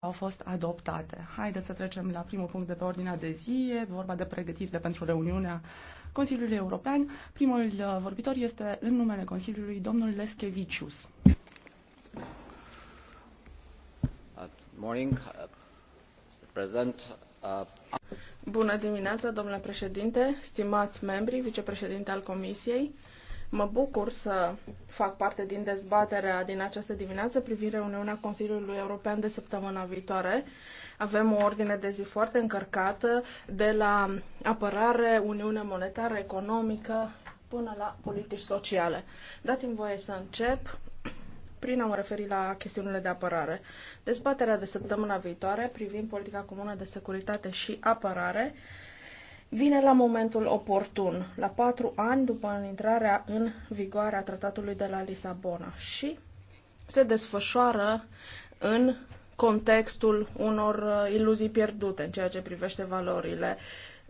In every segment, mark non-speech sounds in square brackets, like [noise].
au fost adoptate. Haideți să trecem la primul punct de pe ordinea de zi, e vorba de pregătirile pentru reuniunea Consiliului European. Primul uh, vorbitor este în numele Consiliului domnul Leskevicius. Uh, morning, uh, President. Bună dimineața, domnule președinte, stimați membri, vicepreședinte al Comisiei, Mă bucur să fac parte din dezbaterea din această dimineață privind reuniunea Consiliului European de săptămâna viitoare. Avem o ordine de zi foarte încărcată, de la apărare, Uniune Monetară, Economică, până la politici sociale. Dați-mi voie să încep prin a mă referi la chestiunile de apărare. Dezbaterea de săptămâna viitoare privind politica comună de securitate și apărare vine la momentul oportun, la patru ani după intrarea în vigoare a tratatului de la Lisabona și se desfășoară în contextul unor uh, iluzii pierdute în ceea ce privește valorile.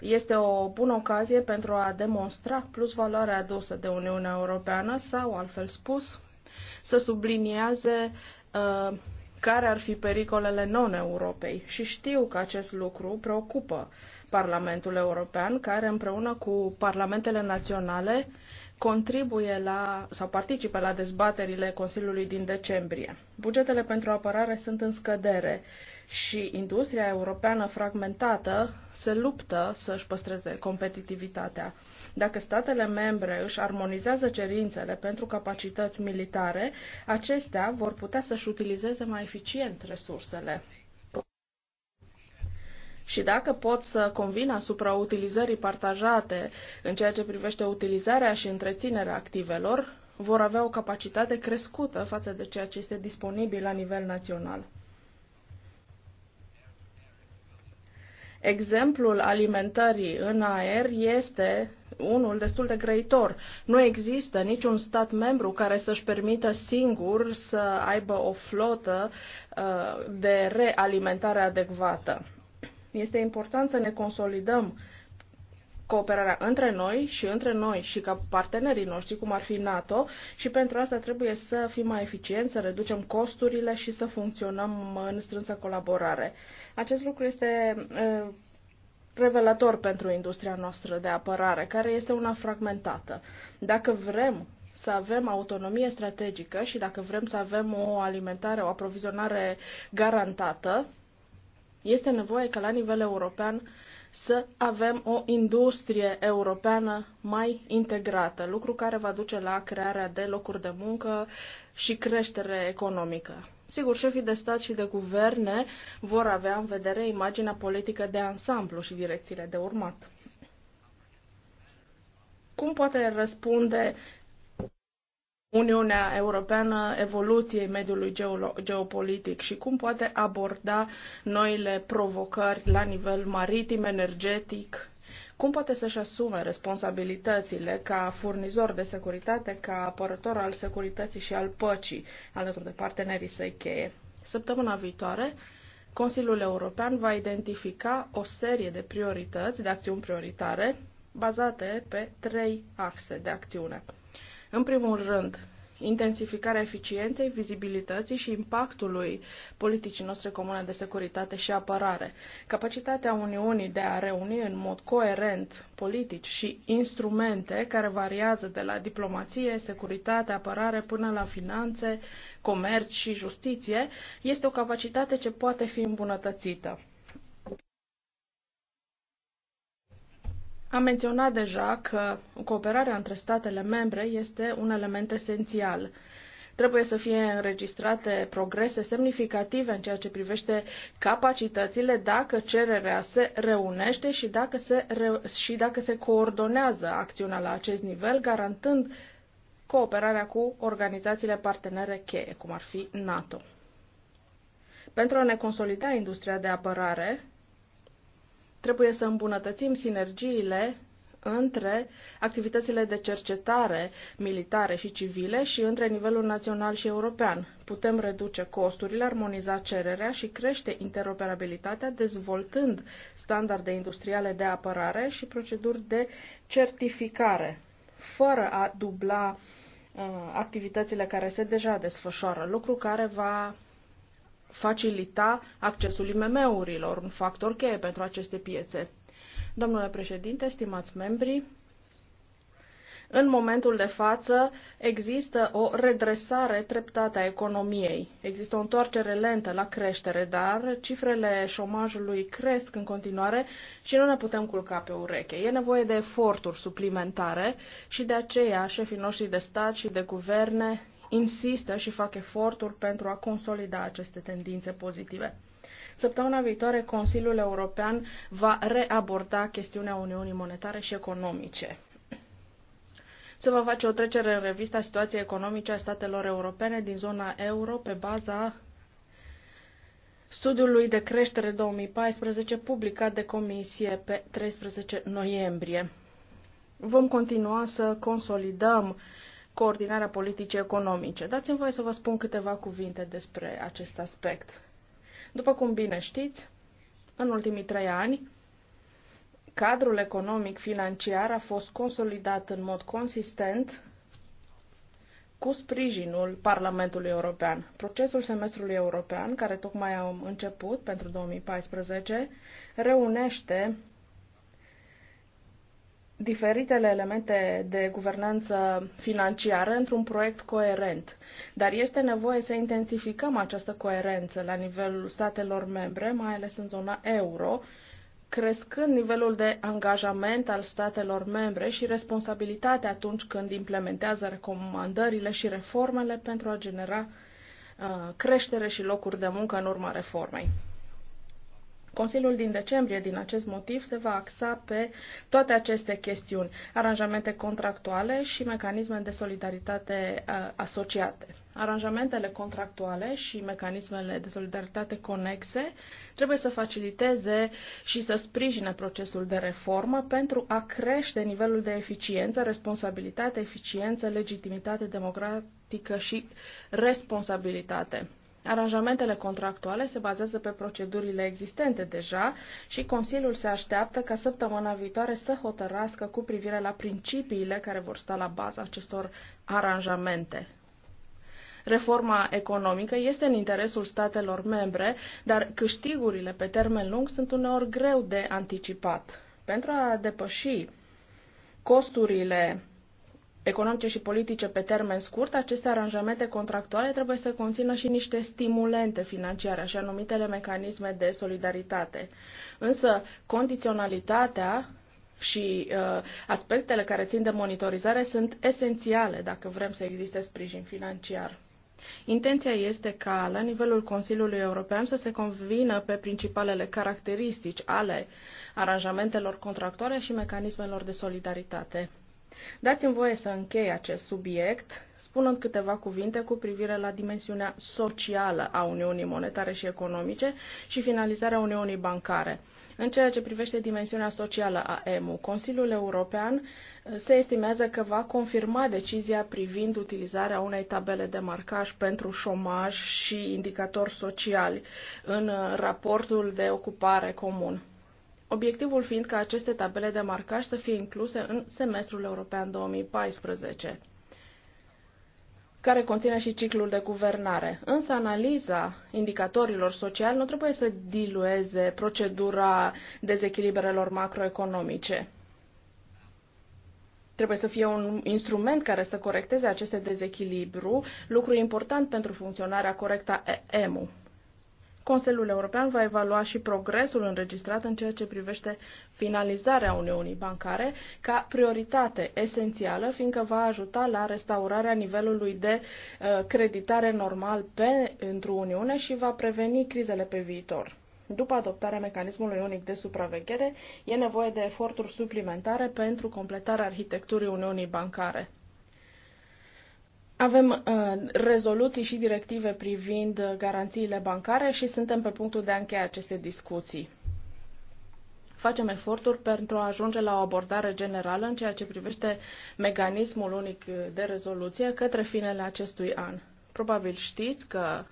Este o bună ocazie pentru a demonstra plus valoarea adusă de Uniunea Europeană sau, altfel spus, să sublinieze uh, care ar fi pericolele non-Europei. Și știu că acest lucru preocupă uh, Parlamentul European, care împreună cu parlamentele naționale contribuie la sau participă la dezbaterile Consiliului din decembrie. Bugetele pentru apărare sunt în scădere și industria europeană fragmentată se luptă să-și păstreze competitivitatea. Dacă statele membre își armonizează cerințele pentru capacități militare, acestea vor putea să-și utilizeze mai eficient resursele. Și dacă pot să convin asupra utilizării partajate în ceea ce privește utilizarea și întreținerea activelor, vor avea o capacitate crescută față de ceea ce este disponibil la nivel național. Exemplul alimentării în aer este unul destul de grăitor. Nu există niciun stat membru care să-și permită singur să aibă o flotă uh, de realimentare adecvată. Este important să ne consolidăm cooperarea între noi și între noi și ca partenerii noștri, cum ar fi NATO, și pentru asta trebuie să fim mai eficienți, să reducem costurile și să funcționăm în strânsă colaborare. Acest lucru este revelator pentru industria noastră de apărare, care este una fragmentată. Dacă vrem să avem autonomie strategică și dacă vrem să avem o alimentare, o aprovizionare garantată, este nevoie ca la nivel european să avem o industrie europeană mai integrată, lucru care va duce la crearea de locuri de muncă și creștere economică. Sigur, șefii de stat și de guverne vor avea în vedere imaginea politică de ansamblu și direcțiile de urmat. Cum poate răspunde Uniunea Europeană evoluției mediului geopolitic și cum poate aborda noile provocări la nivel maritim, energetic, cum poate să-și asume responsabilitățile ca furnizor de securitate, ca apărător al securității și al păcii alături de partenerii săi cheie. Săptămâna viitoare, Consiliul European va identifica o serie de priorități, de acțiuni prioritare, bazate pe trei axe de acțiune – în primul rând, intensificarea eficienței, vizibilității și impactului politicii noastre comune de securitate și apărare. Capacitatea Uniunii de a reuni în mod coerent politici și instrumente care variază de la diplomație, securitate, apărare până la finanțe, comerț și justiție este o capacitate ce poate fi îmbunătățită. Am menționat deja că cooperarea între statele membre este un element esențial. Trebuie să fie înregistrate progrese semnificative în ceea ce privește capacitățile dacă cererea se reunește și dacă se, re- și dacă se coordonează acțiunea la acest nivel, garantând cooperarea cu organizațiile partenere cheie, cum ar fi NATO. Pentru a ne consolida industria de apărare, Trebuie să îmbunătățim sinergiile între activitățile de cercetare militare și civile și între nivelul național și european. Putem reduce costurile, armoniza cererea și crește interoperabilitatea dezvoltând standarde industriale de apărare și proceduri de certificare, fără a dubla uh, activitățile care se deja desfășoară, lucru care va facilita accesul IMM-urilor, un factor cheie pentru aceste piețe. Domnule președinte, stimați membri, în momentul de față există o redresare treptată a economiei. Există o întoarcere lentă la creștere, dar cifrele șomajului cresc în continuare și nu ne putem culca pe ureche. E nevoie de eforturi suplimentare și de aceea șefii noștri de stat și de guverne insistă și fac eforturi pentru a consolida aceste tendințe pozitive. Săptămâna viitoare, Consiliul European va reaborda chestiunea Uniunii Monetare și Economice. Se va face o trecere în revista situației economice a statelor europene din zona euro pe baza studiului de creștere 2014 publicat de Comisie pe 13 noiembrie. Vom continua să consolidăm coordinarea politicii economice. Dați-mi voie să vă spun câteva cuvinte despre acest aspect. După cum bine știți, în ultimii trei ani, cadrul economic financiar a fost consolidat în mod consistent cu sprijinul Parlamentului European. Procesul semestrului european, care tocmai am început pentru 2014, reunește diferitele elemente de guvernanță financiară într-un proiect coerent. Dar este nevoie să intensificăm această coerență la nivelul statelor membre, mai ales în zona euro, crescând nivelul de angajament al statelor membre și responsabilitatea atunci când implementează recomandările și reformele pentru a genera uh, creștere și locuri de muncă în urma reformei. Consiliul din decembrie, din acest motiv, se va axa pe toate aceste chestiuni, aranjamente contractuale și mecanisme de solidaritate uh, asociate. Aranjamentele contractuale și mecanismele de solidaritate conexe trebuie să faciliteze și să sprijine procesul de reformă pentru a crește nivelul de eficiență, responsabilitate, eficiență, legitimitate democratică și responsabilitate. Aranjamentele contractuale se bazează pe procedurile existente deja și Consiliul se așteaptă ca săptămâna viitoare să hotărască cu privire la principiile care vor sta la baza acestor aranjamente. Reforma economică este în interesul statelor membre, dar câștigurile pe termen lung sunt uneori greu de anticipat. Pentru a depăși costurile economice și politice pe termen scurt, aceste aranjamente contractuale trebuie să conțină și niște stimulente financiare, așa numitele mecanisme de solidaritate. Însă, condiționalitatea și uh, aspectele care țin de monitorizare sunt esențiale dacă vrem să existe sprijin financiar. Intenția este ca, la nivelul Consiliului European, să se convină pe principalele caracteristici ale aranjamentelor contractuale și mecanismelor de solidaritate. Dați-mi voie să închei acest subiect spunând câteva cuvinte cu privire la dimensiunea socială a Uniunii Monetare și Economice și finalizarea Uniunii Bancare. În ceea ce privește dimensiunea socială a EMU, Consiliul European eh, se estimează că va confirma decizia privind utilizarea unei tabele de marcaj pentru șomaj și indicatori sociali în eh, raportul de ocupare comun obiectivul fiind ca aceste tabele de marcaj să fie incluse în semestrul european 2014 care conține și ciclul de guvernare. Însă analiza indicatorilor sociali nu trebuie să dilueze procedura dezechilibrelor macroeconomice. Trebuie să fie un instrument care să corecteze aceste dezechilibru, lucru important pentru funcționarea corectă a EMU. Consiliul European va evalua și progresul înregistrat în ceea ce privește finalizarea Uniunii Bancare ca prioritate esențială, fiindcă va ajuta la restaurarea nivelului de uh, creditare normal pentru Uniune și va preveni crizele pe viitor. După adoptarea mecanismului unic de supraveghere, e nevoie de eforturi suplimentare pentru completarea arhitecturii Uniunii Bancare. Avem uh, rezoluții și directive privind uh, garanțiile bancare și suntem pe punctul de a încheia aceste discuții. Facem eforturi pentru a ajunge la o abordare generală în ceea ce privește mecanismul unic uh, de rezoluție către finele acestui an. Probabil știți că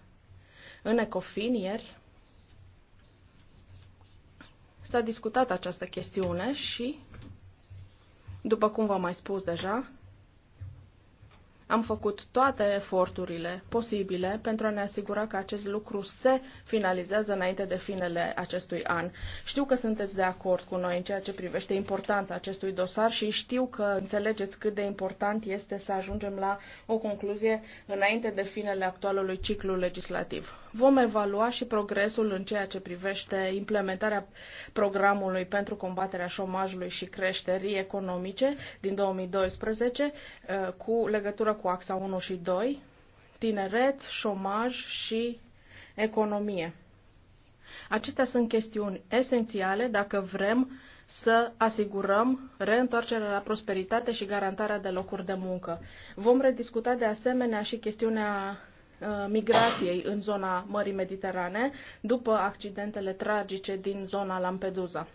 în Ecofin ieri s-a discutat această chestiune și, după cum v-am mai spus deja, am făcut toate eforturile posibile pentru a ne asigura că acest lucru se finalizează înainte de finele acestui an. Știu că sunteți de acord cu noi în ceea ce privește importanța acestui dosar și știu că înțelegeți cât de important este să ajungem la o concluzie înainte de finele actualului ciclu legislativ. Vom evalua și progresul în ceea ce privește implementarea programului pentru combaterea șomajului și creșterii economice din 2012 uh, cu legătură cu axa 1 și 2, tineret, șomaj și economie. Acestea sunt chestiuni esențiale dacă vrem să asigurăm reîntoarcerea la prosperitate și garantarea de locuri de muncă. Vom rediscuta de asemenea și chestiunea Uh, migrației în zona Mării Mediterane după accidentele tragice din zona Lampedusa.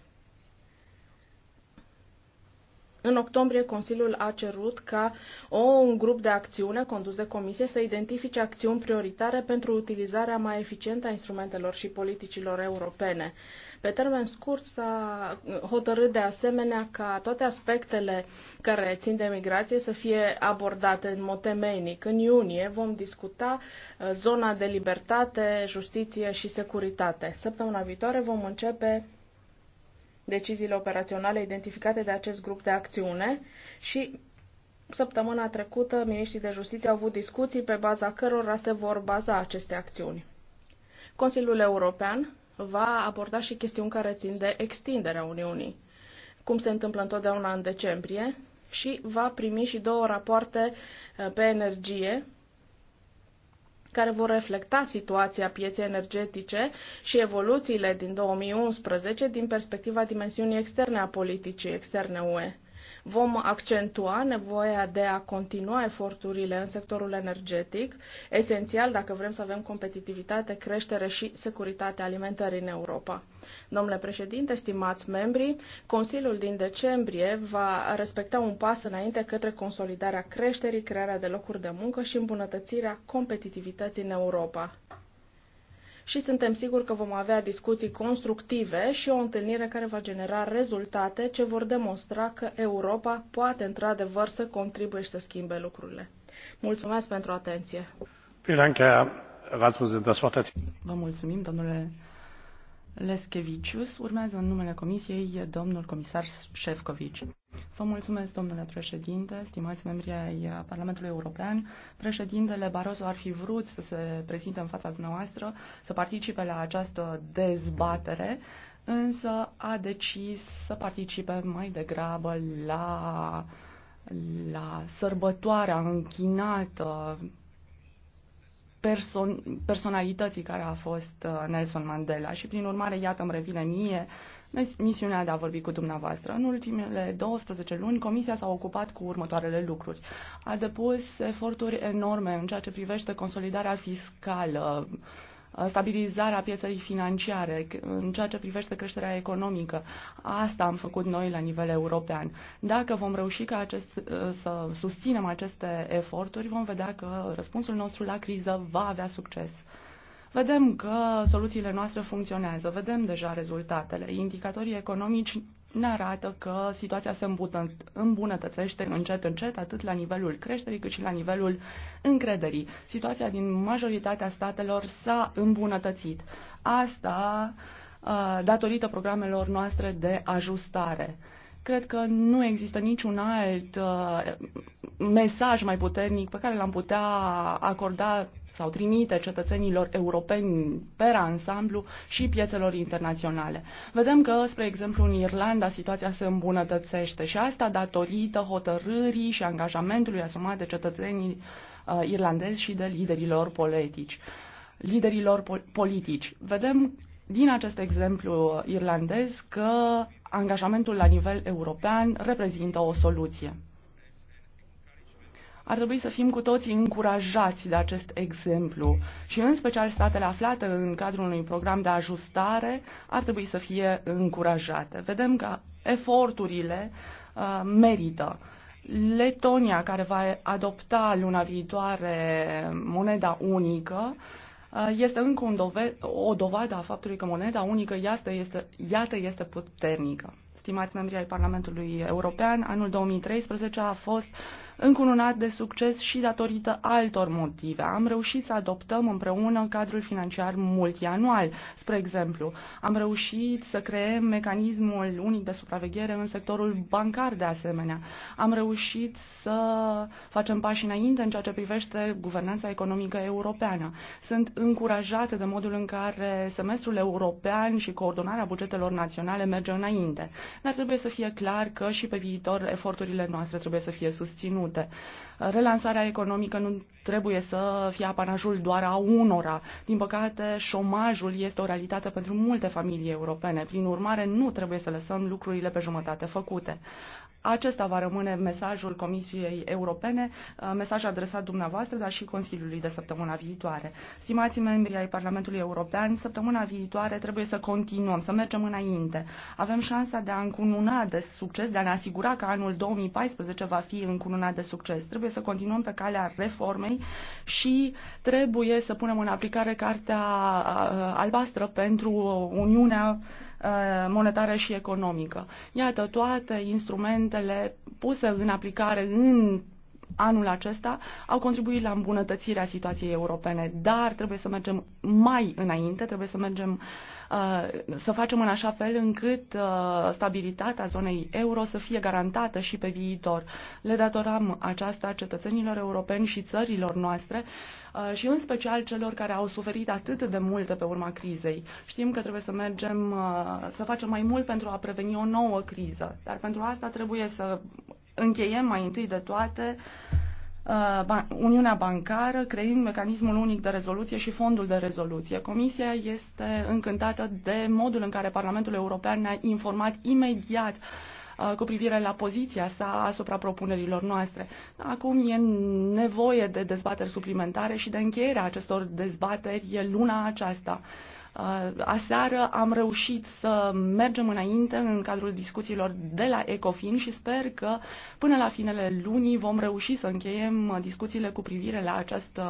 În octombrie, Consiliul a cerut ca o, un grup de acțiune condus de comisie să identifice acțiuni prioritare pentru utilizarea mai eficientă a instrumentelor și politicilor europene. Uh, pe termen scurt s-a hotărât de asemenea ca toate aspectele care țin de migrație să fie abordate în mod temeinic. În iunie vom discuta uh, zona de libertate, justiție și securitate. Săptămâna viitoare vom începe deciziile operaționale identificate de acest grup de acțiune și săptămâna trecută miniștrii de justiție au avut discuții pe baza cărora se vor baza aceste acțiuni. Consiliul European va aborda și chestiuni care țin de extinderea Uniunii, cum se întâmplă întotdeauna în decembrie, și va primi și două rapoarte uh, pe energie care vor reflecta situația pieței energetice și evoluțiile din 2011 din perspectiva dimensiunii externe a politicii externe UE. Vom accentua nevoia de a continua eforturile în sectorul energetic, esențial dacă vrem să avem competitivitate, creștere și securitate alimentară în Europa. Domnule președinte, stimați membri, Consiliul din decembrie va respecta un pas înainte către consolidarea creșterii, crearea de locuri de muncă și îmbunătățirea competitivității în Europa și suntem siguri că vom avea discuții constructive și o întâlnire care va genera rezultate ce vor demonstra că Europa poate într-adevăr să contribuie și să schimbe lucrurile. Mulțumesc pentru atenție! Vă mulțumim, domnule Leskevicius. Urmează în numele Comisiei domnul comisar Șefcovic. Vă mulțumesc, domnule președinte, stimați membri ai Parlamentului European. Președintele Barroso ar fi vrut să se prezinte în fața dumneavoastră, să participe la această dezbatere, însă a decis să participe mai degrabă la, la sărbătoarea închinată person- personalității care a fost uh, Nelson Mandela și prin urmare, iată, îmi revine mie misiunea de a vorbi cu dumneavoastră. În ultimele 12 luni, Comisia s-a ocupat cu următoarele lucruri. A depus eforturi enorme în ceea ce privește consolidarea fiscală, Uh, stabilizarea pieței financiare, în ceea ce privește creșterea economică. Asta am făcut noi la nivel european. Dacă vom reuși ca acest, uh, să susținem aceste eforturi, vom vedea că răspunsul nostru la criză va avea succes. Vedem că soluțiile noastre funcționează, vedem deja rezultatele. Indicatorii economici ne arată că situația se îmbunătățește încet, încet, atât la nivelul creșterii cât și la nivelul încrederii. Situația din majoritatea statelor s-a îmbunătățit. Asta datorită programelor noastre de ajustare. Cred că nu există niciun alt mesaj mai puternic pe care l-am putea acorda sau trimite cetățenilor europeni per ansamblu și piețelor internaționale. Vedem că, spre exemplu, în Irlanda situația se îmbunătățește și asta datorită hotărârii și angajamentului asumat de cetățenii uh, irlandezi și de liderilor politici. Liderilor pol- politici. Vedem din acest exemplu irlandez că angajamentul la nivel european reprezintă o soluție. Ar trebui să fim cu toții încurajați de acest exemplu și în special statele aflate în cadrul unui program de ajustare ar trebui să fie încurajate. Vedem că eforturile uh, merită. Letonia, care va adopta luna viitoare moneda unică, uh, este încă un dove- o dovadă a faptului că moneda unică iată este, iată este puternică. Stimați membri ai Parlamentului European, anul 2013 a fost uh, încununat de succes și datorită altor motive. Am reușit să adoptăm împreună cadrul financiar multianual. Spre exemplu, am reușit să creăm mecanismul unic de supraveghere în sectorul bancar de asemenea. Am reușit să facem pași înainte în ceea ce privește guvernanța economică europeană. Sunt încurajate de modul în care semestrul european și coordonarea bugetelor naționale merge înainte. Dar trebuie să fie clar că și pe viitor eforturile noastre trebuie să fie susținute minute. Relansarea economică nu trebuie să fie apanajul doar a unora. Din păcate, șomajul este o realitate pentru multe familii europene. Prin urmare, nu trebuie să lăsăm lucrurile pe jumătate făcute. Acesta va rămâne mesajul Comisiei Europene, uh, mesaj adresat dumneavoastră, dar și Consiliului de săptămâna viitoare. Stimați membri ai Parlamentului European, săptămâna viitoare trebuie să continuăm, să mergem înainte. Avem șansa de a încununa de succes, de a ne asigura că anul 2014 va fi încununat de succes. Trebuie să continuăm pe calea reformei și trebuie să punem în aplicare Cartea uh, uh, Albastră pentru Uniunea Uh, monetară și economică. Iată, toate instrumentele puse în aplicare în anul acesta au contribuit la îmbunătățirea situației europene, dar trebuie să mergem mai înainte, trebuie să mergem uh, să facem în așa fel încât uh, stabilitatea zonei euro să fie garantată și pe viitor. Le datorăm aceasta cetățenilor europeni și țărilor noastre Uh, și în special celor care au suferit atât de mult de pe urma crizei. Știm că trebuie să mergem, uh, să facem mai mult pentru a preveni o nouă criză, dar pentru asta trebuie să încheiem mai întâi de toate uh, Uniunea Bancară, creând mecanismul unic de rezoluție și fondul de rezoluție. Comisia este încântată de modul în care Parlamentul European ne-a informat imediat uh, Uh, cu privire la poziția sa asupra propunerilor noastre. Acum e nevoie de dezbateri suplimentare și de încheierea acestor dezbateri luna aceasta. Uh, aseară am reușit să mergem înainte în cadrul discuțiilor de la ECOFIN și sper că până la finele lunii vom reuși să încheiem discuțiile cu privire la, această,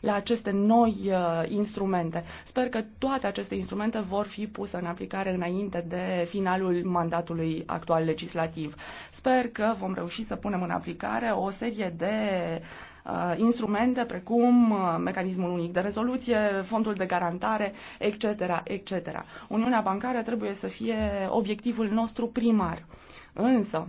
la aceste noi uh, instrumente. Sper că toate aceste instrumente vor fi puse în aplicare înainte de finalul mandatului actual legislativ. Sper că vom reuși să punem în aplicare o serie de Uh, instrumente precum uh, mecanismul unic de rezoluție, fondul de garantare, etc., etc. Uniunea bancară trebuie să fie obiectivul nostru primar. Însă,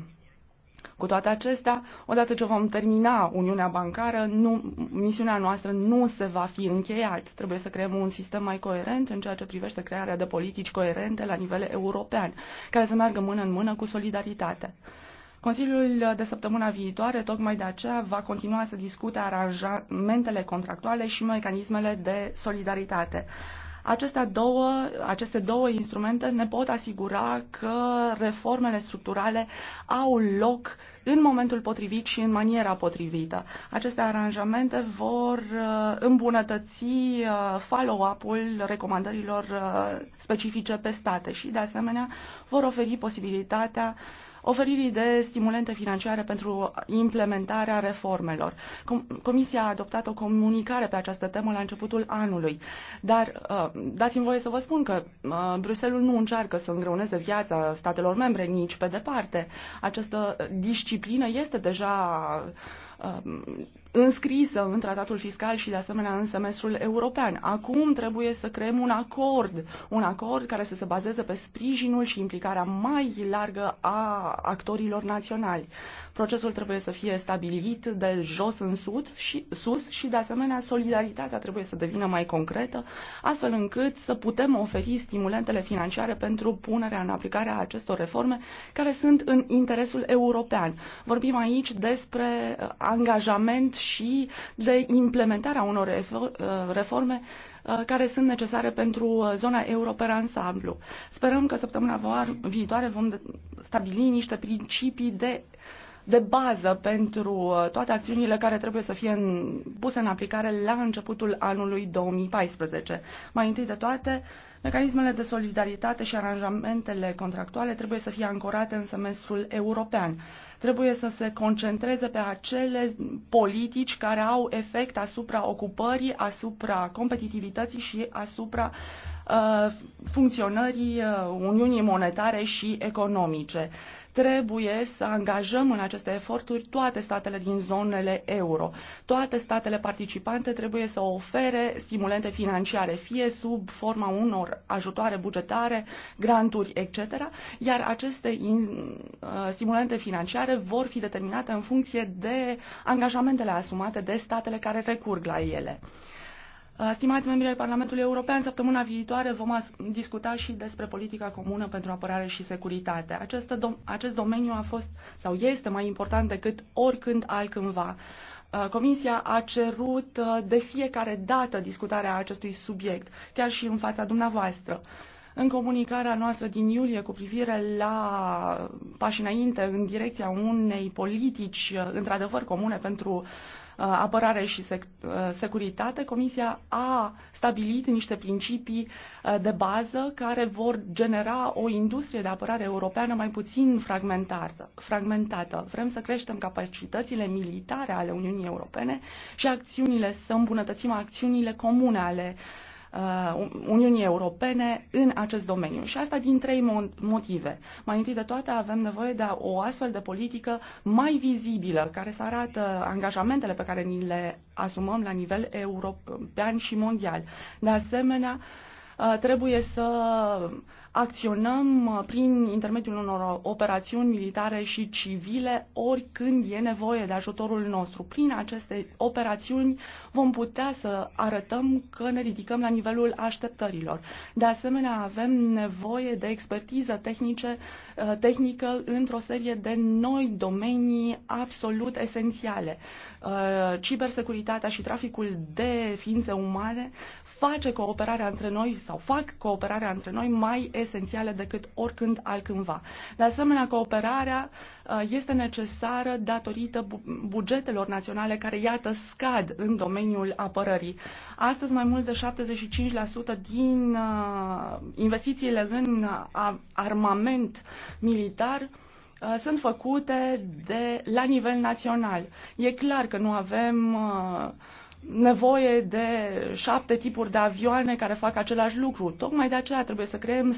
cu toate acestea, odată ce vom termina Uniunea Bancară, nu, misiunea noastră nu se va fi încheiat. Trebuie să creăm un sistem mai coerent în ceea ce privește crearea de politici coerente la nivel european, care să meargă mână în mână cu solidaritate. Consiliul de săptămâna viitoare tocmai de aceea va continua să discute aranjamentele contractuale și mecanismele de solidaritate. Aceste două, aceste două instrumente ne pot asigura că reformele structurale au loc în momentul potrivit și în maniera potrivită. Aceste aranjamente vor uh, îmbunătăți uh, follow-up-ul recomandărilor uh, specifice pe state și, de asemenea, vor oferi posibilitatea uh, oferirii de stimulente financiare pentru implementarea reformelor. Comisia a adoptat o comunicare pe această temă la începutul anului, dar uh, dați-mi voie să vă spun că uh, Bruselul nu încearcă să îngreuneze viața statelor membre nici pe departe. Această disciplină este deja uh, înscrisă în tratatul fiscal și de asemenea în semestrul european. Acum trebuie să creăm un acord, un acord care să se bazeze pe sprijinul și implicarea mai largă a actorilor naționali. Procesul trebuie să fie stabilit de jos în sud și, sus și de asemenea solidaritatea trebuie să devină mai concretă, astfel încât să putem oferi stimulentele financiare pentru punerea în aplicare a acestor reforme care sunt în interesul european. Vorbim aici despre uh, angajament și de implementarea unor uh, reforme uh, care sunt necesare pentru uh, zona euro pe ansamblu. Sperăm că săptămâna viitoare vom stabili niște principii de de bază pentru toate acțiunile care trebuie să fie în, puse în aplicare la începutul anului 2014. Mai întâi de toate, Mecanismele de solidaritate și aranjamentele contractuale trebuie să fie ancorate în semestrul european. Trebuie să se concentreze pe acele politici care au efect asupra ocupării, asupra competitivității și asupra uh, funcționării uh, Uniunii Monetare și Economice. Uh, trebuie să angajăm în aceste eforturi toate statele din zonele euro. Toate statele participante trebuie să ofere stimulente financiare, fie sub forma unor ajutoare bugetare, granturi, etc., iar aceste in, uh, stimulente financiare vor fi determinate în funcție de angajamentele asumate de statele care recurg la ele. Uh, Uh, stimați membri ai Parlamentului European, săptămâna viitoare vom discuta și despre politica comună pentru apărare și securitate. Acest, dom- acest domeniu a fost sau este mai important decât oricând altcândva. Uh, Comisia a cerut uh, de fiecare dată discutarea acestui subiect, chiar și în fața dumneavoastră. În comunicarea noastră din iulie cu privire la pași înainte în direcția unei politici într-adevăr comune pentru Uh, apărare și uh, securitate, Comisia a stabilit niște principii uh, de bază care vor genera o industrie de apărare europeană mai puțin fragmentată. fragmentată. Vrem să creștem capacitățile militare ale Uniunii Europene și acțiunile, să îmbunătățim acțiunile comune ale uh, Uh, Uniunii Europene în acest domeniu. Și asta din trei motive. Mai întâi de toate avem nevoie de o astfel de politică mai vizibilă, care să arată angajamentele pe care ni le asumăm la nivel european și mondial. De asemenea, uh, trebuie să acționăm uh, prin intermediul unor operațiuni militare și civile oricând e nevoie de ajutorul nostru. Prin aceste operațiuni vom putea să arătăm că ne ridicăm la nivelul așteptărilor. De asemenea, avem nevoie de expertiză tehnice, uh, tehnică într-o serie de noi domenii absolut esențiale. Uh, cibersecuritatea și traficul de ființe umane face cooperarea între noi sau fac cooperarea între noi mai esențială decât oricând altcândva. De asemenea, cooperarea uh, este necesară datorită bugetelor naționale care, iată, scad în domeniul apărării. Astăzi, mai mult de 75% din uh, investițiile în uh, armament militar sunt făcute de la nivel național. E clar că nu avem uh, nevoie de șapte tipuri de avioane care fac același lucru. Tocmai de aceea trebuie să creăm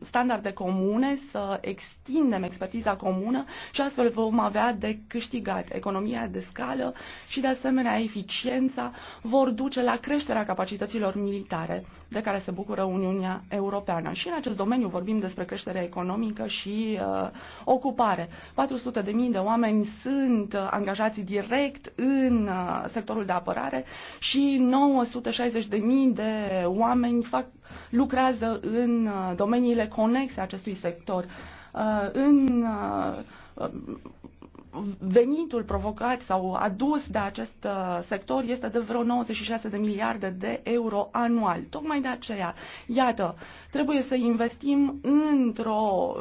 standarde comune, să extindem expertiza comună și astfel vom avea de câștigat. Economia de scală și, de asemenea, eficiența vor duce la creșterea capacităților militare de care se bucură Uniunea Europeană. Și în acest domeniu vorbim despre creștere economică și uh, ocupare. 400.000 de mii de oameni sunt uh, angajați direct în uh, sectorul de apărare apărare și 960.000 de oameni fac, lucrează în uh, domeniile conexe acestui sector. Uh, în uh, venitul provocat sau adus de acest uh, sector este de vreo 96 de miliarde de euro anual. Tocmai de aceea, iată, trebuie să investim într-o,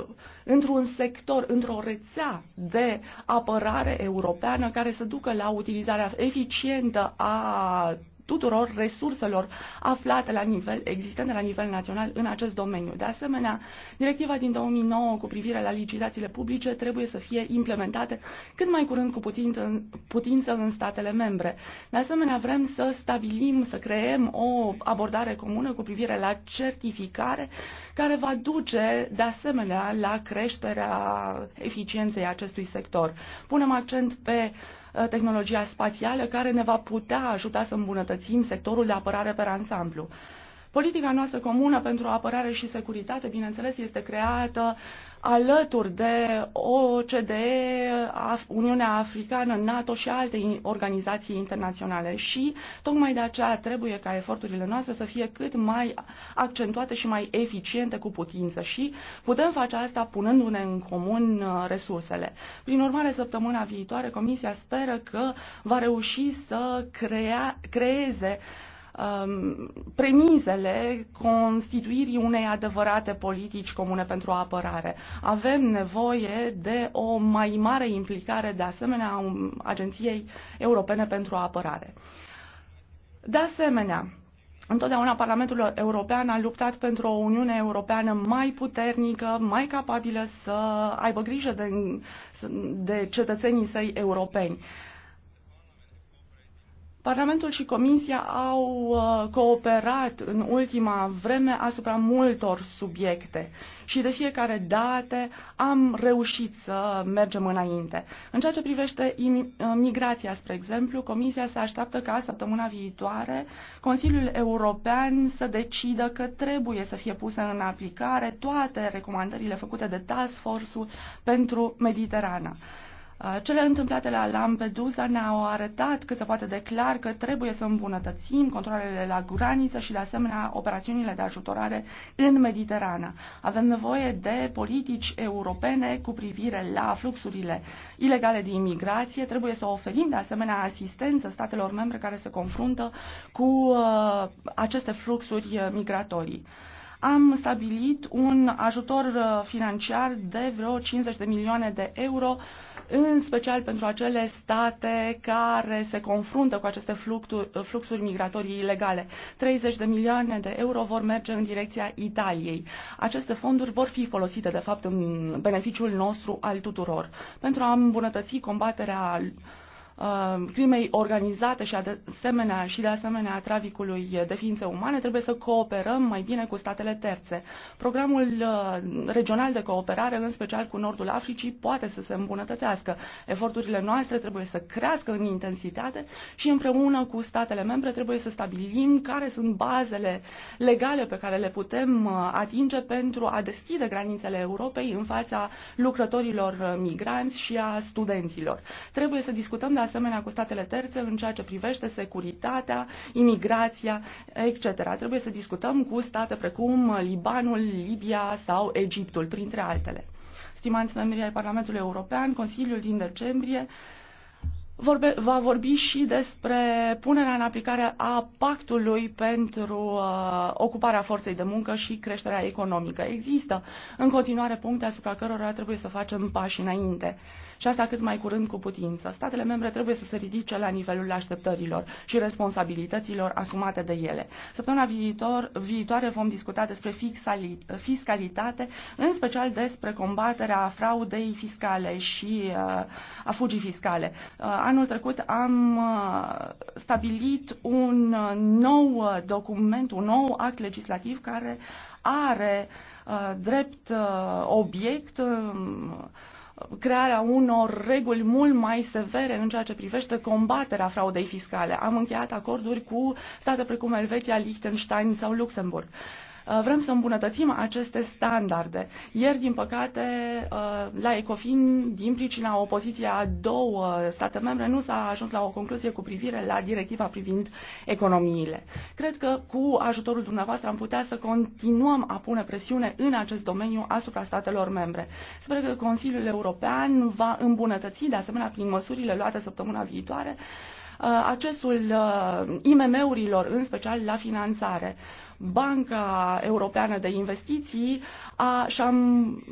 într-un sector, într-o rețea de apărare europeană care să ducă la utilizarea eficientă a tuturor resurselor aflate la nivel, existente la nivel național în acest domeniu. De asemenea, directiva din 2009 cu privire la licitațiile publice trebuie să fie implementate cât mai curând cu putință, putință în statele membre. De asemenea, vrem să stabilim, să creem o abordare comună cu privire la certificare care va duce de asemenea la creșterea eficienței acestui sector. Punem accent pe uh, Uh, tehnologia spațială care ne va putea ajuta să îmbunătățim sectorul de apărare pe ansamblu. Politica noastră comună pentru apărare și securitate, bineînțeles, este creată alături de OCDE, Uniunea Africană, NATO și alte organizații internaționale și tocmai de aceea trebuie ca eforturile noastre să fie cât mai accentuate și mai eficiente cu putință și putem face asta punându-ne în comun uh, resursele. Prin urmare, săptămâna viitoare Comisia speră că va reuși să crea, creeze uh, Um, premizele constituirii unei adevărate politici comune pentru apărare. Avem nevoie de o mai mare implicare, de asemenea, a um, Agenției Europene pentru Apărare. De asemenea, Întotdeauna Parlamentul European a luptat pentru o Uniune Europeană mai puternică, mai capabilă să aibă grijă de, de cetățenii săi europeni. Parlamentul și Comisia au uh, cooperat în ultima vreme asupra multor subiecte și de fiecare dată am reușit să mergem înainte. În ceea ce privește uh, migrația, spre exemplu, Comisia se așteaptă ca săptămâna viitoare Consiliul European să decidă că trebuie să fie puse în aplicare toate recomandările făcute de Task Force-ul pentru Mediterana. Uh, cele întâmplate la Lampedusa ne-au arătat cât se poate de clar că trebuie să îmbunătățim controlele la graniță și, de asemenea, operațiunile de ajutorare în Mediterana. Avem nevoie de politici europene cu privire la fluxurile ilegale de imigrație. Trebuie să oferim, de asemenea, asistență statelor membre care se confruntă cu uh, aceste fluxuri migratorii am stabilit un ajutor uh, financiar de vreo 50 de milioane de euro în special pentru acele state care se confruntă cu aceste uh, fluxuri migratorii ilegale. 30 de milioane de euro vor merge în direcția Italiei. Aceste fonduri vor fi folosite, de fapt, în beneficiul nostru al tuturor, pentru a îmbunătăți combaterea Uh, crimei organizate și de asemenea, și de asemenea traficului de ființe umane, trebuie să cooperăm mai bine cu statele terțe. Programul uh, regional de cooperare, în special cu Nordul Africii, poate să se îmbunătățească. Eforturile noastre trebuie să crească în intensitate și împreună cu statele membre trebuie să stabilim care sunt bazele legale pe care le putem uh, atinge pentru a deschide granițele Europei în fața lucrătorilor migranți și a studenților. Trebuie să discutăm de asemenea cu statele terțe în ceea ce privește securitatea, imigrația, etc. Trebuie să discutăm cu state precum Libanul, Libia sau Egiptul, printre altele. Stimați membrii ai Parlamentului European, Consiliul din decembrie vorbe, va vorbi și despre punerea în aplicare a pactului pentru uh, ocuparea forței de muncă și creșterea economică. Există în continuare puncte asupra cărora trebuie să facem pași înainte. Uh, și asta cât mai curând cu putință. Statele membre trebuie să se ridice la nivelul așteptărilor și responsabilităților asumate de ele. Săptămâna viitor, viitoare vom discuta despre fiscalitate, în special despre combaterea fraudei fiscale și uh, a fugii fiscale. Uh, anul trecut am uh, stabilit un nou document, un nou act legislativ care are uh, drept uh, obiect uh, crearea unor reguli mult mai severe în ceea ce privește combaterea fraudei fiscale. Am încheiat acorduri cu state precum Elveția, Liechtenstein sau Luxemburg. Uh, Uh, vrem să îmbunătățim aceste standarde. Ieri, din păcate, uh, la ECOFIN, din pricina opoziției a două state membre, nu s-a ajuns la o concluzie cu privire la directiva privind economiile. Cred că cu ajutorul dumneavoastră am putea să continuăm a pune presiune în acest domeniu asupra statelor membre. Sper că Consiliul European va îmbunătăți, de asemenea, prin măsurile luate săptămâna viitoare, uh, accesul IMM-urilor, în special la finanțare. Banca Europeană de Investiții a, și am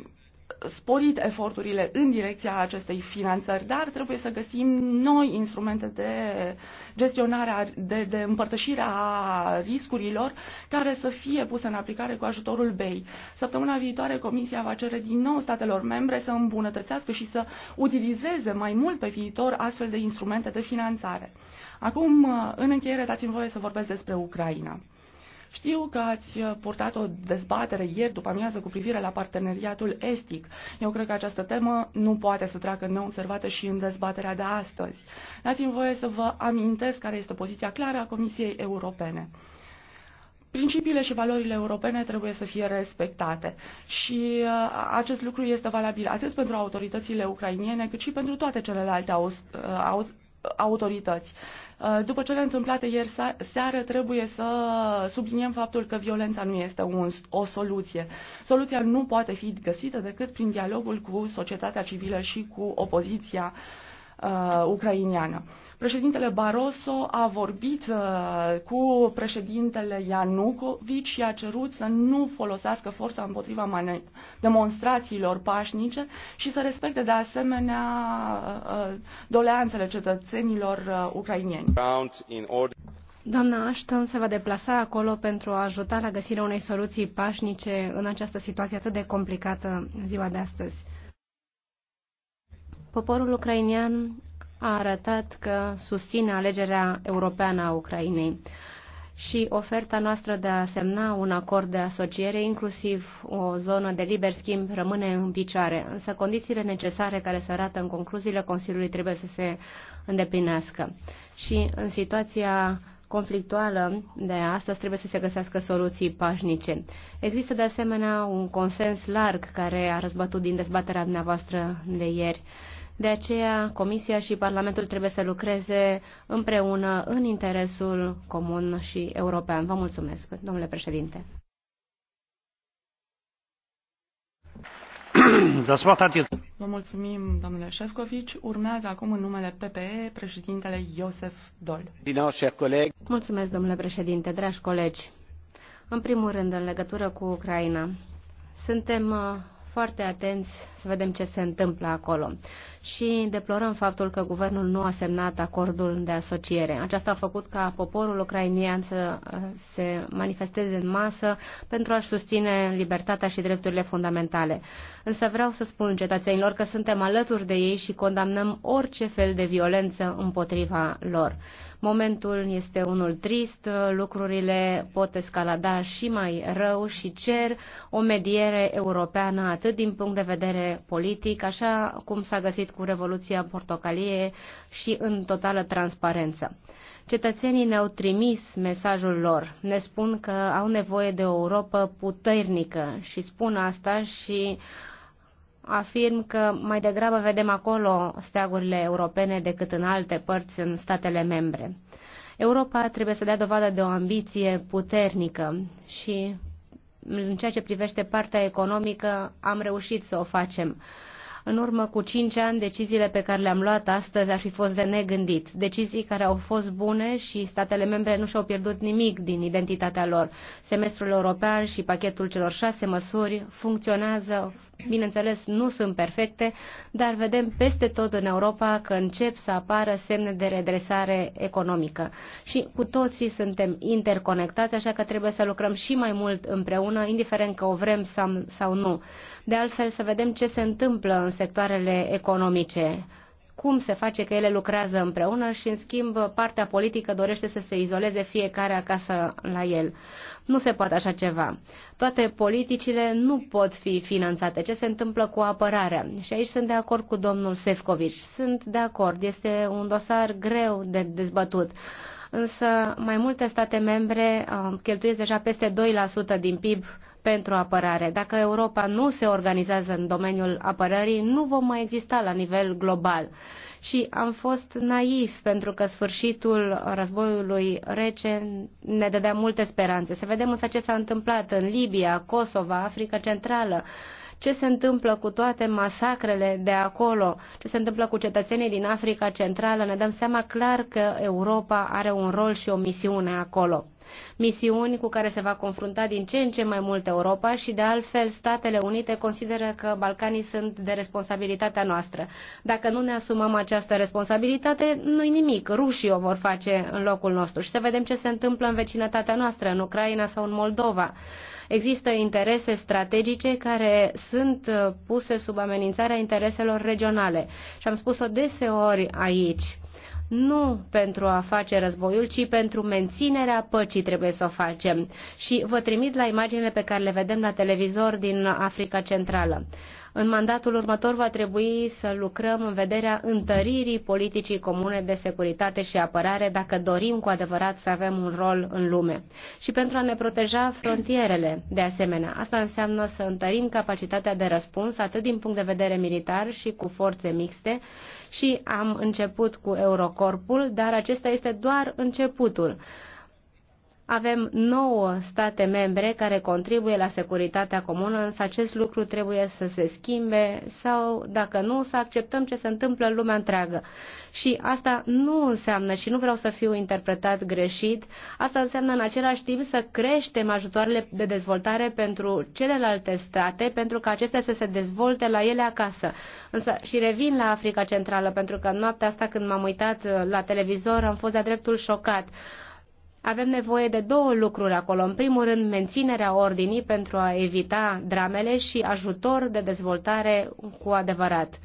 sporit eforturile în direcția acestei finanțări, dar trebuie să găsim noi instrumente de gestionare, de, de împărtășire a riscurilor care să fie puse în aplicare cu ajutorul BEI. Săptămâna viitoare Comisia va cere din nou statelor membre să îmbunătățească și să utilizeze mai mult pe viitor astfel de instrumente de finanțare. Acum, în încheiere, dați-mi voie să vorbesc despre Ucraina. Știu că ați uh, purtat o dezbatere ieri după amiază cu privire la parteneriatul estic. Eu cred că această temă nu poate să treacă neobservată și în dezbaterea de astăzi. Dați-mi voie să vă amintesc care este poziția clară a Comisiei Europene principiile și valorile europene trebuie să fie respectate și uh, acest lucru este valabil atât pentru autoritățile ucrainiene cât și pentru toate celelalte uh, autorități. Uh, după cele întâmplate ieri seară, trebuie să subliniem faptul că violența nu este un, o soluție. Soluția nu poate fi găsită decât prin dialogul cu societatea civilă și cu opoziția uh, uh, ucrainiană. Președintele Barroso a vorbit uh, cu președintele Ianucovici și a cerut să nu folosească forța împotriva demonstrațiilor pașnice și să respecte de asemenea uh, uh doleanțele cetățenilor uh, ucrainieni. Doamna Ashton se va deplasa acolo pentru a ajuta la găsirea unei soluții pașnice în această situație atât de complicată în ziua de astăzi. Poporul ucrainian a arătat că susține alegerea europeană a Ucrainei și oferta noastră de a semna un acord de asociere, inclusiv o zonă de liber schimb, rămâne în picioare, însă condițiile necesare care se arată în concluziile Consiliului trebuie să se îndeplinească. Și în situația conflictuală de astăzi trebuie să se găsească soluții pașnice. Există de asemenea un consens larg care a răzbătut din dezbaterea dumneavoastră de ieri de aceea, Comisia și Parlamentul trebuie să lucreze împreună în interesul comun și european. Vă mulțumesc, domnule președinte. [clears throat] Vă mulțumim, domnule Șefcovici. Urmează acum în numele PPE președintele Iosef Dol. Din nou, și coleg. Mulțumesc, domnule președinte, dragi colegi. În primul rând, în legătură cu Ucraina, suntem uh, foarte atenți să vedem ce se întâmplă acolo. Și deplorăm faptul că guvernul nu a semnat acordul de asociere. Aceasta a făcut ca poporul ucrainian să uh, se manifesteze în masă pentru a-și susține libertatea și drepturile fundamentale. Însă vreau să spun cetățenilor că suntem alături de ei și condamnăm orice fel de violență împotriva lor. Momentul este unul trist, lucrurile pot escalada și mai rău și cer o mediere europeană a atât din punct de vedere politic, așa cum s-a găsit cu Revoluția Portocalie și în totală transparență. Cetățenii ne-au trimis mesajul lor. Ne spun că au nevoie de o Europa puternică și spun asta și afirm că mai degrabă vedem acolo steagurile europene decât în alte părți în statele membre. Europa trebuie să dea dovadă de o ambiție puternică și în ceea ce privește partea economică, am reușit să o facem. În urmă cu cinci ani, deciziile pe care le-am luat astăzi ar fi fost de negândit. Decizii care au fost bune și statele membre nu și-au pierdut nimic din identitatea lor. Semestrul european și pachetul celor șase măsuri funcționează Bineînțeles, nu sunt perfecte, dar vedem peste tot în Europa că încep să apară semne de redresare economică. Și cu toții suntem interconectați, așa că trebuie să lucrăm și mai mult împreună, indiferent că o vrem sau, sau nu. De altfel, să vedem ce se întâmplă în sectoarele economice cum se face că ele lucrează împreună și, în schimb, partea politică dorește să se izoleze fiecare acasă la el. Nu se poate așa ceva. Toate politicile nu pot fi finanțate. Ce se întâmplă cu apărarea? Și aici sunt de acord cu domnul Sefcovic. Sunt de acord. Este un dosar greu de dezbătut însă mai multe state membre uh, cheltuiesc deja peste 2% din PIB pentru apărare. Dacă Europa nu se organizează în domeniul apărării, nu vom mai exista la nivel global. Și am fost naiv pentru că sfârșitul războiului rece ne dădea multe speranțe. Să vedem însă ce s-a întâmplat în Libia, Kosova, Africa Centrală ce se întâmplă cu toate masacrele de acolo, ce se întâmplă cu cetățenii din Africa Centrală, ne dăm seama clar că Europa are un rol și o misiune acolo misiuni cu care se va confrunta din ce în ce mai mult Europa și, de altfel, Statele Unite consideră că Balcanii sunt de responsabilitatea noastră. Dacă nu ne asumăm această responsabilitate, nu-i nimic. Rușii o vor face în locul nostru și să vedem ce se întâmplă în vecinătatea noastră, în Ucraina sau în Moldova. Există interese strategice care sunt uh, puse sub amenințarea intereselor regionale. Și am spus-o deseori aici nu pentru a face războiul, ci pentru menținerea păcii trebuie să o facem. Și vă trimit la imaginele pe care le vedem la televizor din Africa Centrală. În mandatul următor va trebui să lucrăm în vederea întăririi politicii comune de securitate și apărare dacă dorim cu adevărat să avem un rol în lume. Și pentru a ne proteja frontierele, de asemenea, asta înseamnă să întărim capacitatea de răspuns atât din punct de vedere militar și cu forțe mixte, și am început cu Eurocorpul, dar acesta este doar începutul. Avem nouă state membre care contribuie la securitatea comună, însă acest lucru trebuie să se schimbe sau, dacă nu, să acceptăm ce se întâmplă în lumea întreagă. Și asta nu înseamnă, și nu vreau să fiu interpretat greșit, asta înseamnă în același timp să creștem ajutoarele de dezvoltare pentru celelalte state, pentru ca acestea să se dezvolte la ele acasă. Însă, și revin la Africa Centrală, pentru că noaptea asta când m-am uitat la televizor am fost de-a dreptul șocat avem nevoie de două lucruri acolo. În primul rând, menținerea ordinii pentru a evita dramele și ajutor de dezvoltare cu adevărat.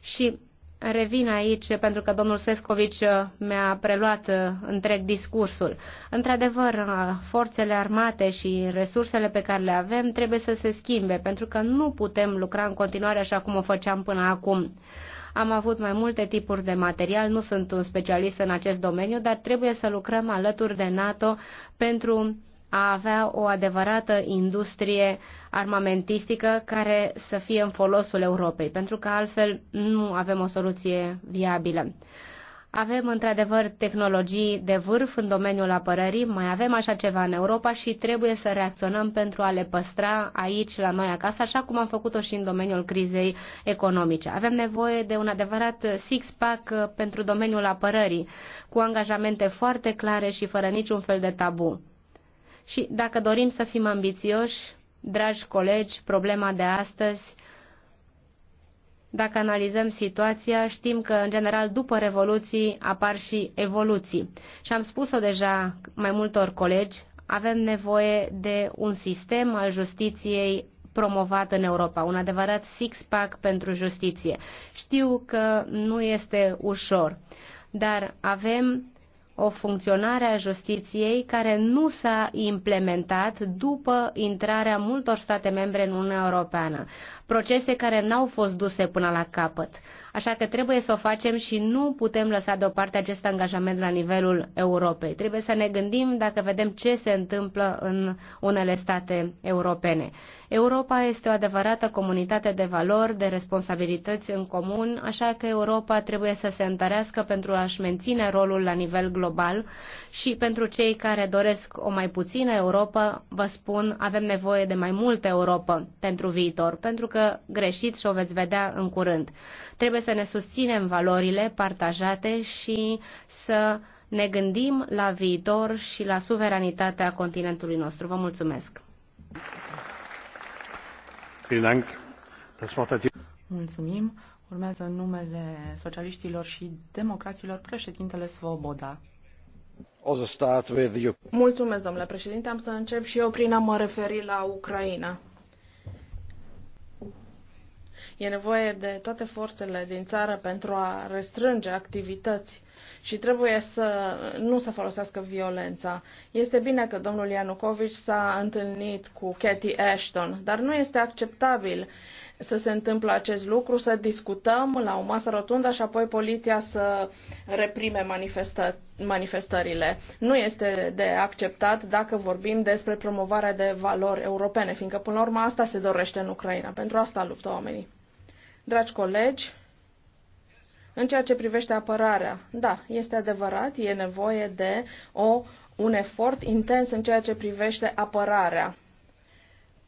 Și revin aici pentru că domnul Sescovic uh, mi-a preluat uh, întreg discursul. Într-adevăr, uh, forțele armate și resursele pe care le avem trebuie să se schimbe, pentru că nu putem lucra în continuare așa cum o făceam până acum. Am avut mai multe tipuri de material, nu sunt un specialist în acest domeniu, dar trebuie să lucrăm alături de NATO pentru a avea o adevărată industrie armamentistică care să fie în folosul Europei, pentru că altfel nu avem o soluție viabilă. Avem într-adevăr tehnologii de vârf în domeniul apărării, mai avem așa ceva în Europa și trebuie să reacționăm pentru a le păstra aici, la noi acasă, așa cum am făcut-o și în domeniul crizei economice. Avem nevoie de un adevărat six-pack uh, pentru domeniul apărării, cu angajamente foarte clare și fără niciun fel de tabu. Și dacă dorim să fim ambițioși, dragi colegi, problema de astăzi dacă analizăm situația, știm că, în general, după revoluții apar și evoluții. Și am spus-o deja mai multor colegi, avem nevoie de un sistem al justiției promovat în Europa, un adevărat six-pack pentru justiție. Știu că nu este ușor, dar avem o funcționare a justiției care nu s-a implementat după intrarea multor state membre în Uniunea Europeană, procese care n-au fost duse până la capăt. Așa că trebuie să o facem și nu putem lăsa deoparte acest angajament la nivelul Europei. Trebuie să ne gândim dacă vedem ce se întâmplă în unele state europene. Europa este o adevărată comunitate de valori, de responsabilități în comun, așa că Europa trebuie să se întărească pentru a-și menține rolul la nivel global și pentru cei care doresc o mai puțină Europa, vă spun, avem nevoie de mai multă Europa pentru viitor, pentru că greșit și o veți vedea în curând. Trebuie să ne susținem valorile partajate și să ne gândim la viitor și la suveranitatea continentului nostru. Vă mulțumesc! Mulțumim! Urmează în numele socialiștilor și democraților președintele Svoboda. Mulțumesc, domnule președinte. Am să încep și eu prin a mă referi la Ucraina. E nevoie de toate forțele din țară pentru a restrânge activități și trebuie să nu se folosească violența. Este bine că domnul Ianucovici s-a întâlnit cu Katie Ashton, dar nu este acceptabil să se întâmple acest lucru, să discutăm la o masă rotundă și apoi poliția să reprime manifestă- manifestările. Nu este de acceptat dacă vorbim despre promovarea de valori europene, fiindcă până la urmă asta se dorește în Ucraina. Pentru asta luptă oamenii. Dragi colegi, în ceea ce privește apărarea, da, este adevărat, e nevoie de o, un efort intens în ceea ce privește apărarea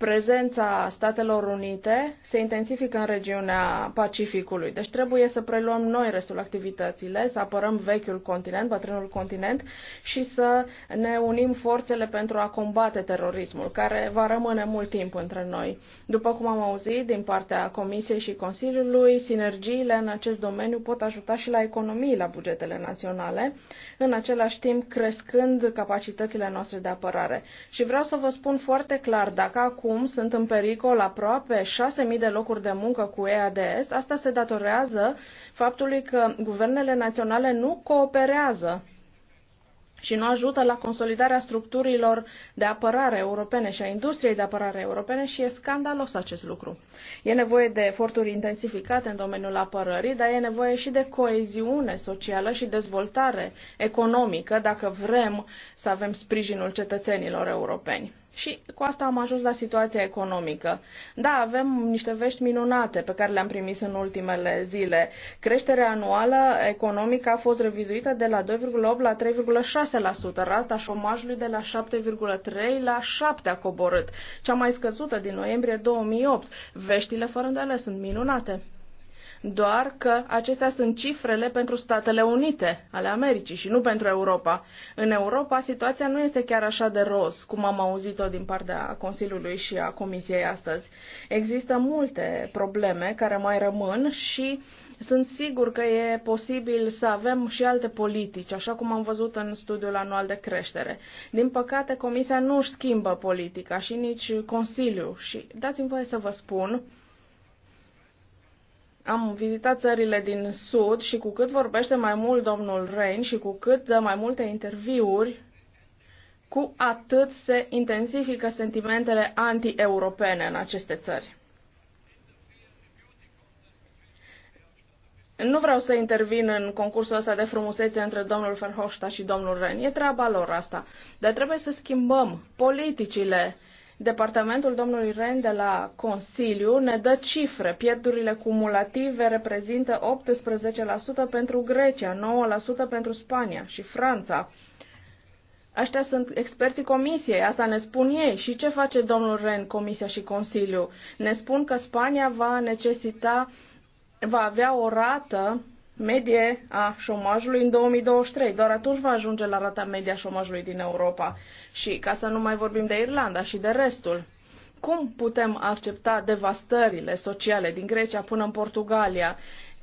prezența Statelor Unite se intensifică în regiunea Pacificului. Deci trebuie să preluăm noi restul activitățile, să apărăm vechiul continent, bătrânul continent și să ne unim forțele pentru a combate terorismul, care va rămâne mult timp între noi. După cum am auzit din partea Comisiei și Consiliului, sinergiile în acest domeniu pot ajuta și la economii la bugetele naționale, în același timp crescând capacitățile noastre de apărare. Și vreau să vă spun foarte clar, dacă acum acum sunt în pericol aproape 6.000 de locuri de muncă cu EADS. Asta se datorează faptului că guvernele naționale nu cooperează și nu ajută la consolidarea structurilor de apărare europene și a industriei de apărare europene și e scandalos acest lucru. E nevoie de eforturi intensificate în domeniul apărării, dar e nevoie și de coeziune socială și dezvoltare economică dacă vrem să avem sprijinul cetățenilor europeni. Și cu asta am ajuns la situația economică. Da, avem niște vești minunate pe care le-am primit în ultimele zile. Creșterea anuală economică a fost revizuită de la 2,8 la 3,6%, rata șomajului de la 7,3 la 7 a coborât, cea mai scăzută din noiembrie 2008. Veștile fără îndoială sunt minunate doar că acestea sunt cifrele pentru Statele Unite ale Americii și nu pentru Europa. În Europa situația nu este chiar așa de roz, cum am auzit-o din partea Consiliului și a Comisiei astăzi. Există multe probleme care mai rămân și sunt sigur că e posibil să avem și alte politici, așa cum am văzut în studiul anual de creștere. Din păcate, Comisia nu își schimbă politica și nici Consiliul. Și dați-mi voie să vă spun am vizitat țările din Sud și cu cât vorbește mai mult domnul Rain și cu cât dă mai multe interviuri, cu atât se intensifică sentimentele anti-europene în aceste țări. Nu vreau să intervin în concursul ăsta de frumusețe între domnul Verhofstadt și domnul Ren. E treaba lor asta. Dar trebuie să schimbăm politicile Departamentul domnului Ren de la Consiliu ne dă cifre. Pierdurile cumulative reprezintă 18% pentru Grecia, 9% pentru Spania și Franța. Aștia sunt experții comisiei, asta ne spun ei. Și ce face domnul Ren, comisia și Consiliu? Ne spun că Spania va necesita, va avea o rată medie a șomajului în 2023. Doar atunci va ajunge la rata media a șomajului din Europa și ca să nu mai vorbim de Irlanda și de restul. Cum putem accepta devastările sociale din Grecia până în Portugalia,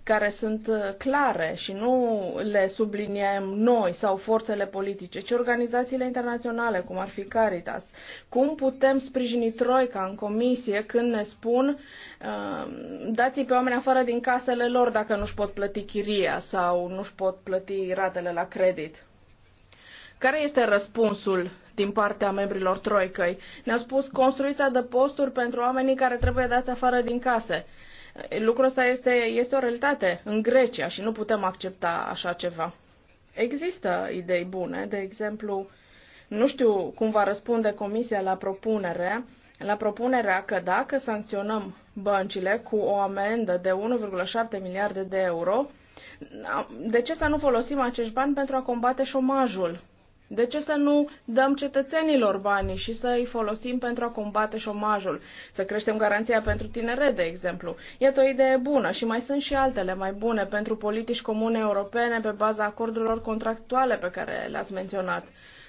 care sunt uh, clare și nu le subliniem noi sau forțele politice, ci organizațiile internaționale, cum ar fi Caritas. Cum putem sprijini Troica în comisie când ne spun uh, dați pe oameni afară din casele lor dacă nu-și pot plăti chiria sau nu-și pot plăti ratele la credit? Care este răspunsul din partea membrilor Troicăi. Ne-au spus construiți adăposturi pentru oamenii care trebuie dați afară din case. Lucrul ăsta este, este o realitate în Grecia și nu putem accepta așa ceva. Există idei bune, de exemplu, nu știu cum va răspunde Comisia la propunere, la propunerea că dacă sancționăm băncile cu o amendă de 1,7 miliarde de euro, de ce să nu folosim acești bani pentru a combate șomajul? De ce să nu dăm cetățenilor banii și să îi folosim pentru a combate șomajul? Să creștem garanția pentru tinere, de exemplu. Iată o idee bună și mai sunt și altele mai bune pentru politici comune europene pe baza acordurilor contractuale pe care le-ați menționat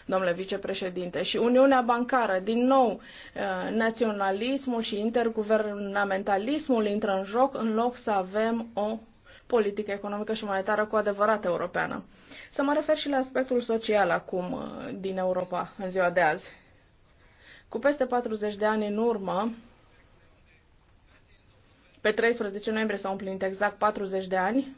domnule vicepreședinte, și Uniunea Bancară. Din nou, eh, naționalismul și interguvernamentalismul intră în joc în loc să avem o politică economică și monetară cu adevărat europeană. Să mă refer și la aspectul social acum uh, din Europa, în ziua de azi. Cu peste 40 de ani în urmă, pe 13 noiembrie s-au împlinit exact 40 de ani,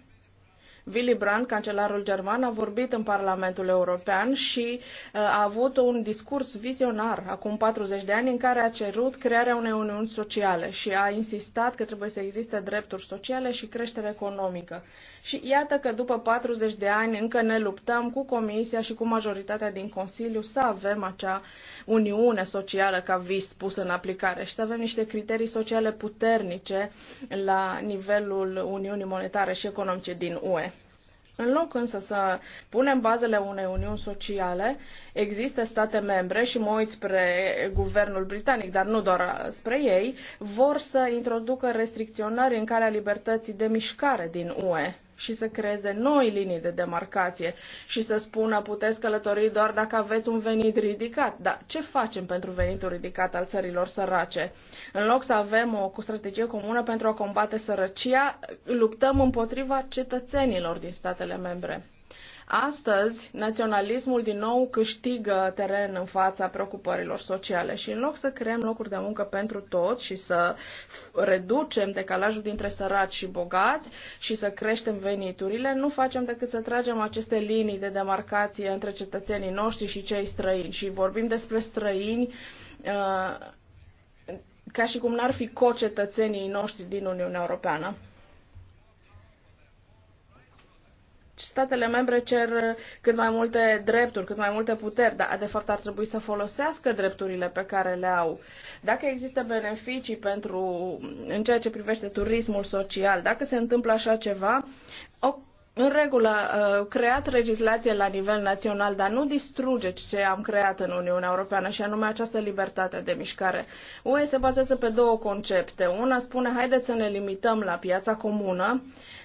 Willy Brandt, cancelarul german, a vorbit în Parlamentul European și uh, a avut un discurs vizionar acum 40 de ani în care a cerut crearea unei uniuni sociale și a insistat că trebuie să existe drepturi sociale și creștere economică. Și iată că după 40 de ani încă ne luptăm cu Comisia și cu majoritatea din Consiliu să avem acea uniune socială ca vis pusă în aplicare și să avem niște criterii sociale puternice la nivelul Uniunii Monetare și Economice din UE. În loc însă să punem bazele unei uniuni sociale, există state membre și mă uit spre guvernul britanic, dar nu doar spre ei, vor să introducă restricționări în calea libertății de mișcare din UE și să creeze noi linii de demarcație și să spună puteți călători doar dacă aveți un venit ridicat. Dar ce facem pentru venitul ridicat al țărilor sărace? În loc să avem o strategie comună pentru a combate sărăcia, luptăm împotriva cetățenilor din statele membre. Astăzi, naționalismul din nou câștigă teren în fața preocupărilor sociale și în loc să creăm locuri de muncă pentru toți și să reducem decalajul dintre săraci și bogați și să creștem veniturile, nu facem decât să tragem aceste linii de demarcație între cetățenii noștri și cei străini. Și vorbim despre străini uh, ca și cum n-ar fi cocetățenii noștri din Uniunea Europeană. Deci, statele membre cer uh, cât mai multe drepturi, cât mai multe puteri, dar de fapt ar trebui să folosească drepturile pe care le au. Dacă există beneficii pentru, mm, în ceea ce privește turismul social, dacă se întâmplă așa ceva, o, în regulă, uh, creat legislație la nivel național, dar nu distruge ce am creat în Uniunea Europeană și anume această libertate de mișcare. UE se bazează pe două concepte. Una spune, haideți să ne limităm la piața comună,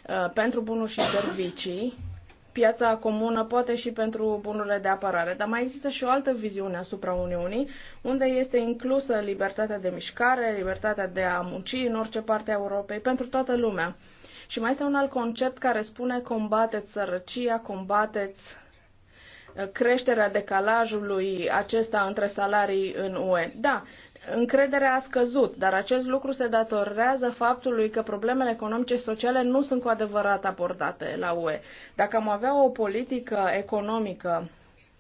Uh, pentru bunuri și servicii, piața comună, poate și pentru bunurile de apărare. Dar mai există și o altă viziune asupra Uniunii, unde este inclusă libertatea de mișcare, libertatea de a munci în orice parte a Europei, pentru toată lumea. Și mai este un alt concept care spune combateți sărăcia, combateți uh, creșterea decalajului acesta între salarii în UE. Da, încrederea a scăzut, dar acest lucru se datorează faptului că problemele economice și sociale nu sunt cu adevărat abordate la UE. Dacă am avea o politică economică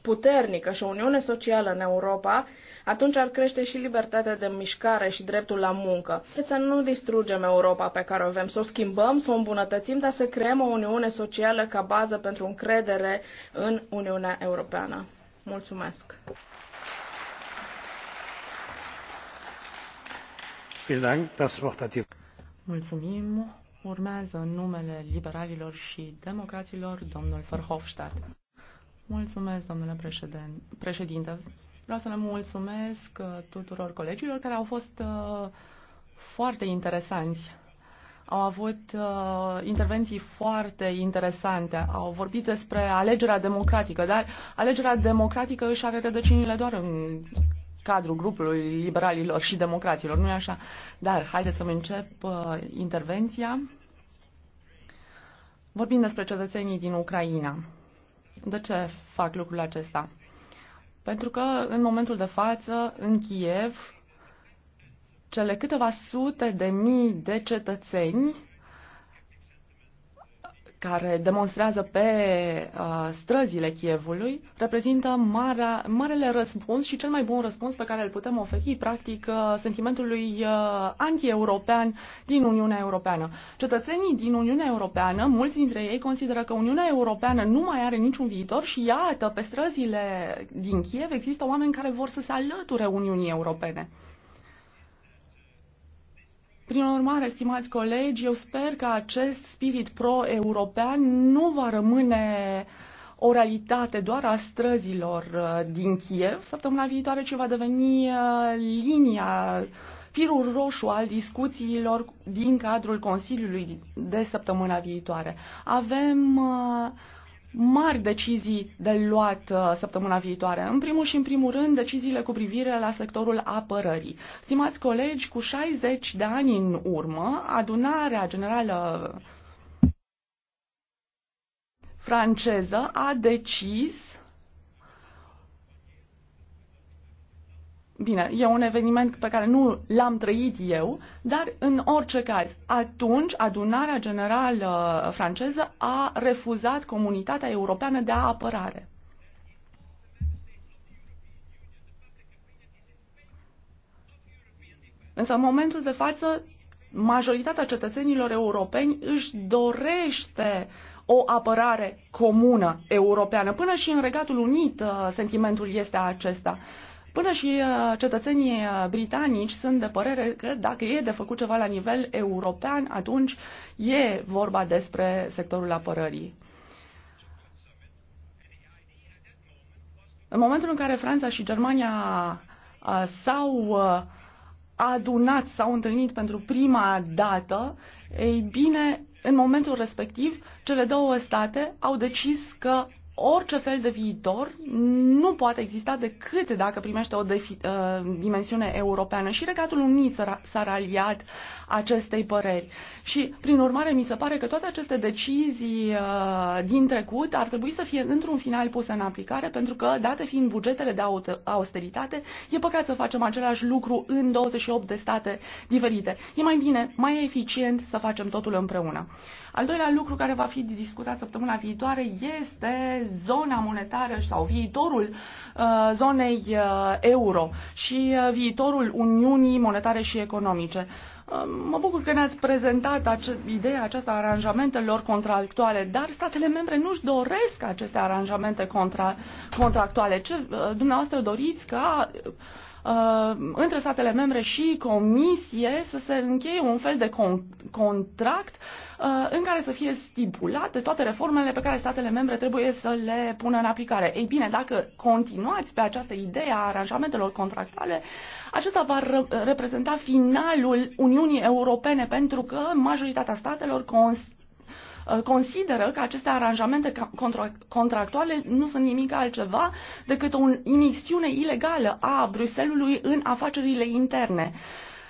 puternică și o uniune socială în Europa, atunci ar crește și libertatea de mișcare și dreptul la muncă. Să nu distrugem Europa pe care o avem, să o schimbăm, să o îmbunătățim, dar să creăm o uniune socială ca bază pentru încredere în Uniunea Europeană. Mulțumesc! Mulțumim. Urmează în numele liberalilor și democraților domnul Verhofstadt. Mulțumesc, domnule președinte. Vreau să le mulțumesc uh, tuturor colegilor care au fost uh, foarte interesanți. Au avut uh, intervenții foarte interesante. Au vorbit despre alegerea democratică, dar alegerea democratică își are rădăcinile doar în cadrul grupului liberalilor și democraților, nu-i așa? Dar haideți să încep uh, intervenția. Vorbim despre cetățenii din Ucraina. De ce fac lucrul acesta? Pentru că în momentul de față, în Kiev, cele câteva sute de mii de cetățeni care demonstrează pe uh, străzile Chievului reprezintă marea, marele răspuns și cel mai bun răspuns pe care îl putem oferi, practic, uh, sentimentului uh, anti-european din Uniunea Europeană. Cetățenii din Uniunea Europeană, mulți dintre ei consideră că Uniunea Europeană nu mai are niciun viitor și iată, pe străzile din Kiev există oameni care vor să se alăture Uniunii Europene. Prin urmare, stimați colegi, eu sper că acest spirit pro-european nu va rămâne o realitate doar a străzilor uh, din Kiev săptămâna viitoare, ci va deveni uh, linia, firul roșu al discuțiilor din cadrul Consiliului de săptămâna viitoare. Avem uh, mari decizii de luat uh, săptămâna viitoare. În primul și în primul rând, deciziile cu privire la sectorul apărării. Stimați colegi, cu 60 de ani în urmă, adunarea generală franceză a decis Bine, e un eveniment pe care nu l-am trăit eu, dar în orice caz, atunci adunarea generală franceză a refuzat comunitatea europeană de apărare. Însă, în momentul de față, majoritatea cetățenilor europeni își dorește o apărare comună europeană. Până și în Regatul Unit uh, sentimentul este acesta. Până și uh, cetățenii uh, britanici sunt de părere că dacă e de făcut ceva la nivel european, atunci e vorba despre sectorul apărării. În momentul în care Franța și Germania uh, s-au adunat, s-au întâlnit pentru prima dată, ei bine, în momentul respectiv, cele două state au decis că orice fel de viitor nu poate exista decât dacă primește o uh, dimensiune europeană și Regatul Unit s-a aliat acestei păreri. Și, prin urmare, mi se pare că toate aceste decizii uh, din trecut ar trebui să fie într-un final puse în aplicare, pentru că, date fiind bugetele de austeritate, e păcat să facem același lucru în 28 de state diferite. E mai bine, mai eficient să facem totul împreună. Al doilea lucru care va fi discutat săptămâna viitoare este zona monetară sau viitorul uh, zonei uh, euro și uh, viitorul Uniunii Monetare și Economice. Um, mă bucur că ne-ați prezentat ace- ideea aceasta a aranjamentelor contractuale, dar statele membre nu-și doresc aceste aranjamente contra- contractuale. Ce dumneavoastră doriți ca Uh, între statele membre și Comisie să se încheie un fel de con- contract uh, în care să fie stipulate toate reformele pe care statele membre trebuie să le pună în aplicare. Ei bine, dacă continuați pe această idee a aranjamentelor contractuale, acesta va reprezenta finalul Uniunii Europene pentru că majoritatea statelor cons- Uh, consideră că aceste aranjamente contractuale nu sunt nimic altceva decât o imixtiune ilegală a Bruselului în afacerile interne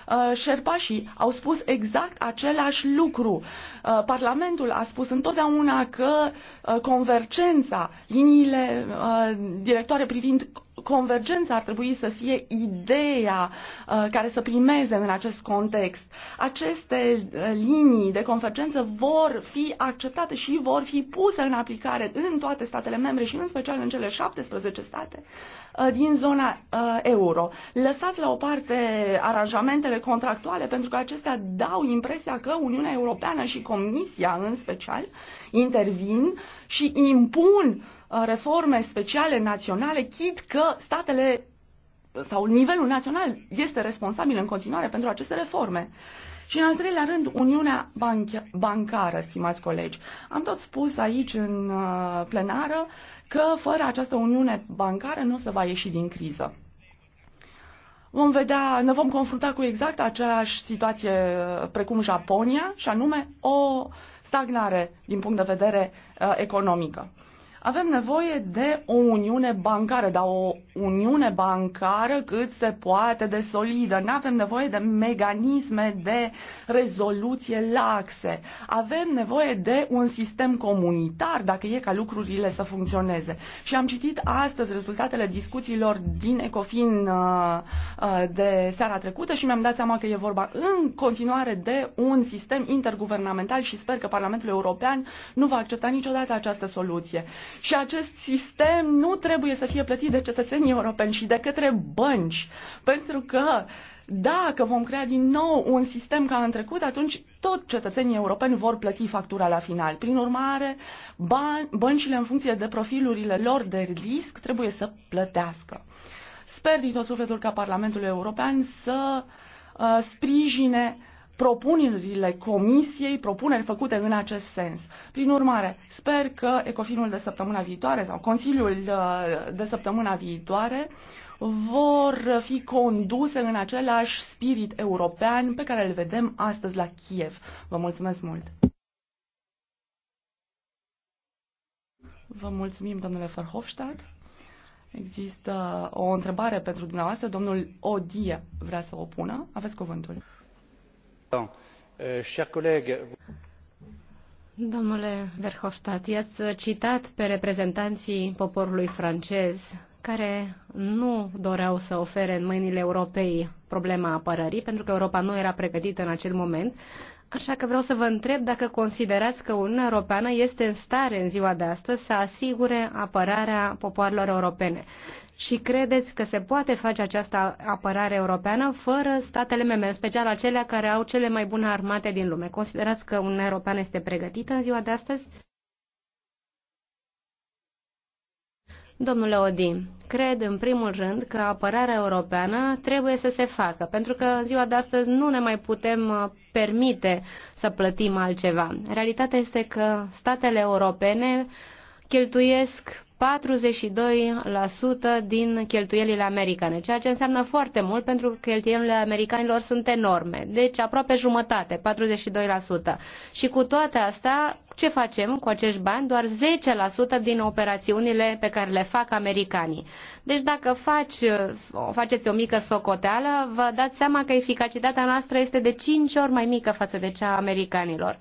uh, șerpașii au spus exact același lucru. Uh, Parlamentul a spus întotdeauna că convergența, liniile directoare privind convergența ar trebui să fie ideea uh, care să primeze în acest context. Aceste uh, linii de convergență vor fi acceptate și vor fi puse în aplicare în toate statele membre și în special în cele 17 state uh, din zona euro. Lăsați la o parte aranjamentele contractuale pentru că acestea dau impresia că Uniunea Europeană și Comisia în special intervin și impun Uh, reforme speciale naționale, chid că statele sau nivelul național este responsabil în continuare pentru aceste reforme. Și în al treilea rând, Uniunea banch- Bancară, stimați colegi. Am tot spus aici în uh, plenară că fără această Uniune Bancară nu se va ieși din criză. Vom vedea, ne vom confrunta cu exact aceeași situație uh, precum Japonia, și anume o stagnare din punct de vedere uh, economică. Avem nevoie de o uniune bancară, dar o uniune bancară cât se poate de solidă. Nu avem nevoie de mecanisme de rezoluție laxe. Avem nevoie de un sistem comunitar dacă e ca lucrurile să funcționeze. Și am citit astăzi rezultatele discuțiilor din Ecofin uh, uh, de seara trecută și mi-am dat seama că e vorba în continuare de un sistem interguvernamental și sper că Parlamentul European nu va accepta niciodată această soluție. Și acest sistem nu trebuie să fie plătit de cetățenii europeni și de către bănci, pentru că dacă vom crea din nou un sistem ca în trecut, atunci tot cetățenii europeni vor plăti factura la final. Prin urmare, băncile în funcție de profilurile lor de risc trebuie să plătească. Sper din tot sufletul ca Parlamentul European să uh, sprijine uh, propunerile comisiei, propuneri făcute în acest sens. Prin urmare, sper că Ecofinul de săptămâna viitoare sau Consiliul uh, de săptămâna viitoare vor fi conduse în același spirit european pe care îl vedem astăzi la Kiev. Vă mulțumesc mult! Vă mulțumim, domnule Verhofstadt. Există o întrebare pentru dumneavoastră. Domnul Odie vrea să o pună. Aveți cuvântul. Euh, Domnule Verhofstadt, i-ați citat pe reprezentanții poporului francez care nu doreau să ofere în mâinile Europei problema apărării, pentru că Europa nu era pregătită în acel moment. Așa că vreau să vă întreb dacă considerați că Uniunea Europeană este în stare în ziua de astăzi să asigure apărarea popoarelor europene și credeți că se poate face această apărare europeană fără statele membre, în special acelea care au cele mai bune armate din lume? Considerați că Uniunea Europeană este pregătită în ziua de astăzi? Domnule Odi, cred în primul rând că apărarea europeană trebuie să se facă, pentru că în ziua de astăzi nu ne mai putem uh, permite să plătim altceva. Realitatea este că statele europene cheltuiesc 42% din cheltuielile americane, ceea ce înseamnă foarte mult pentru că cheltuielile americanilor sunt enorme, deci aproape jumătate, 42%. Și cu toate astea, ce facem cu acești bani? Doar 10% din operațiunile pe care le fac americanii. Deci dacă faci, faceți o mică socoteală, vă dați seama că eficacitatea noastră este de 5 ori mai mică față de cea a americanilor.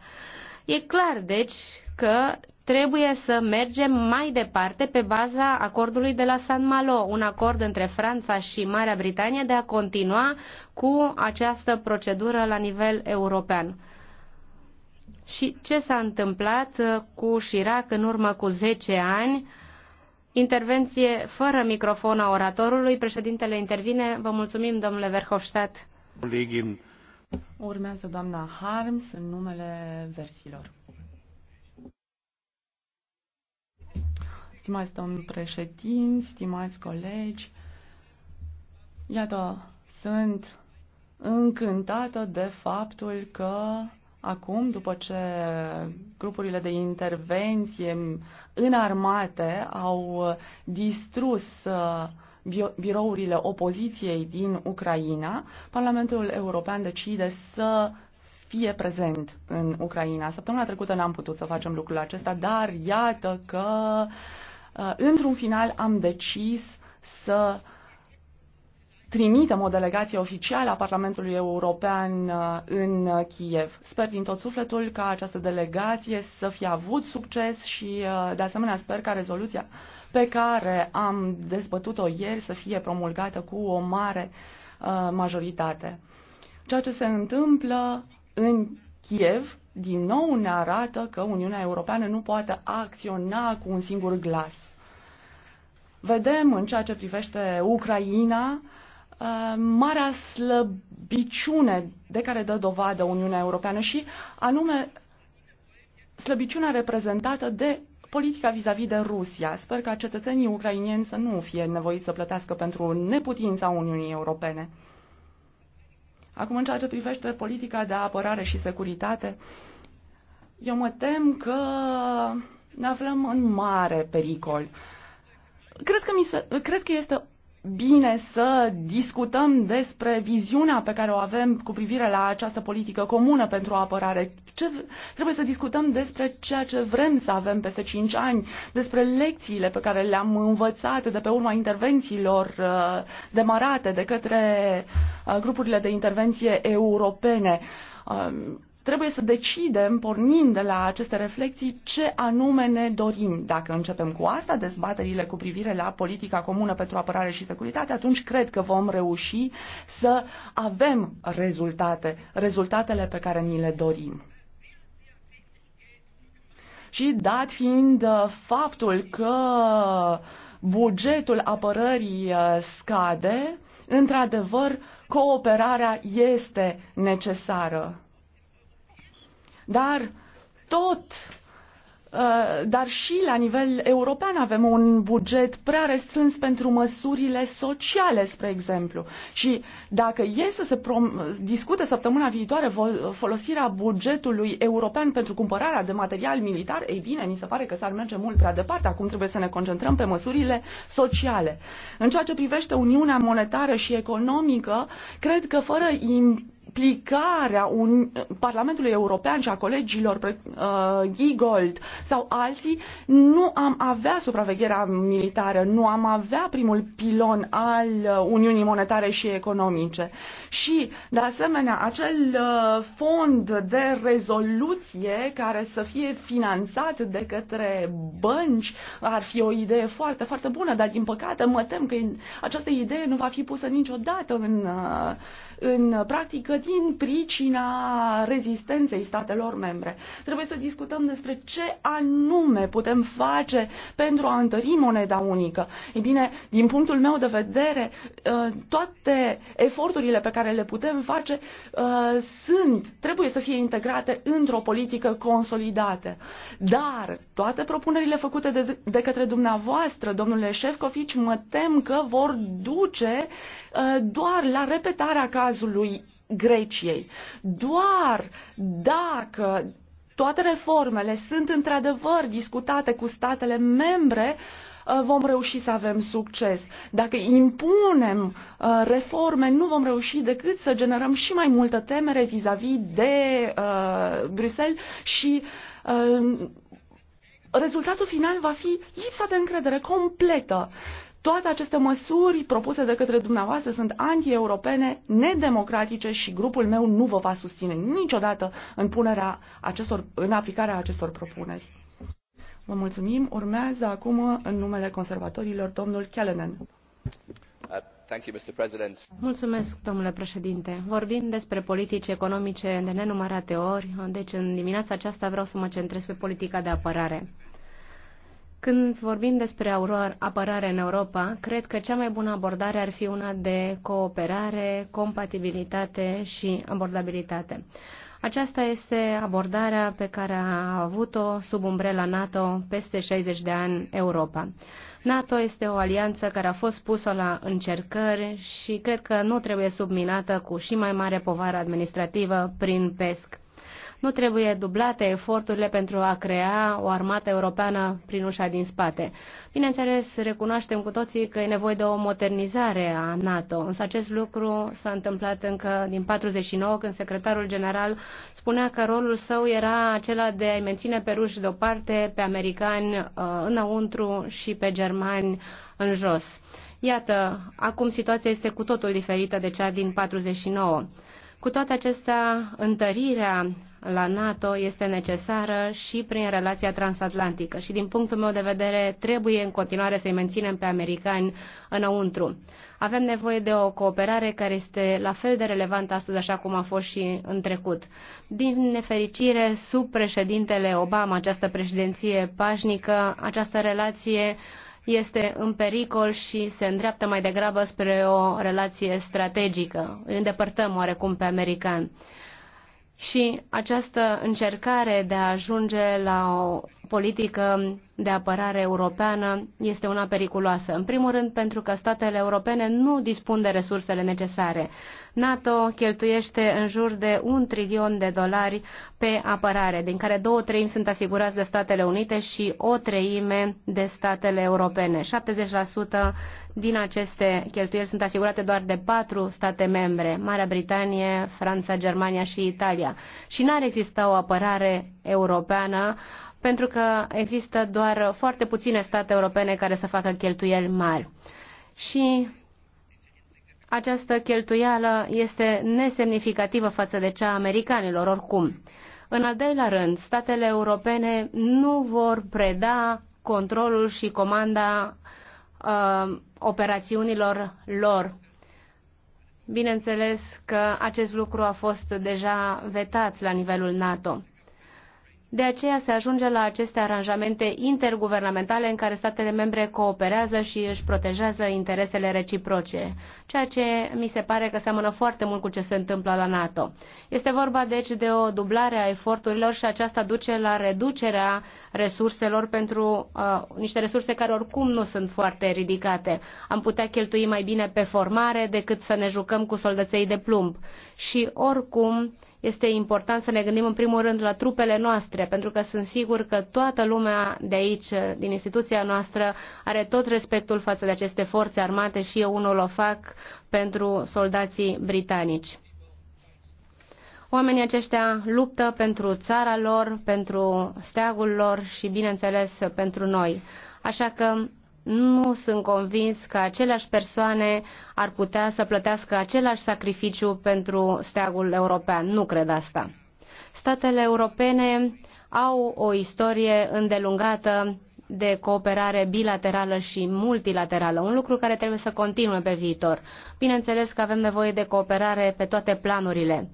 E clar, deci, că trebuie să mergem mai departe pe baza acordului de la San Malo, un acord între Franța și Marea Britanie de a continua cu această procedură la nivel european. Și ce s-a întâmplat uh, cu Chirac în urmă cu 10 ani? Intervenție fără microfon a oratorului. Președintele intervine. Vă mulțumim, domnule Verhofstadt. Urmează doamna Harms în numele versilor. Stimați domn președinți, stimați colegi, iată, sunt încântată de faptul că acum, după ce grupurile de intervenție înarmate au distrus uh, birourile opoziției din Ucraina, Parlamentul European decide să fie prezent în Ucraina. Săptămâna trecută n-am putut să facem lucrul acesta, dar iată că uh, Uh, într-un final am decis să trimitem o delegație oficială a Parlamentului European uh, în uh, Kiev. Sper din tot sufletul ca această delegație să fie avut succes și, de asemenea, sper ca rezoluția pe care am dezbătut-o ieri să fie promulgată cu o mare majoritate. Ceea ce se întâmplă în Kiev din nou ne arată că Uniunea Europeană nu poate acționa cu un singur glas. Vedem în ceea ce privește Ucraina uh, marea slăbiciune de care dă dovadă Uniunea Europeană și anume slăbiciunea reprezentată de politica vis-a-vis -vis de Rusia. Sper ca cetățenii ucrainieni să nu fie nevoiți să plătească pentru neputința Uniunii Europene. Acum, în ceea ce privește politica de apărare și securitate, eu mă tem că ne aflăm în mare pericol. Cred că, mi se, cred că este bine să discutăm despre viziunea pe care o avem cu privire la această politică comună pentru apărare. Ce, trebuie să discutăm despre ceea ce vrem să avem peste 5 ani, despre lecțiile pe care le-am învățat de pe urma intervențiilor uh, demarate de către uh, grupurile de intervenție europene. Uh, Trebuie să decidem, pornind de la aceste reflexii, ce anume ne dorim. Dacă începem cu asta, dezbaterile cu privire la politica comună pentru apărare și securitate, atunci cred că vom reuși să avem rezultate, rezultatele pe care ni le dorim. Și dat fiind uh, faptul că bugetul apărării uh, scade, într-adevăr, cooperarea este necesară. Dar tot uh, dar și la nivel european avem un buget prea restrâns pentru măsurile sociale, spre exemplu. Și dacă e să se discute săptămâna viitoare folosirea bugetului european pentru cumpărarea de material militar, ei bine, mi se pare că s-ar merge mult prea departe. Acum trebuie să ne concentrăm pe măsurile sociale. În ceea ce privește Uniunea Monetară și Economică, cred că fără implicarea un, Parlamentului European și a colegilor pre, uh, Giegold sau alții, nu am avea supravegherea militară, nu am avea primul pilon al uh, Uniunii Monetare și Economice. Și, de asemenea, acel uh, fond de rezoluție care să fie finanțat de către bănci ar fi o idee foarte, foarte bună, dar, din păcate, mă tem că această idee nu va fi pusă niciodată în uh, în practică din pricina rezistenței statelor membre. Trebuie să discutăm despre ce anume putem face pentru a întări moneda unică. Ei bine, din punctul meu de vedere, uh, toate eforturile pe care le putem face uh, sunt, trebuie să fie integrate într-o politică consolidată. Dar toate propunerile făcute de, de către dumneavoastră, domnule Șefcovici, mă tem că vor duce uh, doar la repetarea ca cazului Greciei. Doar dacă toate reformele sunt într-adevăr discutate cu statele membre, uh, vom reuși să avem succes. Dacă impunem uh, reforme, nu vom reuși decât să generăm și mai multă temere vis-a-vis -vis de uh, Bruxelles și uh, rezultatul final va fi lipsa de încredere completă. Toate aceste măsuri propuse de către dumneavoastră sunt anti-europene, nedemocratice și grupul meu nu vă va susține niciodată în, punerea acestor, în aplicarea acestor propuneri. Vă mulțumim. Urmează acum în numele conservatorilor domnul Kellenen. Uh, Mulțumesc, domnule președinte. Vorbim despre politici economice de nenumărate ori, deci în dimineața aceasta vreau să mă centrez pe politica de apărare. Când vorbim despre apărare în Europa, cred că cea mai bună abordare ar fi una de cooperare, compatibilitate și abordabilitate. Aceasta este abordarea pe care a avut-o sub umbrela NATO peste 60 de ani Europa. NATO este o alianță care a fost pusă la încercări și cred că nu trebuie subminată cu și mai mare povară administrativă prin PESC. Nu trebuie dublate eforturile pentru a crea o armată europeană prin ușa din spate. Bineînțeles, recunoaștem cu toții că e nevoie de o modernizare a NATO, însă acest lucru s-a întâmplat încă din 49, când secretarul general spunea că rolul său era acela de a-i menține pe ruși deoparte, pe americani uh, înăuntru și pe germani în jos. Iată, acum situația este cu totul diferită de cea din 49. Cu toate acestea, întărirea la NATO este necesară și prin relația transatlantică și din punctul meu de vedere trebuie în continuare să-i menținem pe americani înăuntru. Avem nevoie de o cooperare care este la fel de relevantă astăzi așa cum a fost și în trecut. Din nefericire, sub președintele Obama, această președinție pașnică, această relație este în pericol și se îndreaptă mai degrabă spre o relație strategică. Îi îndepărtăm oarecum pe americani. Și această încercare de a ajunge la o politică de apărare europeană este una periculoasă. În primul rând pentru că statele europene nu dispun de resursele necesare. NATO cheltuiește în jur de un trilion de dolari pe apărare, din care două treimi sunt asigurați de Statele Unite și o treime de statele europene. 70% din aceste cheltuieli sunt asigurate doar de patru state membre, Marea Britanie, Franța, Germania și Italia. Și n-ar exista o apărare europeană pentru că există doar foarte puține state europene care să facă cheltuieli mari. Și această cheltuială este nesemnificativă față de cea a americanilor oricum. În al doilea rând, statele europene nu vor preda controlul și comanda uh, operațiunilor lor. Bineînțeles că acest lucru a fost deja vetat la nivelul NATO. De aceea se ajunge la aceste aranjamente interguvernamentale în care statele membre cooperează și își protejează interesele reciproce, ceea ce mi se pare că seamănă foarte mult cu ce se întâmplă la NATO. Este vorba deci de o dublare a eforturilor și aceasta duce la reducerea resurselor pentru uh, niște resurse care oricum nu sunt foarte ridicate. Am putea cheltui mai bine pe formare decât să ne jucăm cu soldăței de plumb și oricum este important să ne gândim în primul rând la trupele noastre, pentru că sunt sigur că toată lumea de aici, din instituția noastră, are tot respectul față de aceste forțe armate și eu unul o fac pentru soldații britanici. Oamenii aceștia luptă pentru țara lor, pentru steagul lor și, bineînțeles, pentru noi. Așa că nu sunt convins că aceleași persoane ar putea să plătească același sacrificiu pentru steagul european. Nu cred asta. Statele europene au o istorie îndelungată de cooperare bilaterală și multilaterală, un lucru care trebuie să continue pe viitor. Bineînțeles că avem nevoie de cooperare pe toate planurile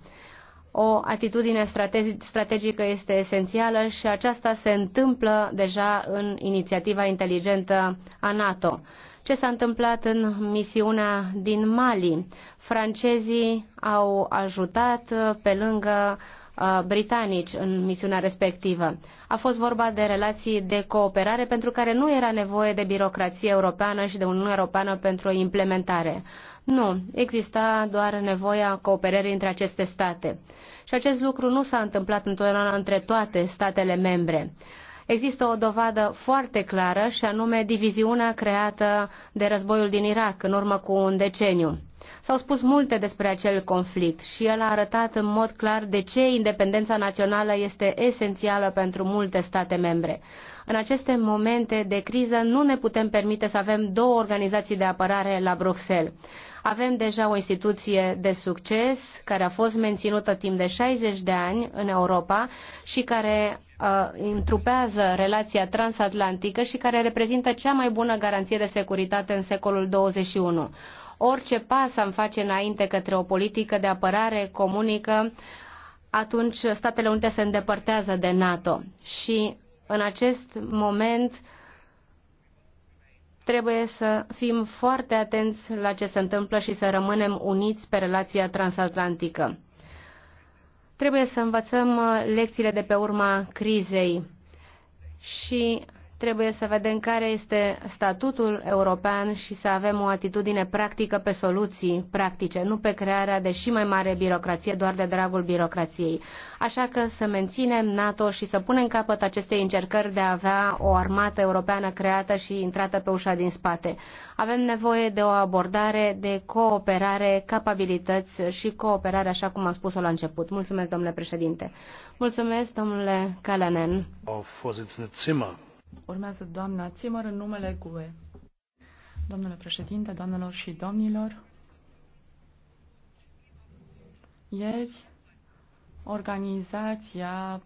o atitudine strategică este esențială și aceasta se întâmplă deja în inițiativa inteligentă a NATO. Ce s-a întâmplat în misiunea din Mali? Francezii au ajutat pe lângă uh, britanici în misiunea respectivă. A fost vorba de relații de cooperare pentru care nu era nevoie de birocrație europeană și de Uniunea Europeană pentru o implementare. Nu, exista doar nevoia cooperării între aceste state. Și acest lucru nu s-a întâmplat întotdeauna între toate statele membre. Există o dovadă foarte clară și anume diviziunea creată de războiul din Irak în urmă cu un deceniu. S-au spus multe despre acel conflict și el a arătat în mod clar de ce independența națională este esențială pentru multe state membre. În aceste momente de criză nu ne putem permite să avem două organizații de apărare la Bruxelles. Avem deja o instituție de succes care a fost menținută timp de 60 de ani în Europa și care uh, întrupează relația transatlantică și care reprezintă cea mai bună garanție de securitate în secolul 21. Orice pas am face înainte către o politică de apărare comunică, atunci Statele Unite se îndepărtează de NATO și în acest moment uh, trebuie să fim foarte atenți la ce se întâmplă și să rămânem uniți pe relația transatlantică. Trebuie să învățăm uh, lecțiile de pe urma crizei și Trebuie să vedem care este statutul european și să avem o atitudine practică pe soluții practice, nu pe crearea de și mai mare birocrație doar de dragul birocrației. Așa că să menținem NATO și să punem capăt acestei încercări de a avea o armată europeană creată și intrată pe ușa din spate. Avem nevoie de o abordare de cooperare, capabilități și cooperare, așa cum am spus-o la început. Mulțumesc, domnule președinte. Mulțumesc, domnule Kalanen. Urmează doamna Țimăr în numele GUE. Domnule președinte, doamnelor și domnilor, ieri organizația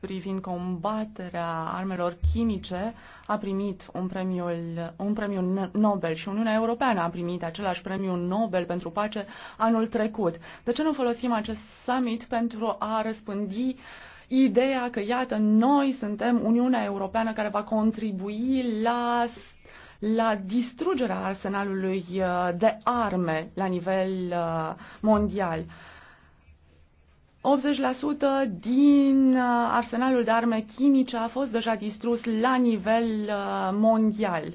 privind combaterea armelor chimice a primit un, premiul, un premiu Nobel și Uniunea Europeană a primit același premiu Nobel pentru pace anul trecut. De ce nu folosim acest summit pentru a răspândi uh, ideea că, iată, noi suntem Uniunea Europeană care va contribui la la distrugerea arsenalului uh, de arme la nivel uh, mondial. 80% din uh, arsenalul de arme chimice a fost deja distrus la nivel mondial.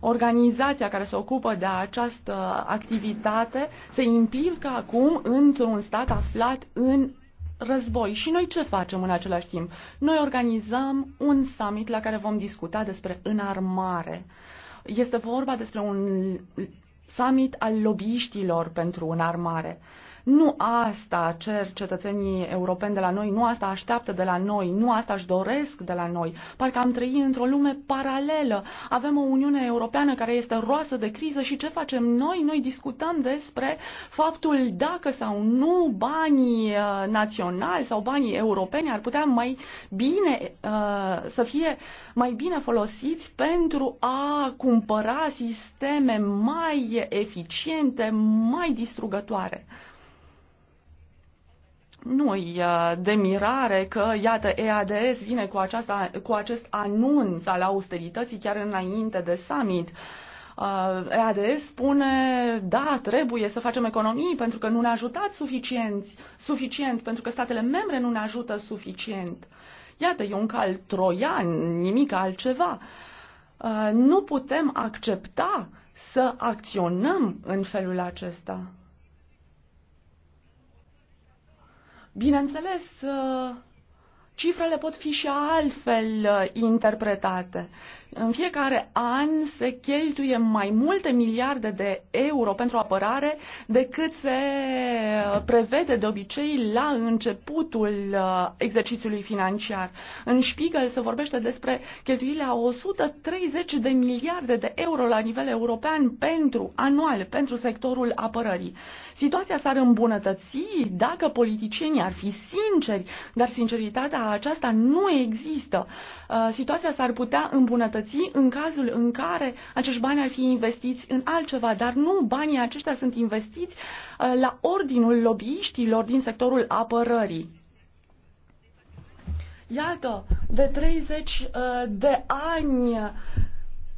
Organizația care se ocupă de această activitate se implică acum într-un stat aflat în război. Și noi ce facem în același timp? Noi organizăm un summit la care vom discuta despre înarmare. Este vorba despre un summit al lobbyiștilor pentru înarmare. Uh, nu asta cer cetățenii europeni de la noi, nu asta așteaptă de la noi, nu asta își doresc de la noi. Parcă am trăit într-o lume paralelă. Avem o Uniune Europeană care este roasă de criză și ce facem noi? Noi discutăm despre faptul dacă sau nu banii uh, naționali sau banii europeni ar putea mai bine uh, să fie mai bine folosiți pentru a cumpăra sisteme mai eficiente, mai distrugătoare nu-i uh, de mirare că, iată, EADS vine cu, aceasta, cu acest anunț al austerității chiar înainte de summit. Uh, EADS spune, da, trebuie să facem economii pentru că nu ne ajutați suficient, suficient pentru că statele membre nu ne ajută suficient. Iată, e un cal troian, nimic altceva. Uh, nu putem accepta să acționăm în felul acesta. Bineînțeles, uh, cifrele pot fi și altfel uh, interpretate. În fiecare an se cheltuie mai multe miliarde de euro pentru apărare decât se prevede de obicei la începutul uh, exercițiului financiar. În Spiegel se vorbește despre cheltuirea a 130 de miliarde de euro la nivel european pentru anual, pentru sectorul apărării. Situația s-ar îmbunătăți dacă politicienii ar fi sinceri, dar sinceritatea aceasta nu există. Uh, situația s-ar putea îmbunătăți îmbunătăți în cazul în care acești bani ar fi investiți în altceva, dar nu banii aceștia sunt investiți uh, la ordinul lobbyiștilor din sectorul apărării. Iată, de 30 uh, de ani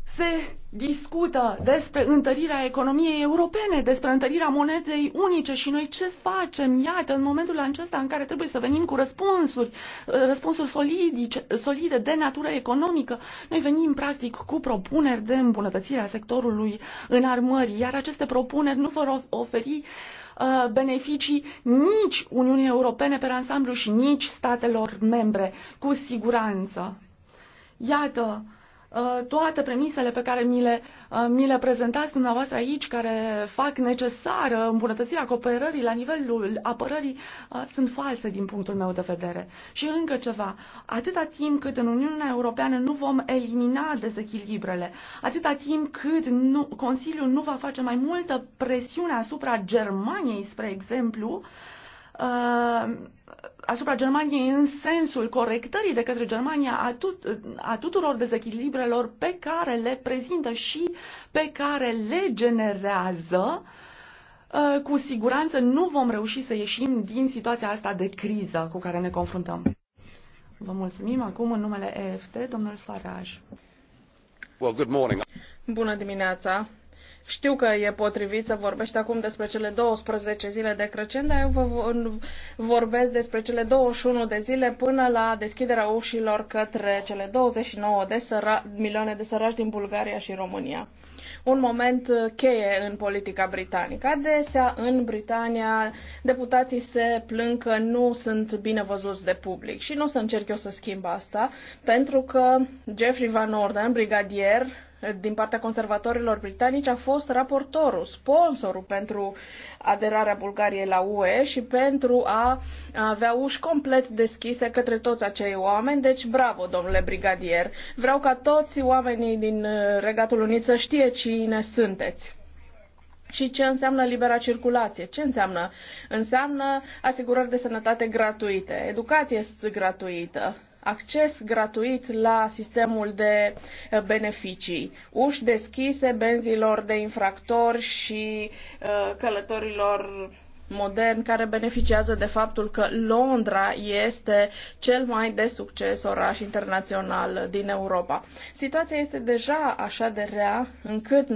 se discută despre întărirea economiei europene, despre întărirea monedei unice și noi ce facem, iată, în momentul acesta în care trebuie să venim cu răspunsuri, uh, răspunsuri solidice, solide de natură economică, noi venim practic cu propuneri de îmbunătățire a sectorului în armări, iar aceste propuneri nu vor oferi uh, beneficii nici Uniunii Europene pe ansamblu și nici statelor membre, cu siguranță. Iată, Uh, toate premisele pe care mi le, uh, mi le prezentați dumneavoastră aici, care fac necesară îmbunătățirea cooperării la nivelul apărării, uh, sunt false din punctul meu de vedere. Și încă ceva, atâta timp cât în Uniunea Europeană nu vom elimina dezechilibrele, atâta timp cât nu, Consiliul nu va face mai multă presiune asupra Germaniei, spre exemplu, Uh, asupra Germaniei în sensul corectării de către Germania a, tut, a tuturor dezechilibrelor pe care le prezintă și pe care le generează, uh, cu siguranță nu vom reuși să ieșim din situația asta de criză cu care ne confruntăm. Vă mulțumim acum în numele EFT, domnul Faraj. Well, good morning. Bună dimineața! Știu că e potrivit să vorbești acum despre cele 12 zile de Crăciun, dar eu vă vorbesc despre cele 21 de zile până la deschiderea ușilor către cele 29 de săra- milioane de sărași din Bulgaria și România. Un moment uh, cheie în politica britanică. Adesea, în Britania, deputații se plâng că nu sunt bine văzuți de public și nu o să încerc eu să schimb asta, pentru că Jeffrey Van Orden, brigadier, din partea conservatorilor britanici a fost raportorul, sponsorul pentru aderarea Bulgariei la UE și pentru a avea uși complet deschise către toți acei oameni. Deci, bravo, domnule brigadier! Vreau ca toți oamenii din uh, Regatul Unit să știe cine sunteți și ce înseamnă libera circulație. Ce înseamnă? Înseamnă asigurări de sănătate gratuite, educație gratuită, acces gratuit la sistemul de eh, beneficii, uși deschise benzilor de infractori și eh, călătorilor modern care beneficiază de faptul că Londra este cel mai de succes oraș internațional din Europa. Situația este deja așa de rea încât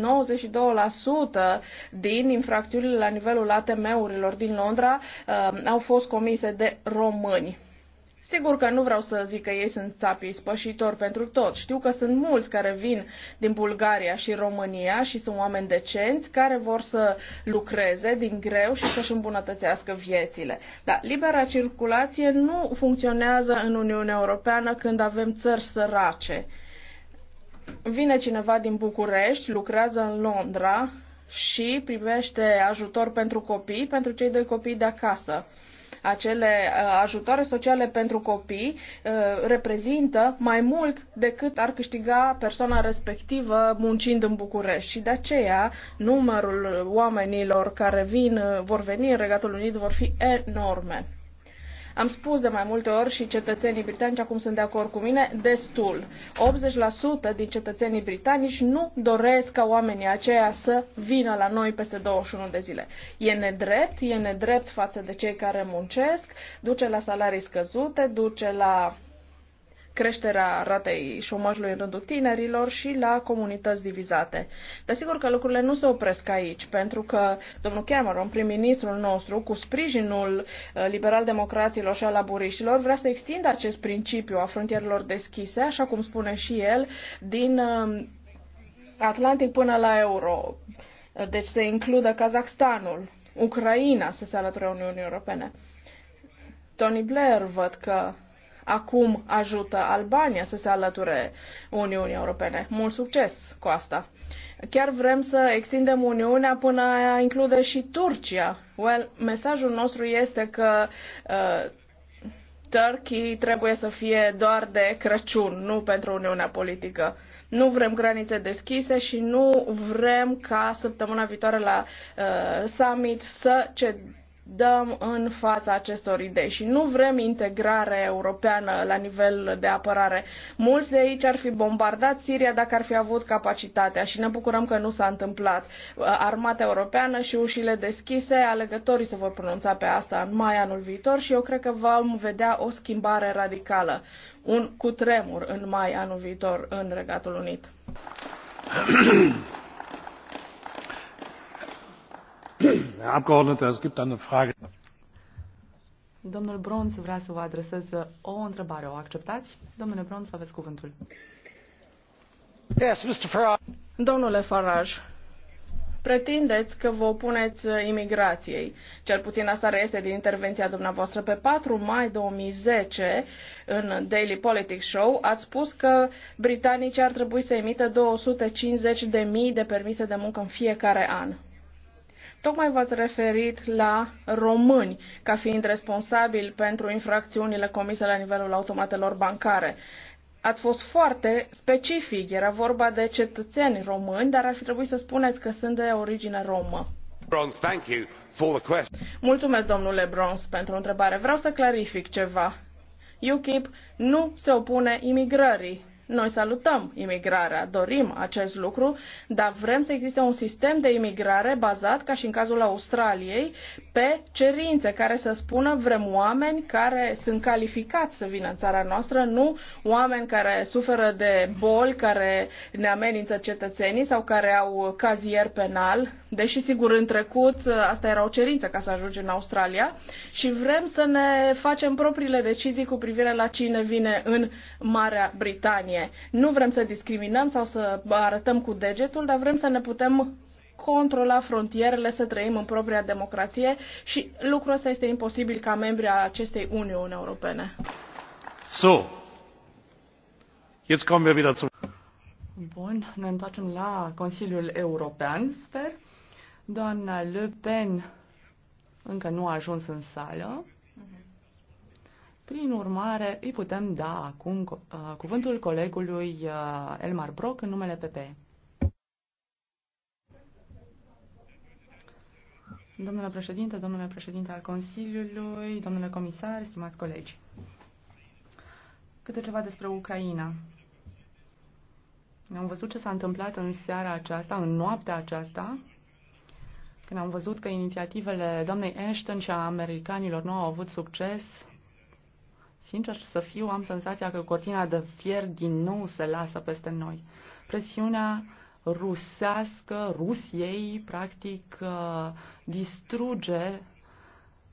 92% din infracțiunile la nivelul ATM-urilor din Londra uh, au fost comise de români. Sigur că nu vreau să zic că ei sunt țapii spășitori pentru tot. Știu că sunt mulți care vin din Bulgaria și România și sunt oameni decenți care vor să lucreze din greu și să-și îmbunătățească viețile. Dar libera circulație nu funcționează în Uniunea Europeană când avem țări sărace. Vine cineva din București, lucrează în Londra și primește ajutor pentru copii, pentru cei doi copii de acasă acele uh, ajutoare sociale pentru copii uh, reprezintă mai mult decât ar câștiga persoana respectivă muncind în București. Și de aceea numărul oamenilor care vin, uh, vor veni în Regatul Unit vor fi enorme. Am spus de mai multe ori și cetățenii britanici acum sunt de acord cu mine, destul. 80% din cetățenii britanici nu doresc ca oamenii aceia să vină la noi peste 21 de zile. E nedrept, e nedrept față de cei care muncesc, duce la salarii scăzute, duce la creșterea ratei șomajului în rândul tinerilor și la comunități divizate. Desigur că lucrurile nu se opresc aici, pentru că domnul Cameron, prim-ministrul nostru, cu sprijinul uh, liberal-democraților și al laburiștilor, vrea să extindă acest principiu a frontierelor deschise, așa cum spune și el, din um, Atlantic până la euro. Deci se includă Kazakhstanul, Ucraina să se alăture Uniunii Europene. Tony Blair văd că acum ajută Albania să se alăture Uniunii Europene. Mult succes cu asta! Chiar vrem să extindem Uniunea până a include și Turcia. Well, mesajul nostru este că uh, Turkey trebuie să fie doar de Crăciun, nu pentru Uniunea Politică. Nu vrem granițe deschise și nu vrem ca săptămâna viitoare la uh, summit să dăm în fața acestor idei și nu vrem integrare europeană la nivel de apărare. Mulți de aici ar fi bombardat Siria dacă ar fi avut capacitatea și ne bucurăm că nu s-a întâmplat. Armata europeană și ușile deschise, alegătorii se vor pronunța pe asta în mai anul viitor și eu cred că vom vedea o schimbare radicală, un cutremur în mai anul viitor în Regatul Unit. [coughs] herr abgeordneter es gibt eine frage. domnul brons vrea să vă adreseze o întrebare o acceptați? domnule brons aveți cuvântul. Yes, Mr. Farage. domnule farage pretindeți că vă opuneți uh, imigrației. Cel puțin asta reiese din intervenția dumneavoastră. Pe 4 mai 2010, în Daily Politics Show, ați spus că britanicii ar trebui să emită 250.000 de de permise de muncă în fiecare an. Tocmai v-ați referit la români ca fiind responsabili pentru infracțiunile comise la nivelul automatelor bancare. Ați fost foarte specific, era vorba de cetățeni români, dar ar fi trebuit să spuneți că sunt de origine romă. Bronze, thank you for the question. Mulțumesc, domnule Brons, pentru întrebare. Vreau să clarific ceva. UKIP nu se opune imigrării noi salutăm imigrarea, dorim acest lucru, dar vrem să existe un sistem de imigrare bazat, ca și în cazul Australiei, pe cerințe care să spună vrem oameni care sunt calificați să vină în țara noastră, nu oameni care suferă de boli, care ne amenință cetățenii sau care au cazier penal, deși sigur în trecut asta era o cerință ca să ajungi în Australia și vrem să ne facem propriile decizii cu privire la cine vine în Marea Britanie linie. Nu vrem să discriminăm sau să arătăm cu degetul, dar vrem să ne putem controla frontierele, să trăim în propria democrație și lucrul ăsta este imposibil ca membri ai acestei Uniuni Europene. So, jetzt kommen wir wieder zum Bun, ne întoarcem la Consiliul European, sper. Doamna Le Pen încă nu a ajuns în sală. Prin urmare, îi putem da acum uh, cuvântul colegului uh, Elmar Brock în numele PPE. Domnule președinte, domnule președinte al Consiliului, domnule comisar, stimați colegi. Câte ceva despre Ucraina. Am văzut ce s-a întâmplat în seara aceasta, în noaptea aceasta, când am văzut că inițiativele doamnei Ashton și a americanilor nu au avut succes Sincer să fiu, am senzația că cortina de fier din nou se lasă peste noi. Presiunea rusească, Rusiei, practic uh, distruge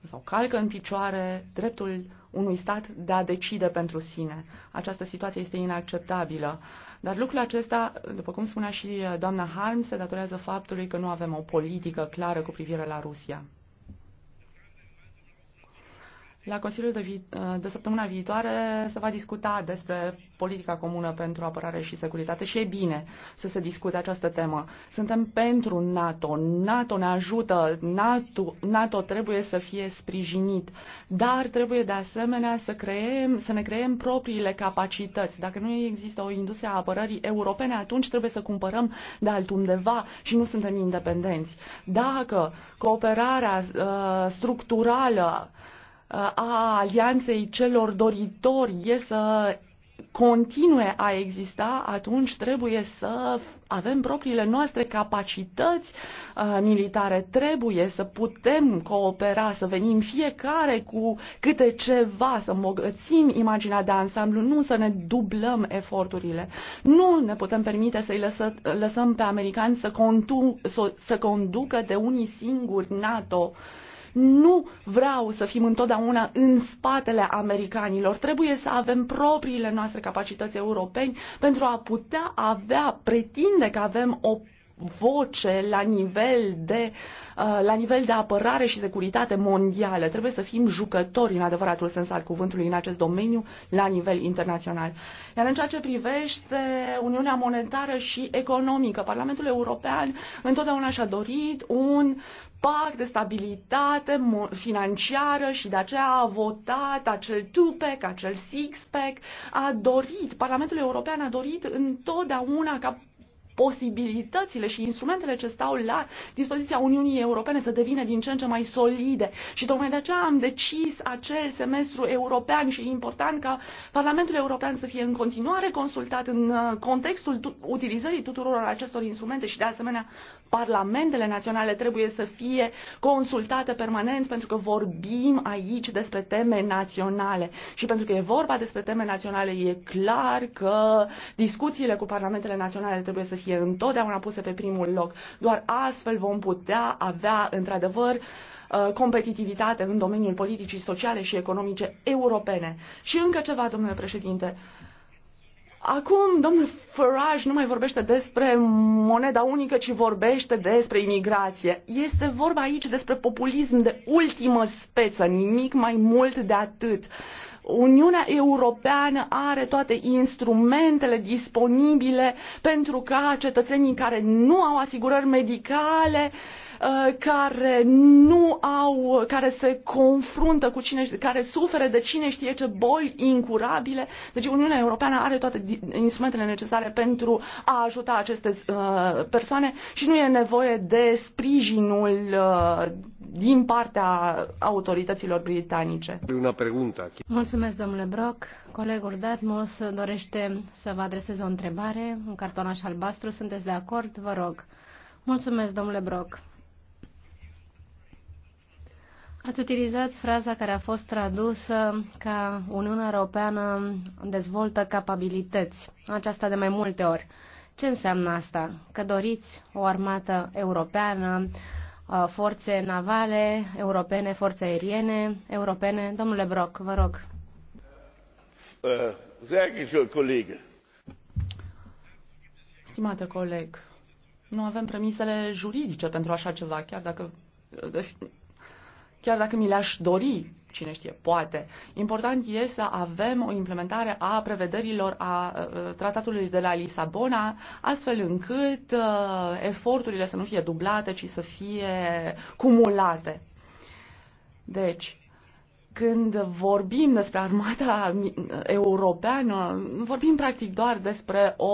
sau calcă în picioare dreptul unui stat de a decide pentru sine. Această situație este inacceptabilă. Dar lucrul acesta, după cum spunea și uh, doamna Harms, se datorează faptului că nu avem o politică clară cu privire la Rusia. La Consiliul de, vi- uh, de săptămâna viitoare se va discuta despre politica comună pentru apărare și securitate și e bine să se discute această temă. Suntem pentru NATO. NATO ne ajută, NATO, NATO trebuie să fie sprijinit, dar trebuie de asemenea să, creem, să ne creem propriile capacități. Dacă nu există o industrie a apărării europene, atunci trebuie să cumpărăm de altundeva și nu suntem independenți. Dacă cooperarea uh, structurală a alianței celor doritori e să continue a exista, atunci trebuie să avem propriile noastre capacități uh, militare, trebuie să putem coopera, să venim fiecare cu câte ceva, să îmbogățim imaginea de ansamblu, nu să ne dublăm eforturile. Nu ne putem permite să-i lăsă, lăsăm pe americani să, contu, să, să conducă de unii singuri NATO uh, nu vreau să fim întotdeauna în spatele americanilor. Trebuie să avem propriile noastre capacități europeni pentru a putea avea, pretinde că avem o voce la nivel de, uh, la nivel de apărare și securitate mondială. Trebuie să fim jucători în adevăratul sens al cuvântului în acest domeniu la nivel internațional. Iar în ceea ce privește Uniunea Monetară și Economică, Parlamentul European întotdeauna și-a dorit un pact de stabilitate financiară și de aceea a votat acel two-pack, acel six-pack, a dorit, Parlamentul European a dorit întotdeauna ca posibilitățile și instrumentele ce stau la dispoziția Uniunii Europene să devină din ce în ce mai solide. Și tocmai de aceea am decis acel semestru european și important ca Parlamentul European să fie în continuare consultat în uh, contextul utilizării tuturor acestor instrumente și de asemenea parlamentele naționale trebuie să fie consultate permanent pentru că vorbim aici despre teme naționale. Și pentru că e vorba despre teme naționale, e clar că discuțiile cu parlamentele naționale trebuie să fie fie întotdeauna puse pe primul loc. Doar astfel vom putea avea, într-adevăr, uh, competitivitate în domeniul politicii sociale și economice europene. Și încă ceva, domnule președinte. Acum domnul Farage nu mai vorbește despre moneda unică, ci vorbește despre imigrație. Este vorba aici despre populism de ultimă speță, nimic mai mult de atât. Uh, Uniunea Europeană are toate instrumentele disponibile pentru ca cetățenii care nu au asigurări medicale uh, Uh, care nu au, care se confruntă cu cine, care suferă de cine știe ce boli incurabile. Deci Uniunea Europeană are toate instrumentele necesare pentru a ajuta aceste uh, persoane și nu e nevoie de sprijinul uh, din partea autorităților britanice. Una pregunta. Mulțumesc, domnule Brock. Colegul Datmos dorește să vă adreseze o întrebare, un cartonaș albastru. Sunteți de acord? Vă rog. Mulțumesc, domnule Brock. Ați utilizat fraza care a fost tradusă ca Uniunea Europeană dezvoltă capabilități, aceasta de mai multe ori. Ce înseamnă asta? Că doriți o armată europeană, uh, forțe navale, europene, forțe aeriene, europene? Domnule Brock, vă rog. Uh, Stimate coleg, nu avem premisele juridice pentru așa ceva, chiar dacă uh, chiar dacă mi le-aș dori, cine știe, poate. Important e să avem o implementare a prevederilor a tratatului de la Lisabona, astfel încât eforturile să nu fie dublate, ci să fie cumulate. Deci, când vorbim despre armata europeană, vorbim practic doar despre o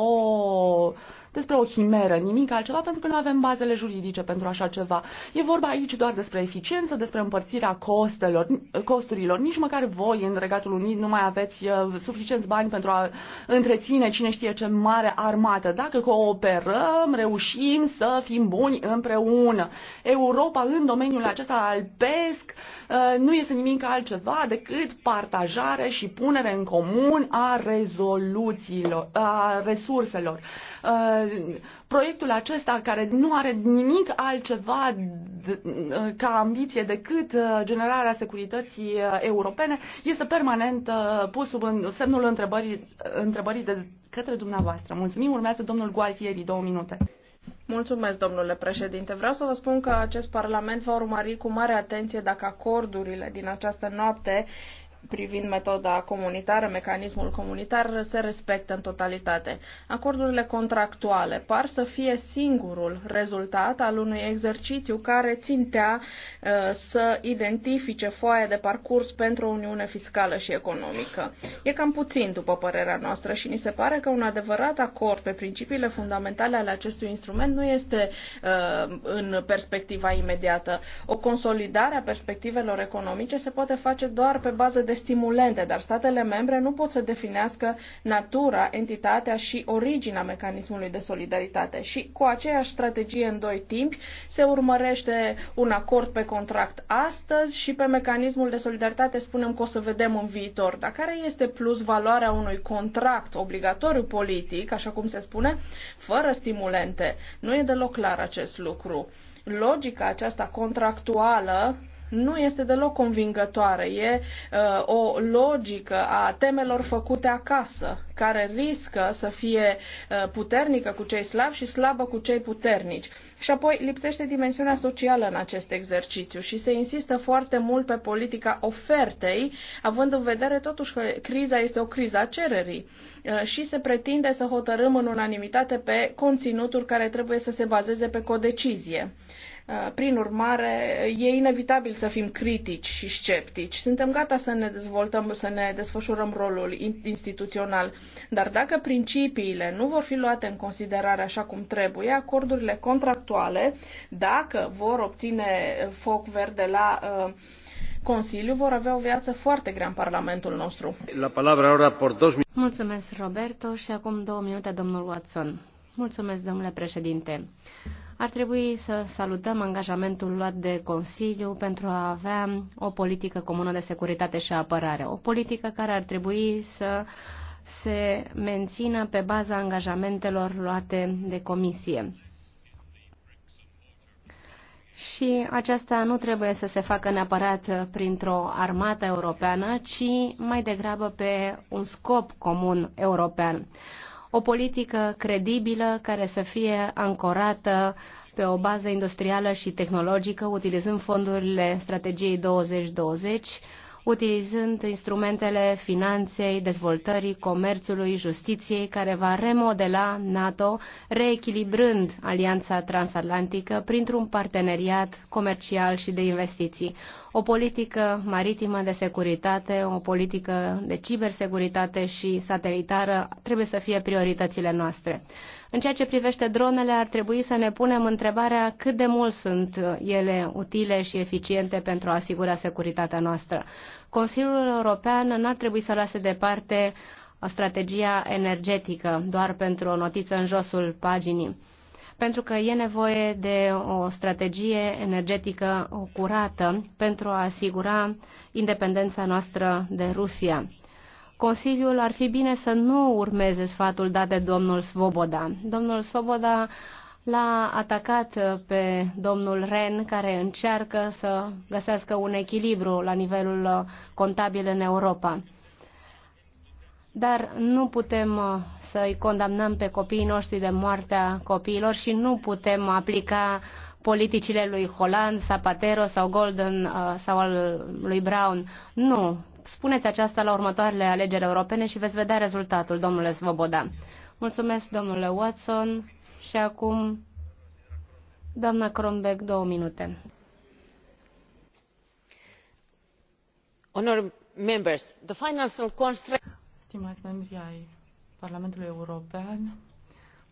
uh, despre o chimeră, nimic altceva, pentru că nu avem bazele juridice pentru așa ceva. E vorba aici doar despre eficiență, despre împărțirea costelor, costurilor. Nici măcar voi în Regatul Unit nu mai aveți uh, suficienți bani pentru a întreține cine știe ce mare armată. Dacă cooperăm, reușim să fim buni împreună. Europa în domeniul acesta al PESC uh, nu este nimic altceva decât partajare și punere în comun a rezoluțiilor, a resurselor. Uh, proiectul acesta care nu are nimic altceva uh, ca ambiție decât uh, generarea securității europene este permanent pus sub semnul întrebării, întrebării de către dumneavoastră. Mulțumim, urmează domnul Gualtieri, două minute. Mulțumesc, domnule președinte. Vreau să vă spun că acest Parlament va urmări cu mare atenție dacă acordurile din această noapte privind metoda comunitară, mecanismul comunitar, se respectă în totalitate. Acordurile contractuale par să fie singurul rezultat al unui exercițiu care țintea uh, să identifice foaia de parcurs pentru o uniune fiscală și economică. E cam puțin, după părerea noastră, și ni se pare că un adevărat acord pe principiile fundamentale ale acestui instrument nu este uh, în perspectiva imediată. O consolidare a perspectivelor economice se poate face doar pe bază de stimulente, dar statele membre nu pot să definească natura, entitatea și originea mecanismului de solidaritate. Și cu aceeași strategie în doi timpi se urmărește un acord pe contract astăzi și pe mecanismul de solidaritate spunem că o să vedem în viitor. Dar care este plus valoarea unui contract obligatoriu politic, așa cum se spune, fără stimulente? Nu e deloc clar acest lucru. Logica aceasta contractuală nu este deloc convingătoare. E uh, o logică a temelor făcute acasă, care riscă să fie uh, puternică cu cei slabi și slabă cu cei puternici. Și apoi lipsește dimensiunea socială în acest exercițiu și se insistă foarte mult pe politica ofertei, având în vedere totuși că criza este o criză a cererii uh, și se pretinde să hotărâm în unanimitate pe conținuturi care trebuie să se bazeze pe codecizie. Uh, prin urmare, e inevitabil să fim critici și sceptici. Suntem gata să ne dezvoltăm, să ne desfășurăm rolul instituțional, dar dacă principiile nu vor fi luate în considerare așa cum trebuie, acordurile contractuale, dacă vor obține foc verde la uh, Consiliu vor avea o viață foarte grea în Parlamentul nostru. La palabra ora por dos... Mulțumesc, Roberto, și acum două minute, domnul Watson. Mulțumesc, domnule președinte. Ar trebui să salutăm angajamentul luat de Consiliu pentru a avea o politică comună de securitate și apărare, o politică care ar trebui să se mențină pe baza angajamentelor luate de Comisie. Și aceasta nu trebuie să se facă neapărat printr-o armată europeană, ci mai degrabă pe un scop comun european o politică credibilă care să fie ancorată pe o bază industrială și tehnologică, utilizând fondurile strategiei 2020, utilizând instrumentele finanței, dezvoltării, comerțului, justiției, care va remodela NATO, reechilibrând alianța transatlantică printr-un parteneriat comercial și de investiții. O politică maritimă de securitate, o politică de cibersecuritate și satelitară trebuie să fie prioritățile noastre. În ceea ce privește dronele, ar trebui să ne punem întrebarea cât de mult sunt ele utile și eficiente pentru a asigura securitatea noastră. Consiliul European n-ar trebui să lase departe strategia energetică doar pentru o notiță în josul paginii, pentru că e nevoie de o strategie energetică curată pentru a asigura independența noastră de Rusia. Consiliul ar fi bine să nu urmeze sfatul dat de domnul Svoboda. Domnul Svoboda l-a atacat uh, pe domnul Ren, care încearcă să găsească un echilibru la nivelul uh, contabil în Europa. Dar nu putem uh, să-i condamnăm pe copiii noștri de moartea copiilor și nu putem aplica politicile lui Holland, Zapatero sau Golden sau al lui Brown. Nu. Spuneți aceasta la următoarele alegeri europene și veți vedea rezultatul, domnule Svoboda. Mulțumesc, domnule Watson. Și acum, doamna Kronbeck, două minute. Honorable members, the financial constraint... Stimați membri ai Parlamentului European,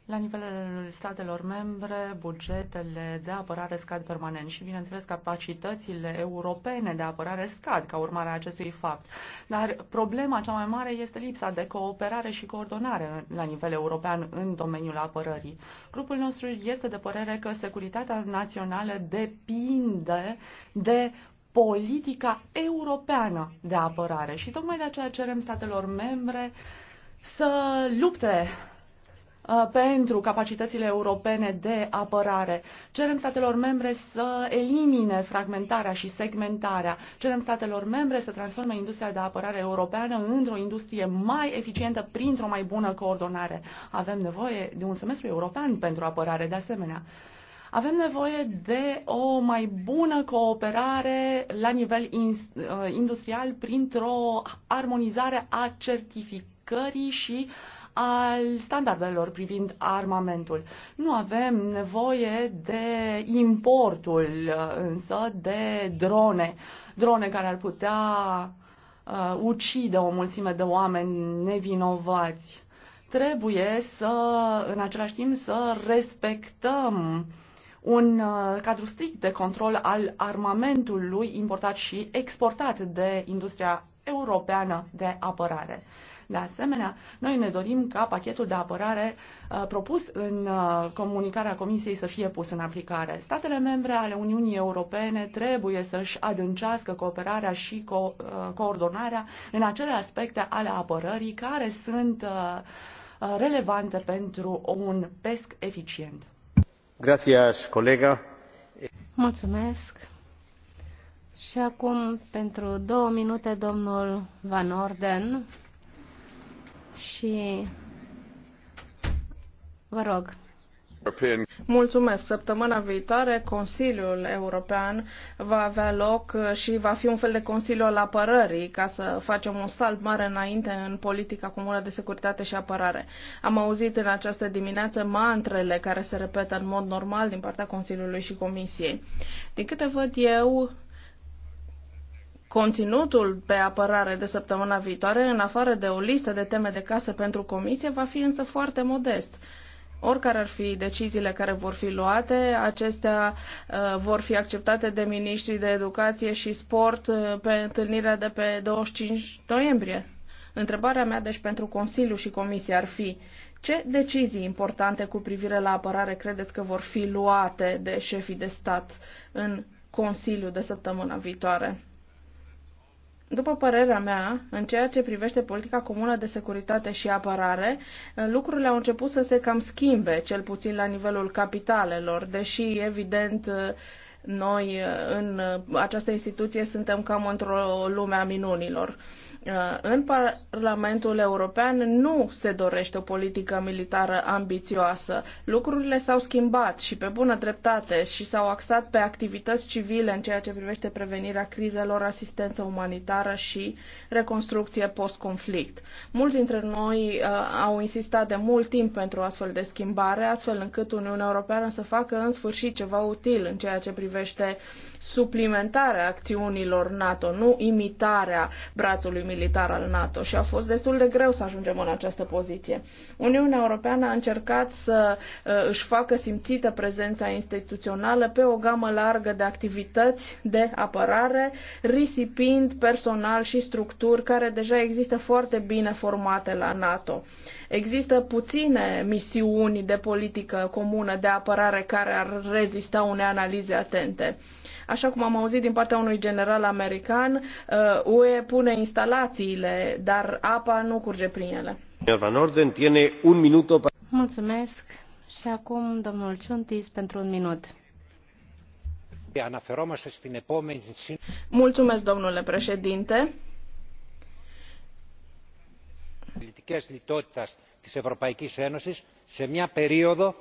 la nivelul statelor membre, bugetele de apărare scad permanent și, bineînțeles, capacitățile europene de apărare scad ca urmare a acestui fapt. Dar problema cea mai mare este lipsa de cooperare și coordonare la nivel european în domeniul apărării. Grupul nostru este de părere că securitatea națională depinde de politica europeană de apărare și tocmai de aceea cerem statelor membre să lupte Uh, pentru capacitățile europene de apărare. Cerem statelor membre să elimine fragmentarea și segmentarea. Cerem statelor membre să transforme industria de apărare europeană într-o industrie mai eficientă printr-o mai bună coordonare. Avem nevoie de un semestru european pentru apărare de asemenea. Avem nevoie de o mai bună cooperare la nivel uh, industrial printr-o armonizare a certificării și uh, al standardelor privind armamentul. Nu avem nevoie de importul însă de drone, drone care ar putea uh, ucide o mulțime de oameni nevinovați. Trebuie să, în același timp, să respectăm un uh, cadru strict de control al armamentului importat și exportat de industria europeană de apărare. De asemenea, noi ne dorim ca pachetul de apărare uh, propus în uh, comunicarea Comisiei să fie pus în aplicare. Statele membre ale Uniunii Europene trebuie să-și adâncească cooperarea și co- uh, coordonarea în acele aspecte ale apărării care sunt relevante pentru un pesc eficient. Gracias, colega. Mulțumesc. Și acum, pentru două minute, domnul Van Orden și vă rog. Mulțumesc. Săptămâna viitoare Consiliul European va avea loc și va fi un fel de Consiliu al apărării ca să facem un salt mare înainte în politica comună de securitate și apărare. Am auzit în această dimineață mantrele care se repetă în mod normal din partea Consiliului și Comisiei. Din câte văd eu, Conținutul pe apărare de săptămâna viitoare, în afară de o listă de teme de casă pentru comisie, va fi însă foarte modest. Oricare ar fi deciziile care vor fi luate, acestea uh, vor fi acceptate de ministrii de educație și sport uh, pe întâlnirea de pe 25 noiembrie. Întrebarea mea, deci, pentru Consiliu și Comisie ar fi ce decizii importante cu privire la apărare credeți că vor fi luate de șefii de stat în Consiliu de săptămâna viitoare? După părerea mea, în ceea ce privește politica comună de securitate și apărare, lucrurile au început să se cam schimbe, cel puțin la nivelul capitalelor, deși, evident, noi în această instituție suntem cam într-o lume a minunilor. Uh, în Parlamentul European nu se dorește o politică militară ambițioasă. Lucrurile s-au schimbat și pe bună dreptate și s-au axat pe activități civile în ceea ce privește prevenirea crizelor, asistență umanitară și reconstrucție post-conflict. Mulți dintre noi uh, au insistat de mult timp pentru astfel de schimbare, astfel încât Uniunea Europeană să facă în sfârșit ceva util în ceea ce privește suplimentarea acțiunilor NATO, nu imitarea brațului militar al NATO și a fost destul de greu să ajungem în această poziție. Uniunea Europeană a încercat să uh, își facă simțită prezența instituțională pe o gamă largă de activități de apărare, risipind personal și structuri care deja există foarte bine formate la NATO. Există puține misiuni de politică comună de apărare care ar rezista unei analize atente. Așa cum am auzit din partea unui general american, UE uh, pune instalațiile, dar apa nu curge prin ele. Van Orden tiene un minut. Mulțumesc. Și acum domnul Ciuntis pentru un minut. Mulțumesc, domnule președinte. Πολιτικές λιτότητας της Ευρωπαϊκής Ένωσης σε μια περίοδο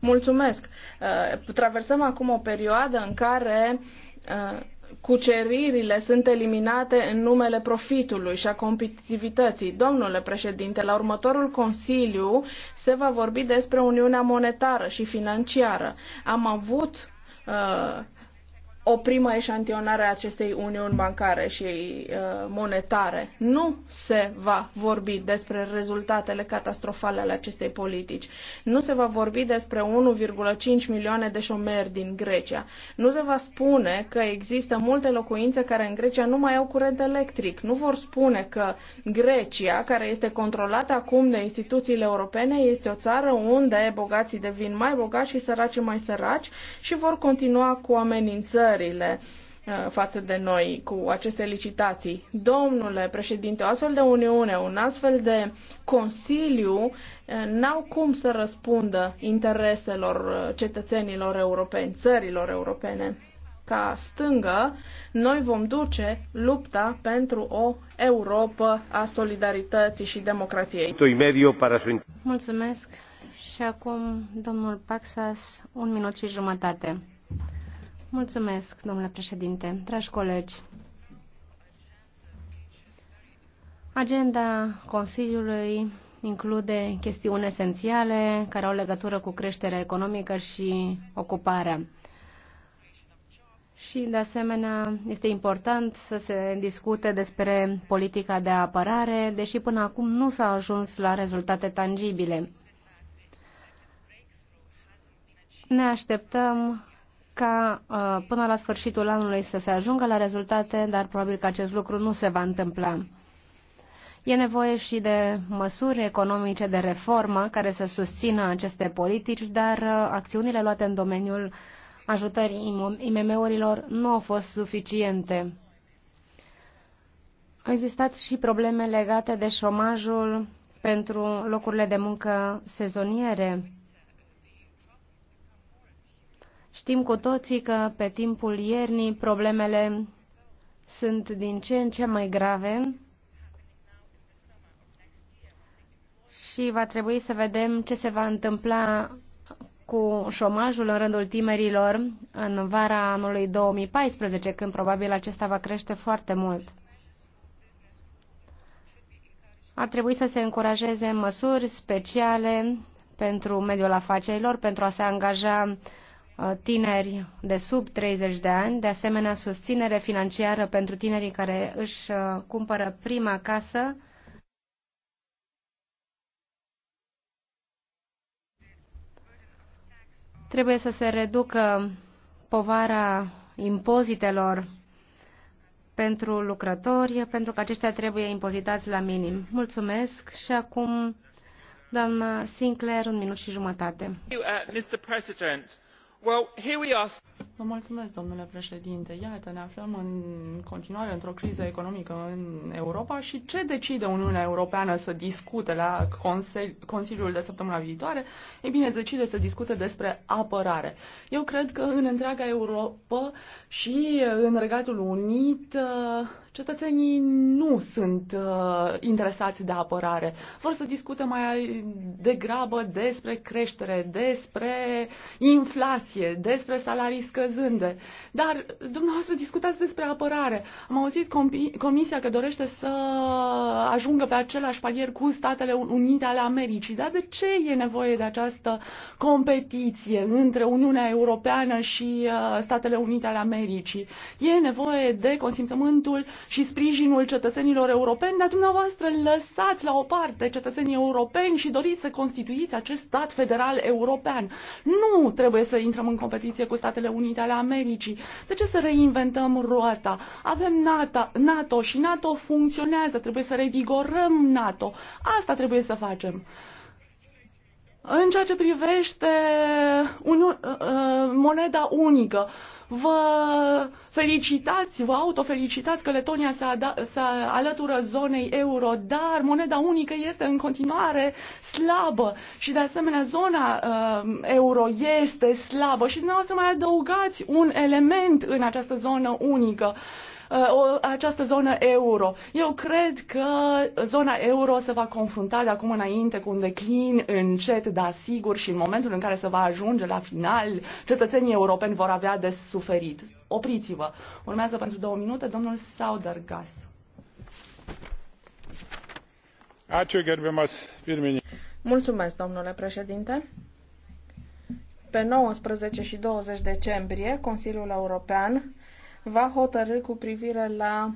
Mulțumesc! Traversăm acum o perioadă în care cuceririle sunt eliminate în numele profitului și a competitivității. Domnule președinte, la următorul Consiliu se va vorbi despre Uniunea Monetară și Financiară. Am avut o primă eșantionare a acestei uniuni bancare și uh, monetare. Nu se va vorbi despre rezultatele catastrofale ale acestei politici. Nu se va vorbi despre 1,5 milioane de șomeri din Grecia. Nu se va spune că există multe locuințe care în Grecia nu mai au curent electric. Nu vor spune că Grecia, care este controlată acum de instituțiile europene, este o țară unde bogații devin mai bogați și săraci mai săraci și vor continua cu amenințări așteptările uh, față de noi cu aceste licitații. Domnule președinte, o astfel de uniune, un astfel de consiliu uh, n-au cum să răspundă intereselor uh, cetățenilor europeni, țărilor europene. Ca stângă, noi vom duce lupta pentru o Europa a solidarității și democrației. Mulțumesc și acum domnul Paxas, un minut și jumătate. Mulțumesc, domnule președinte. Dragi colegi, agenda Consiliului include chestiuni esențiale care au legătură cu creșterea economică și ocuparea. Și, de asemenea, este important să se discute despre politica de apărare, deși până acum nu s-a ajuns la rezultate tangibile. Ne așteptăm ca uh, până la sfârșitul anului să se ajungă la rezultate, dar probabil că acest lucru nu se va întâmpla. E nevoie și de măsuri economice de reformă care să susțină aceste politici, dar uh, acțiunile luate în domeniul ajutării IMM-urilor nu au fost suficiente. Au existat și probleme legate de șomajul pentru locurile de muncă sezoniere Știm cu toții că pe timpul iernii problemele sunt din ce în ce mai grave și va trebui să vedem ce se va întâmpla cu șomajul în rândul tinerilor în vara anului 2014, când probabil acesta va crește foarte mult. Ar trebui să se încurajeze măsuri speciale pentru mediul afacerilor, pentru a se angaja uh, Uh, tineri de sub 30 de ani, de asemenea susținere financiară pentru tinerii care își uh, cumpără prima casă, trebuie să se reducă povara impozitelor pentru lucrători, pentru că aceștia trebuie impozitați la minim. Mulțumesc și acum, doamna Sinclair, un minut și jumătate. Uh, well here we are. Vă mulțumesc, domnule președinte. Iată, ne aflăm în continuare într-o criză economică în Europa și ce decide Uniunea Europeană să discute la Consiliul de săptămâna viitoare? Ei bine, decide să discute despre apărare. Eu cred că în întreaga Europa și în Regatul Unit uh, cetățenii nu sunt uh, interesați de apărare. Vor să discute mai degrabă despre creștere, despre inflație, despre salarii scă- căzânde. Dar dumneavoastră discutați despre apărare. Am auzit Comisia că dorește să ajungă pe același palier cu Statele Unite ale Americii. Dar de ce e nevoie de această competiție între Uniunea Europeană și uh, Statele Unite ale Americii? E nevoie de consimțământul și sprijinul cetățenilor europeni, dar dumneavoastră lăsați la o parte cetățenii europeni și doriți să constituiți acest stat federal european. Nu trebuie să intrăm în competiție cu Statele Unite Unite ale Americii. De ce să reinventăm roata? Avem NATO, NATO și NATO funcționează, trebuie să revigorăm NATO. Asta trebuie să facem. În ceea ce privește un, uh, uh, moneda unică, uh, vă felicitați, vă autofelicitați că Letonia se, da, se alătură zonei euro, dar moneda unică este în continuare slabă și de asemenea zona uh, euro este slabă și dumneavoastră mai adăugați un element în această zonă unică. Uh, Uh, această zonă euro. Eu cred că zona euro se va confrunta de acum înainte cu un declin încet, dar sigur și în momentul în care se va ajunge la final, cetățenii europeni vor avea de suferit. Opriți-vă. Urmează pentru două minute domnul Saudergas. Mulțumesc, domnule președinte pe 19 și 20 decembrie, Consiliul European va hotărâ cu privire la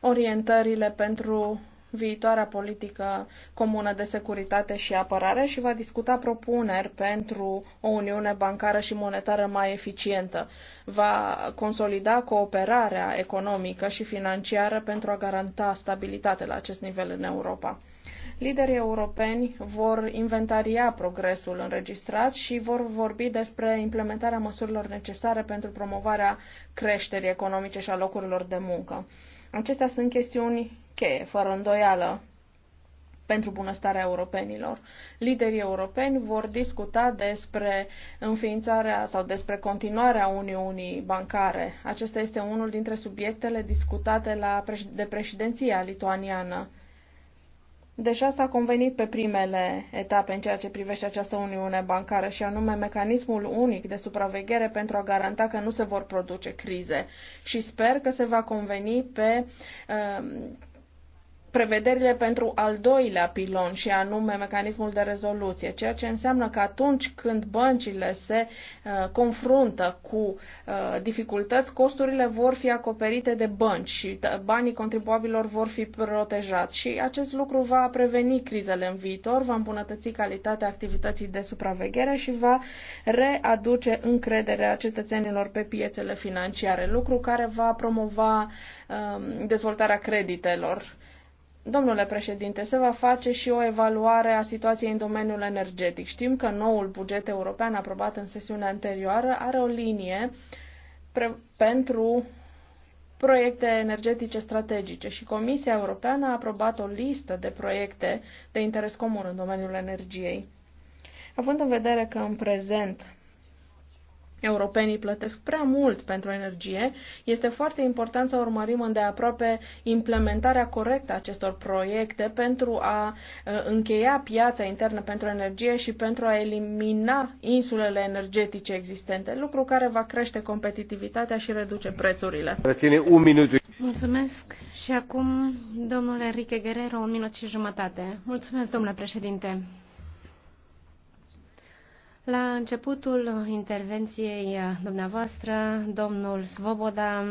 orientările pentru viitoarea politică comună de securitate și apărare și va discuta propuneri pentru o uniune bancară și monetară mai eficientă. Va consolida cooperarea economică și financiară pentru a garanta stabilitate la acest nivel în Europa. Liderii europeni vor inventaria progresul înregistrat și vor vorbi despre implementarea măsurilor necesare pentru promovarea creșterii economice și a locurilor de muncă. Acestea sunt chestiuni cheie, fără îndoială, pentru bunăstarea europenilor. Liderii europeni vor discuta despre înființarea sau despre continuarea Uniunii Bancare. Acesta este unul dintre subiectele discutate la, de președinția lituaniană Deja s-a convenit pe primele etape în ceea ce privește această uniune bancară și anume mecanismul unic de supraveghere pentru a garanta că nu se vor produce crize și sper că se va conveni pe uh, prevederile pentru al doilea pilon și anume mecanismul de rezoluție, ceea ce înseamnă că atunci când băncile se uh, confruntă cu uh, dificultăți, costurile vor fi acoperite de bănci și uh, banii contribuabilor vor fi protejați și acest lucru va preveni crizele în viitor, va îmbunătăți calitatea activității de supraveghere și va readuce încrederea cetățenilor pe piețele financiare, lucru care va promova um, dezvoltarea creditelor Domnule președinte, se va face și o evaluare a situației în domeniul energetic. Știm că noul buget european aprobat în sesiunea anterioară are o linie pentru proiecte energetice strategice și Comisia Europeană a aprobat o listă de proiecte de interes comun în domeniul energiei. Având în vedere că în prezent europenii plătesc prea mult pentru energie, este foarte important să urmărim îndeaproape implementarea corectă a acestor proiecte pentru a uh, încheia piața internă pentru energie și pentru a elimina insulele energetice existente, lucru care va crește competitivitatea și reduce prețurile. Reține un minut. Mulțumesc și acum domnule Enrique Guerrero, un minut și jumătate. Mulțumesc, domnule președinte. La începutul intervenției dumneavoastră, domnul Svoboda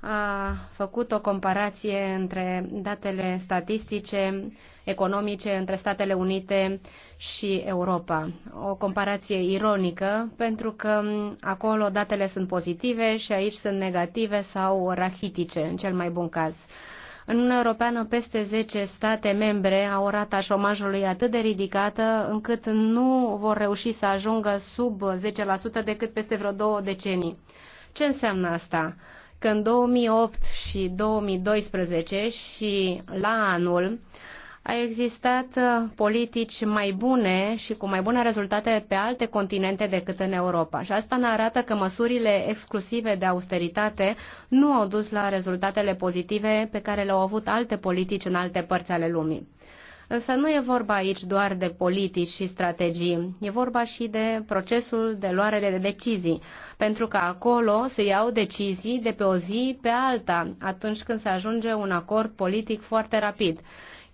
a făcut o comparație între datele statistice economice între Statele Unite și Europa. O comparație ironică, pentru că acolo datele sunt pozitive și aici sunt negative sau rachitice, în cel mai bun caz. În Uniunea Europeană, peste 10 state membre au o rata șomajului atât de ridicată încât nu vor reuși să ajungă sub 10% decât peste vreo două decenii. Ce înseamnă asta? Că în 2008 și 2012 și la anul, a existat uh, politici mai bune și cu mai bune rezultate pe alte continente decât în Europa. Și asta ne arată că măsurile exclusive de austeritate nu au dus la rezultatele pozitive pe care le-au avut alte politici în alte părți ale lumii. Însă nu e vorba aici doar de politici și strategii, e vorba și de procesul de luare de decizii, pentru că acolo se iau decizii de pe o zi pe alta, atunci când se ajunge un acord politic foarte rapid.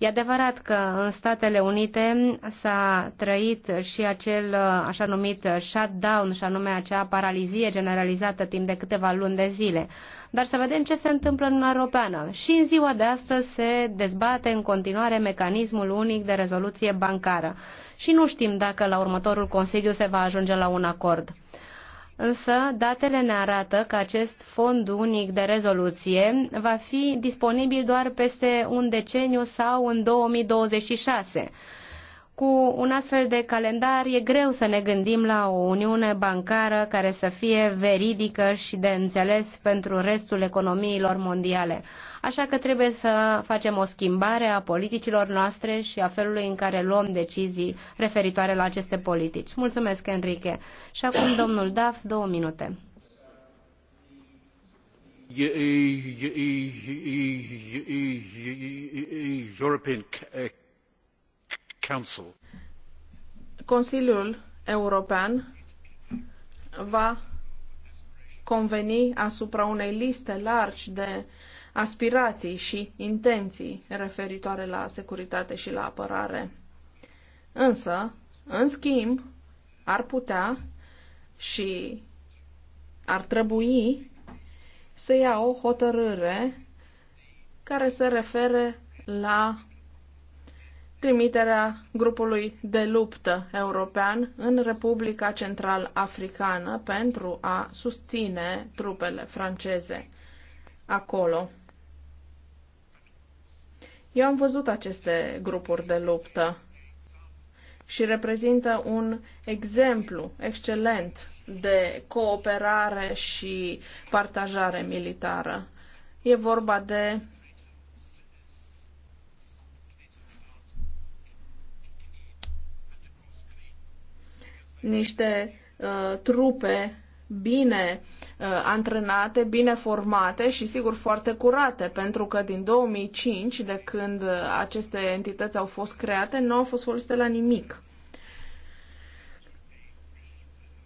E adevărat că în Statele Unite s-a trăit și acel uh, așa numit uh, shutdown, și anume acea paralizie generalizată timp de câteva luni de zile. Dar să vedem ce se întâmplă în Uniunea Europeană. Și în ziua de astăzi se dezbate în continuare mecanismul unic de rezoluție bancară. Și nu știm dacă la următorul Consiliu se va ajunge la un acord. Însă, datele ne arată că acest fond unic de rezoluție va fi disponibil doar peste un deceniu sau în 2026. Cu un astfel de calendar e greu să ne gândim la o uniune bancară care să fie veridică și de înțeles pentru restul economiilor mondiale. Așa că trebuie să facem o schimbare a politicilor noastre și a felului în care luăm decizii referitoare la aceste politici. Mulțumesc, Enrique. Și acum, domnul Daf, două minute. European Council. Consiliul European va conveni asupra unei liste largi de aspirații și intenții referitoare la securitate și la apărare. Însă, în schimb, ar putea și ar trebui să ia o hotărâre care se refere la trimiterea grupului de luptă european în Republica Central Africană pentru a susține trupele franceze acolo. Eu am văzut aceste grupuri de luptă și reprezintă un exemplu excelent de cooperare și partajare militară. E vorba de niște uh, trupe bine uh, antrenate, bine formate și sigur foarte curate, pentru că din 2005, de când uh, aceste entități au fost create, nu au fost folosite la nimic.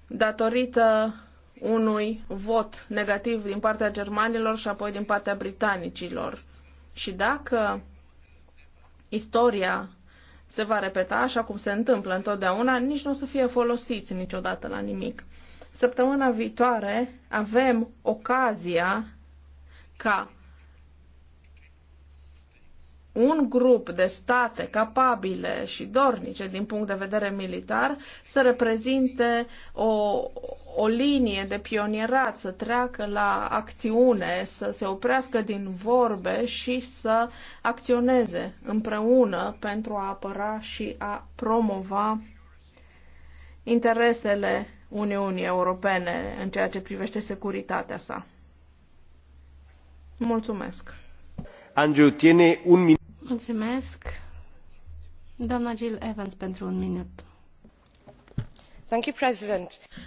Datorită unui vot negativ din partea germanilor și apoi din partea britanicilor. Și dacă istoria se va repeta așa cum se întâmplă întotdeauna, nici nu o să fie folosiți niciodată la nimic. Săptămâna viitoare avem ocazia ca un grup de state capabile și dornice din punct de vedere militar să reprezinte o, o linie de pionierat, să treacă la acțiune, să se oprească din vorbe și să acționeze împreună pentru a apăra și a promova interesele Uniunii Europene în ceea ce privește securitatea sa. Mulțumesc. Andrew, tiene un minut. Mulțumesc. Doamna Jill Evans pentru un minut.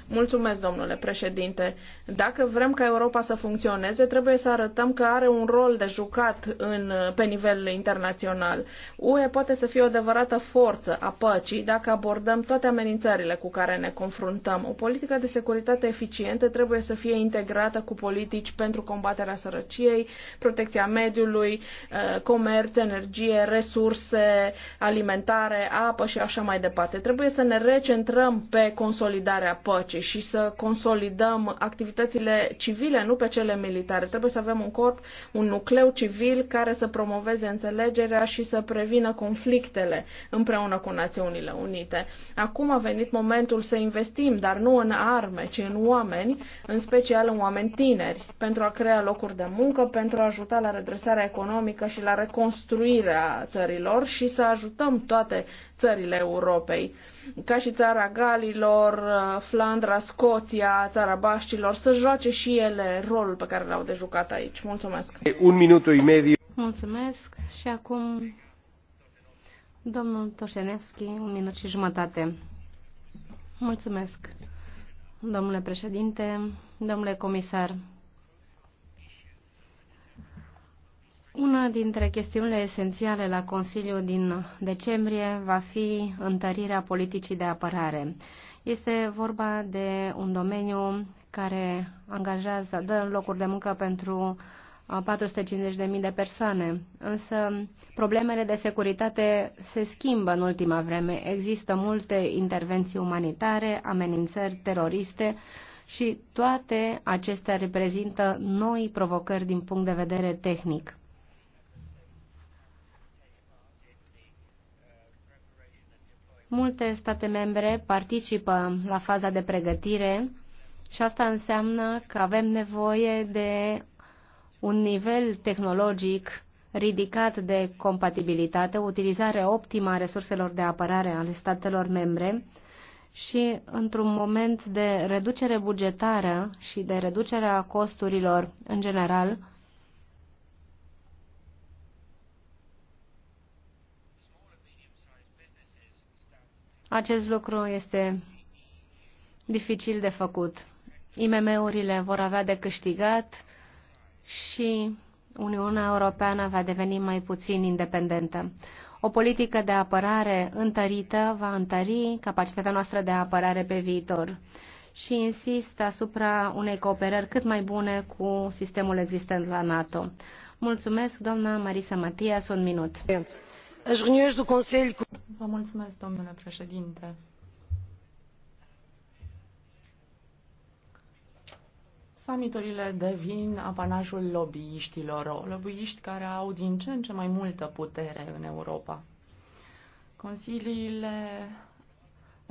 Mulțumesc, domnule președinte. Dacă vrem ca Europa să funcționeze, trebuie să arătăm că are un rol de jucat în, pe nivel internațional. UE poate să fie o adevărată forță a păcii dacă abordăm toate amenințările cu care ne confruntăm. O politică de securitate eficientă trebuie să fie integrată cu politici pentru combaterea sărăciei, protecția mediului, eh, comerț, energie, resurse alimentare, apă și așa mai departe. Trebuie să ne recentrăm pe consolidarea păcii și să consolidăm activitățile civile, nu pe cele militare. Trebuie să avem un corp, un nucleu civil care să promoveze înțelegerea și să prevină conflictele împreună cu Națiunile Unite. Acum a venit momentul să investim, dar nu în arme, ci în oameni, în special în oameni tineri, pentru a crea locuri de muncă, pentru a ajuta la redresarea economică și la reconstruirea țărilor și să ajutăm toate țările Europei ca și țara Galilor, uh, Flandra, Scoția, țara Baștilor, să joace și ele rolul pe care l-au de jucat aici. Mulțumesc! Un minut și mediu. Mulțumesc și acum domnul Toșenevski, un minut și jumătate. Mulțumesc, domnule președinte, domnule comisar. Una dintre chestiunile esențiale la Consiliu din decembrie va fi întărirea politicii de apărare. Este vorba de un domeniu care angajează, dă locuri de muncă pentru 450.000 de persoane. Însă problemele de securitate se schimbă în ultima vreme. Există multe intervenții umanitare, amenințări teroriste și toate acestea reprezintă noi provocări din punct de vedere tehnic. Multe state membre participă la faza de pregătire și asta înseamnă că avem nevoie de un nivel tehnologic ridicat de compatibilitate, utilizare optimă a resurselor de apărare ale statelor membre și într-un moment de reducere bugetară și de reducerea costurilor în general, Acest lucru este dificil de făcut. IMM-urile vor avea de câștigat și Uniunea Europeană va deveni mai puțin independentă. O politică de apărare întărită va întări capacitatea noastră de apărare pe viitor și insist asupra unei cooperări cât mai bune cu sistemul existent la NATO. Mulțumesc, doamna Marisa Matias, un minut domnule președinte. Summiturile devin apanajul lobbyiștilor, lobbyiști care au din ce în ce mai multă putere în Europa. Consiliile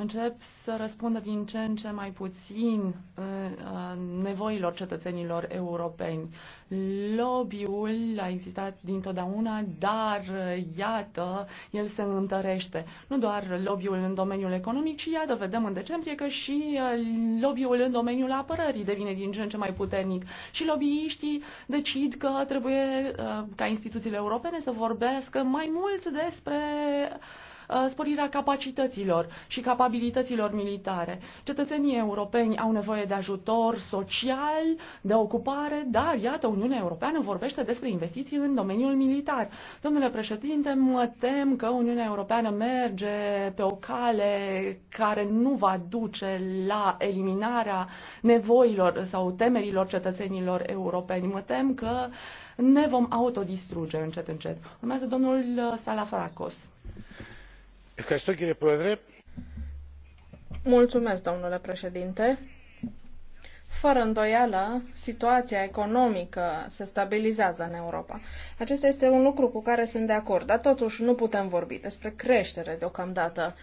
încep să răspundă din ce în ce mai puțin uh, uh, nevoilor cetățenilor europeni. Lobby-ul a existat dintotdeauna, dar uh, iată, el se întărește. Nu doar lobby-ul în domeniul economic, ci iată, vedem în decembrie că și lobby-ul în domeniul apărării devine din ce în ce mai puternic. Și lobbyiștii decid că trebuie ca instituțiile europene să vorbească mai mult despre Uh, sporirea capacităților și capabilităților militare. Cetățenii europeni au nevoie de ajutor social, de ocupare, dar iată, Uniunea Europeană vorbește despre investiții în domeniul militar. Domnule președinte, mă tem că Uniunea Europeană merge pe o cale care nu va duce la eliminarea nevoilor sau temerilor cetățenilor europeni. Mă tem că ne vom autodistruge încet, încet. Urmează domnul uh, Salafracos domnule președinte. Fără îndoială, situația economică se stabilizează în Europa. Acesta este un lucru cu care sunt de acord, dar totuși nu putem vorbi despre creștere deocamdată.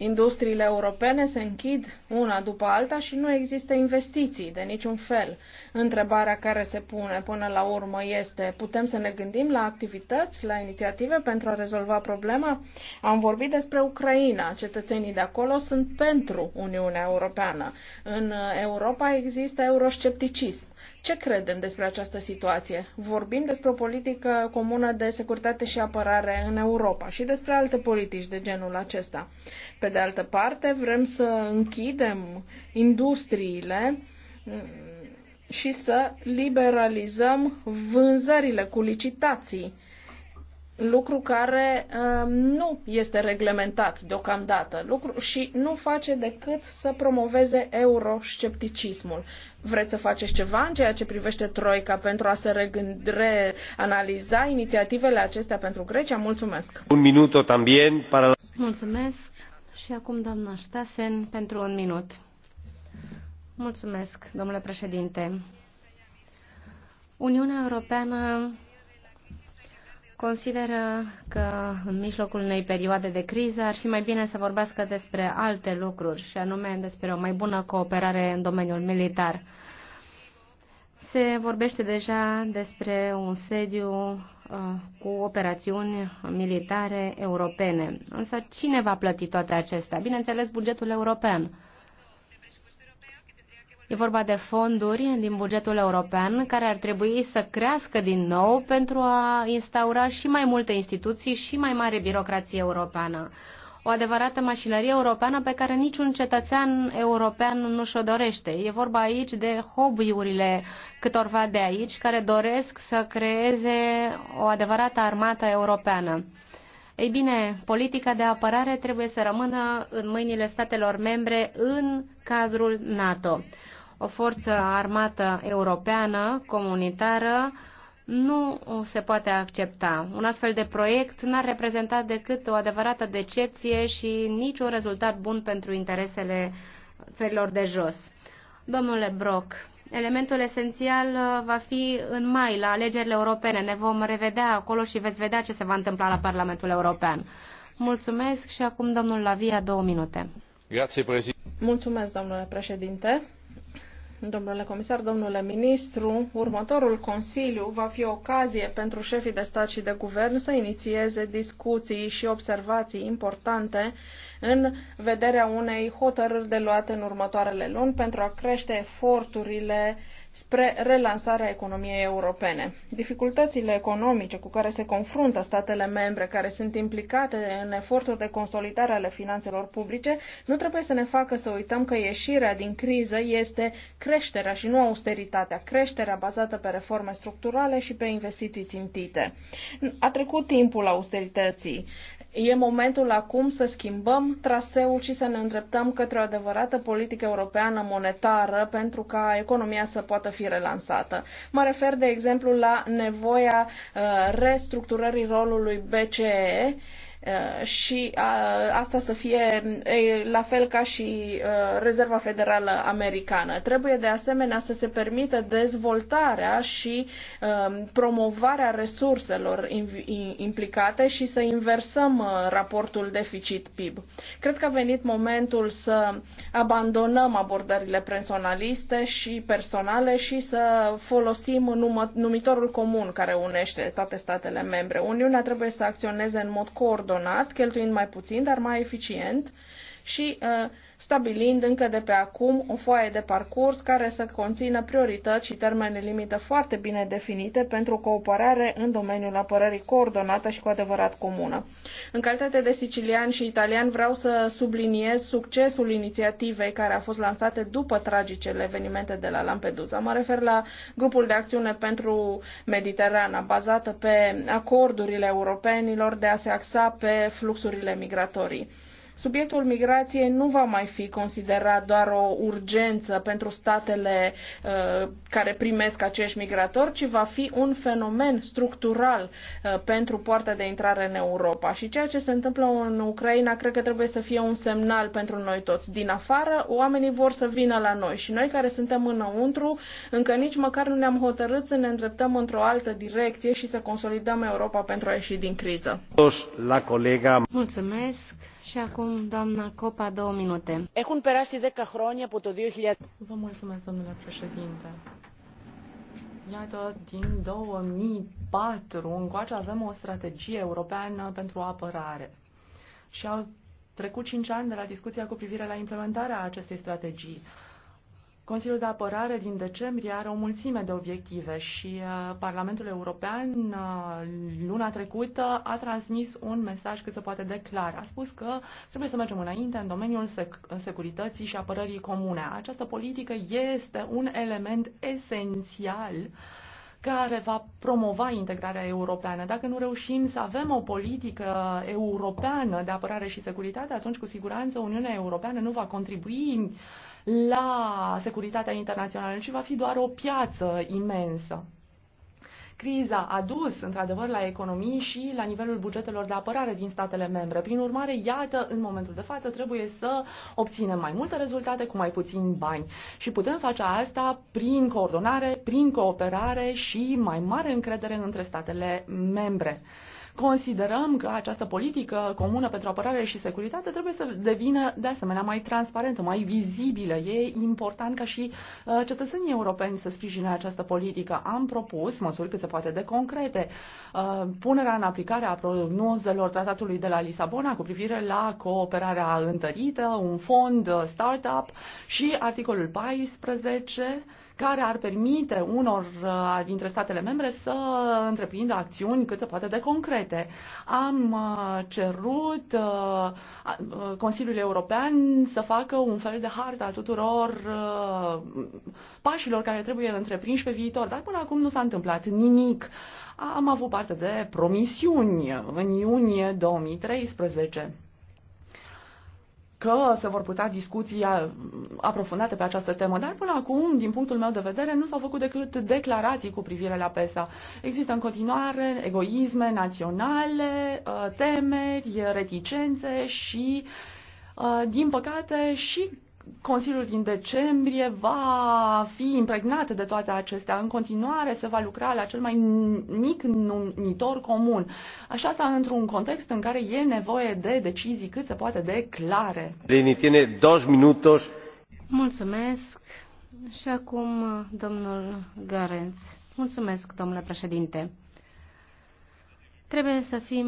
Industriile europene se închid una după alta și nu există investiții de niciun fel. Întrebarea care se pune până la urmă este, putem să ne gândim la activități, la inițiative pentru a rezolva problema? Am vorbit despre Ucraina. Cetățenii de acolo sunt pentru Uniunea Europeană. În Europa există euroscepticism. Ce credem despre această situație? Vorbim despre o politică comună de securitate și apărare în Europa și despre alte politici de genul acesta. Pe de altă parte, vrem să închidem industriile mm, și să liberalizăm vânzările cu licitații lucru care uh, nu este reglementat deocamdată lucru și nu face decât să promoveze euroscepticismul. Vreți să faceți ceva în ceea ce privește Troica pentru a se regândre, analiza inițiativele acestea pentru Grecia? Mulțumesc! Un minut también para... Mulțumesc și acum doamna Ștasen pentru un minut. Mulțumesc, domnule președinte. Uniunea Europeană consideră că în mijlocul unei perioade de criză ar fi mai bine să vorbească despre alte lucruri și anume despre o mai bună cooperare în domeniul militar. Se vorbește deja despre un sediu uh, cu operațiuni militare europene. Însă cine va plăti toate acestea? Bineînțeles, bugetul european. E vorba de fonduri din bugetul european care ar trebui să crească din nou pentru a instaura și mai multe instituții și mai mare birocrație europeană. O adevărată mașinărie europeană pe care niciun cetățean european nu și-o dorește. E vorba aici de hobby-urile câtorva de aici care doresc să creeze o adevărată armată europeană. Ei bine, politica de apărare trebuie să rămână în mâinile statelor membre în cadrul NATO o forță armată europeană, comunitară, nu se poate accepta. Un astfel de proiect n-ar reprezenta decât o adevărată decepție și niciun rezultat bun pentru interesele țărilor de jos. Domnule Brock, elementul esențial uh, va fi în mai, la alegerile europene. Ne vom revedea acolo și veți vedea ce se va întâmpla la Parlamentul European. Mulțumesc și acum domnul Lavia două minute. Grazie, Mulțumesc, domnule președinte domnule comisar, domnule ministru, următorul Consiliu va fi ocazie pentru șefii de stat și de guvern să inițieze discuții și observații importante în vederea unei hotărâri de luat în următoarele luni pentru a crește eforturile uh, spre relansarea economiei europene. Dificultățile economice cu care se confruntă statele membre care sunt implicate în eforturi de consolidare ale finanțelor publice nu trebuie să ne facă să uităm că ieșirea din criză este creșterea și nu austeritatea, creșterea bazată pe reforme structurale și pe investiții țintite. A trecut timpul austerității. E momentul acum să schimbăm traseul și să ne îndreptăm către o adevărată politică europeană monetară pentru ca economia să poată fi relansată. Mă refer, de exemplu, la nevoia uh, restructurării rolului BCE Uh, și uh, asta să fie uh, la fel ca și Rezerva Federală Americană. Trebuie de asemenea să se permită dezvoltarea și um, promovarea resurselor implicate și să inversăm raportul deficit-PIB. Cred că a venit momentul să abandonăm abordările personaliste și personale și să folosim numitorul comun care unește toate statele membre. Uniunea trebuie să acționeze în mod coordonat coordonat, cheltuind mai puțin, dar mai eficient și uh, stabilind încă de pe acum o foaie de parcurs care să conțină priorități și termene limită foarte bine definite pentru cooperare în domeniul apărării coordonată și cu adevărat comună. În calitate de sicilian și italian vreau să subliniez succesul inițiativei care a fost lansate după tragicele evenimente de la Lampedusa. Mă refer la grupul de acțiune pentru Mediterana, bazată pe acordurile europenilor de a se axa pe fluxurile migratorii. Subiectul migrației nu va mai fi considerat doar o urgență pentru statele uh, care primesc acești migratori, ci va fi un fenomen structural uh, pentru poarta de intrare în Europa. Și ceea ce se întâmplă în Ucraina cred că trebuie să fie un semnal pentru noi toți. Din afară, oamenii vor să vină la noi și noi care suntem înăuntru, încă nici măcar nu ne-am hotărât să ne îndreptăm într-o altă direcție și să consolidăm Europa pentru a ieși din criză. La colega... Mulțumesc. Și acum, doamna Copa, două minute. Έχουν περάσει 10 χρόνια από το 2000. Vă mulțumesc, domnule președinte. Iată, din 2004 încoace avem o strategie europeană pentru apărare. Și au trecut cinci ani de la discuția cu privire la implementarea acestei strategii. Consiliul de Apărare din decembrie are o mulțime de obiective și uh, Parlamentul European uh, luna trecută a transmis un mesaj cât se poate de clar. A spus că trebuie să mergem înainte în domeniul sec- securității și apărării comune. Această politică este un element esențial care va promova integrarea europeană. Dacă nu reușim să avem o politică europeană de apărare și securitate, atunci cu siguranță Uniunea Europeană nu va contribui la securitatea internațională, ci va fi doar o piață imensă. Criza a dus, într-adevăr, la economii și la nivelul bugetelor de apărare din statele membre. Prin urmare, iată, în momentul de față, trebuie să obținem mai multe rezultate cu mai puțin bani. Și putem face asta prin coordonare, prin cooperare și mai mare încredere între statele membre. Considerăm că această politică comună pentru apărare și securitate trebuie să devină de asemenea mai transparentă, mai vizibilă. E important ca și uh, cetățenii europeni să sprijine această politică. Am propus măsuri cât se poate de concrete. Uh, punerea în aplicare a prognozelor tratatului de la Lisabona cu privire la cooperarea întărită, un fond uh, startup și articolul 14 care ar permite unor uh, dintre statele membre să întreprindă acțiuni cât se poate de concrete. Am uh, cerut uh, Consiliul European să facă un fel de hartă a tuturor pașilor care trebuie întreprinși pe viitor, dar până acum nu s-a întâmplat nimic. Am avut parte de promisiuni în iunie 2013 că se vor putea discuții uh, aprofundate pe această temă, dar până acum, din punctul meu de vedere, nu s-au făcut decât declarații cu privire la PESA. Există în continuare egoisme naționale, uh, temeri, reticențe și, uh, din păcate, și Consiliul din decembrie va fi impregnat de toate acestea. În continuare se va lucra la cel mai mic numitor comun. Așa asta într-un context în care e nevoie de decizii cât se poate de clare. Leni, dos minutos. Mulțumesc. Și acum domnul Garenț. Mulțumesc, domnule președinte. Trebuie să fim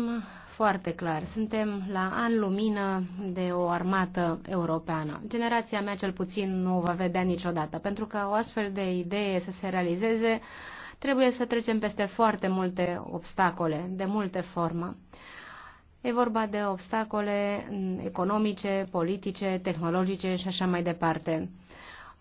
foarte clar. Suntem la an lumină de o armată europeană. Generația mea cel puțin nu o va vedea niciodată, pentru că o astfel de idee să se realizeze trebuie să trecem peste foarte multe obstacole, de multe forme. E vorba de obstacole economice, politice, tehnologice și așa mai departe.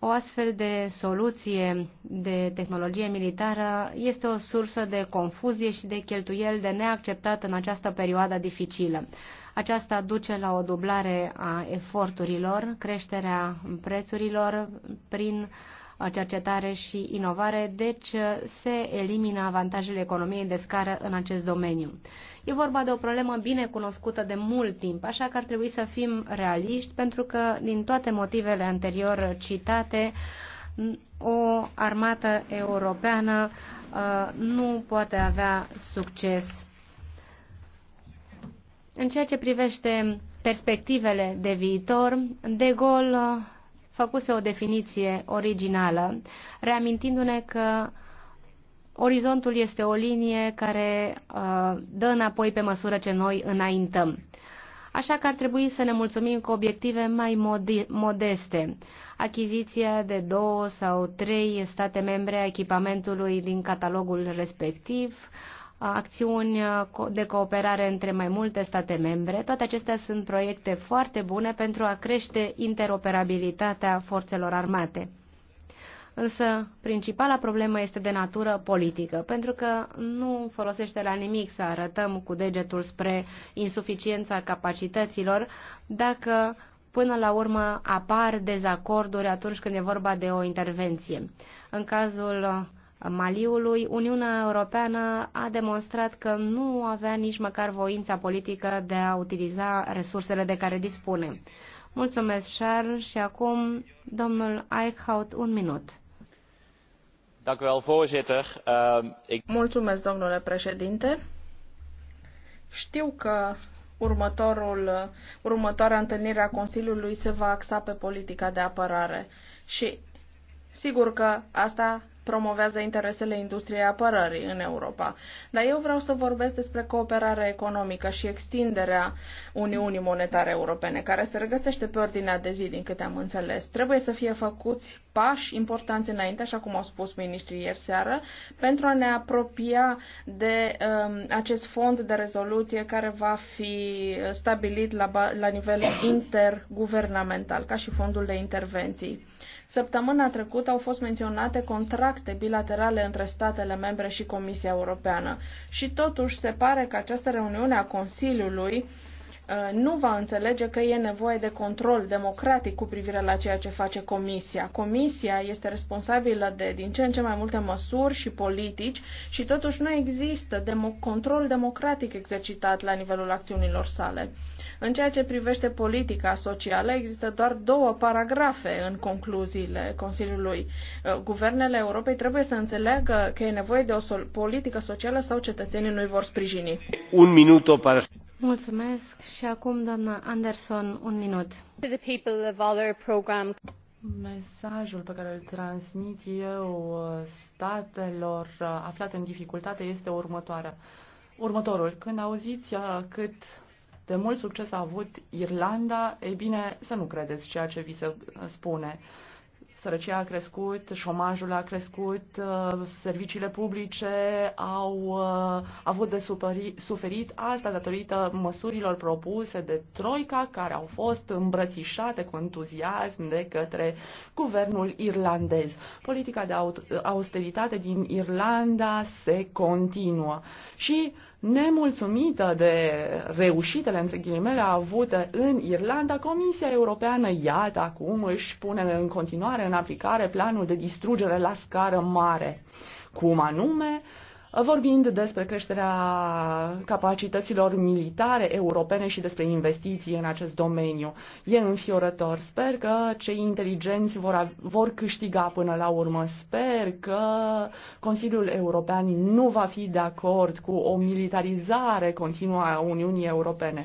O astfel de soluție de tehnologie militară este o sursă de confuzie și de cheltuiel de neacceptat în această perioadă dificilă. Aceasta duce la o dublare a eforturilor, creșterea prețurilor prin cercetare și inovare, deci se elimină avantajele economiei de scară în acest domeniu. E vorba de o problemă bine cunoscută de mult timp, așa că ar trebui să fim realiști, pentru că, din toate motivele anterior citate, o armată europeană uh, nu poate avea succes. În ceea ce privește perspectivele de viitor, De Gaulle făcuse o definiție originală, reamintindu-ne că Orizontul este o linie care uh, dă înapoi pe măsură ce noi înaintăm. Așa că ar trebui să ne mulțumim cu obiective mai modeste. Achiziția de două sau trei state membre a echipamentului din catalogul respectiv, uh, acțiuni uh, de cooperare între mai multe state membre. Toate acestea sunt proiecte foarte bune pentru a crește interoperabilitatea forțelor armate. Însă, principala problemă este de natură politică, pentru că nu folosește la nimic să arătăm cu degetul spre insuficiența capacităților dacă până la urmă apar dezacorduri atunci când e vorba de o intervenție. În cazul Maliului, Uniunea Europeană a demonstrat că nu avea nici măcar voința politică de a utiliza resursele de care dispune. Mulțumesc, Charles, și acum domnul Eichhout, un minut. Ehm, Mulțumesc, domnule președinte. Știu că următorul, următoarea întâlnire a Consiliului se va axa pe politica de apărare și sigur că asta promovează interesele industriei apărării în Europa. Dar eu vreau să vorbesc despre cooperarea economică și extinderea Uniunii Monetare Europene, care se regăsește pe ordinea de zi, din câte am înțeles. Trebuie să fie făcuți pași importanți înainte, așa cum au spus ministrii ieri seară, pentru a ne apropia de um, acest fond de rezoluție care va fi stabilit la, la nivel interguvernamental, ca și fondul de intervenții. Săptămâna trecută au fost menționate contracte bilaterale între statele membre și Comisia Europeană și totuși se pare că această reuniune a Consiliului uh, nu va înțelege că e nevoie de control democratic cu privire la ceea ce face Comisia. Comisia este responsabilă de din ce în ce mai multe măsuri și politici și totuși nu există demo- control democratic exercitat la nivelul acțiunilor sale. În ceea ce privește politica socială, există doar două paragrafe în concluziile Consiliului. Uh, guvernele Europei trebuie să înțeleagă că e nevoie de o politică socială sau cetățenii nu-i vor sprijini. Un minut o para... Mulțumesc și acum doamna Anderson, un minut. Mesajul pe care îl transmit eu uh, statelor uh, aflate în dificultate este următoarea. Următorul, când auziți cât de mult succes a avut Irlanda, ei bine, să nu credeți ceea ce vi se spune. Sărăcia a crescut, șomajul a crescut, uh, serviciile publice au uh, avut de superi, suferit, asta datorită măsurilor propuse de Troica, care au fost îmbrățișate cu entuziasm de către guvernul irlandez. Politica de austeritate din Irlanda se continuă și Nemulțumită de reușitele, între ghilimele, avute în Irlanda, Comisia Europeană, iată, acum își pune în continuare în aplicare planul de distrugere la scară mare. Cum anume? vorbind despre creșterea capacităților militare europene și despre investiții în acest domeniu. E înfiorător. Sper că cei inteligenți vor, vor câștiga până la urmă. Sper că Consiliul European nu va fi de acord cu o militarizare continuă a Uniunii Europene.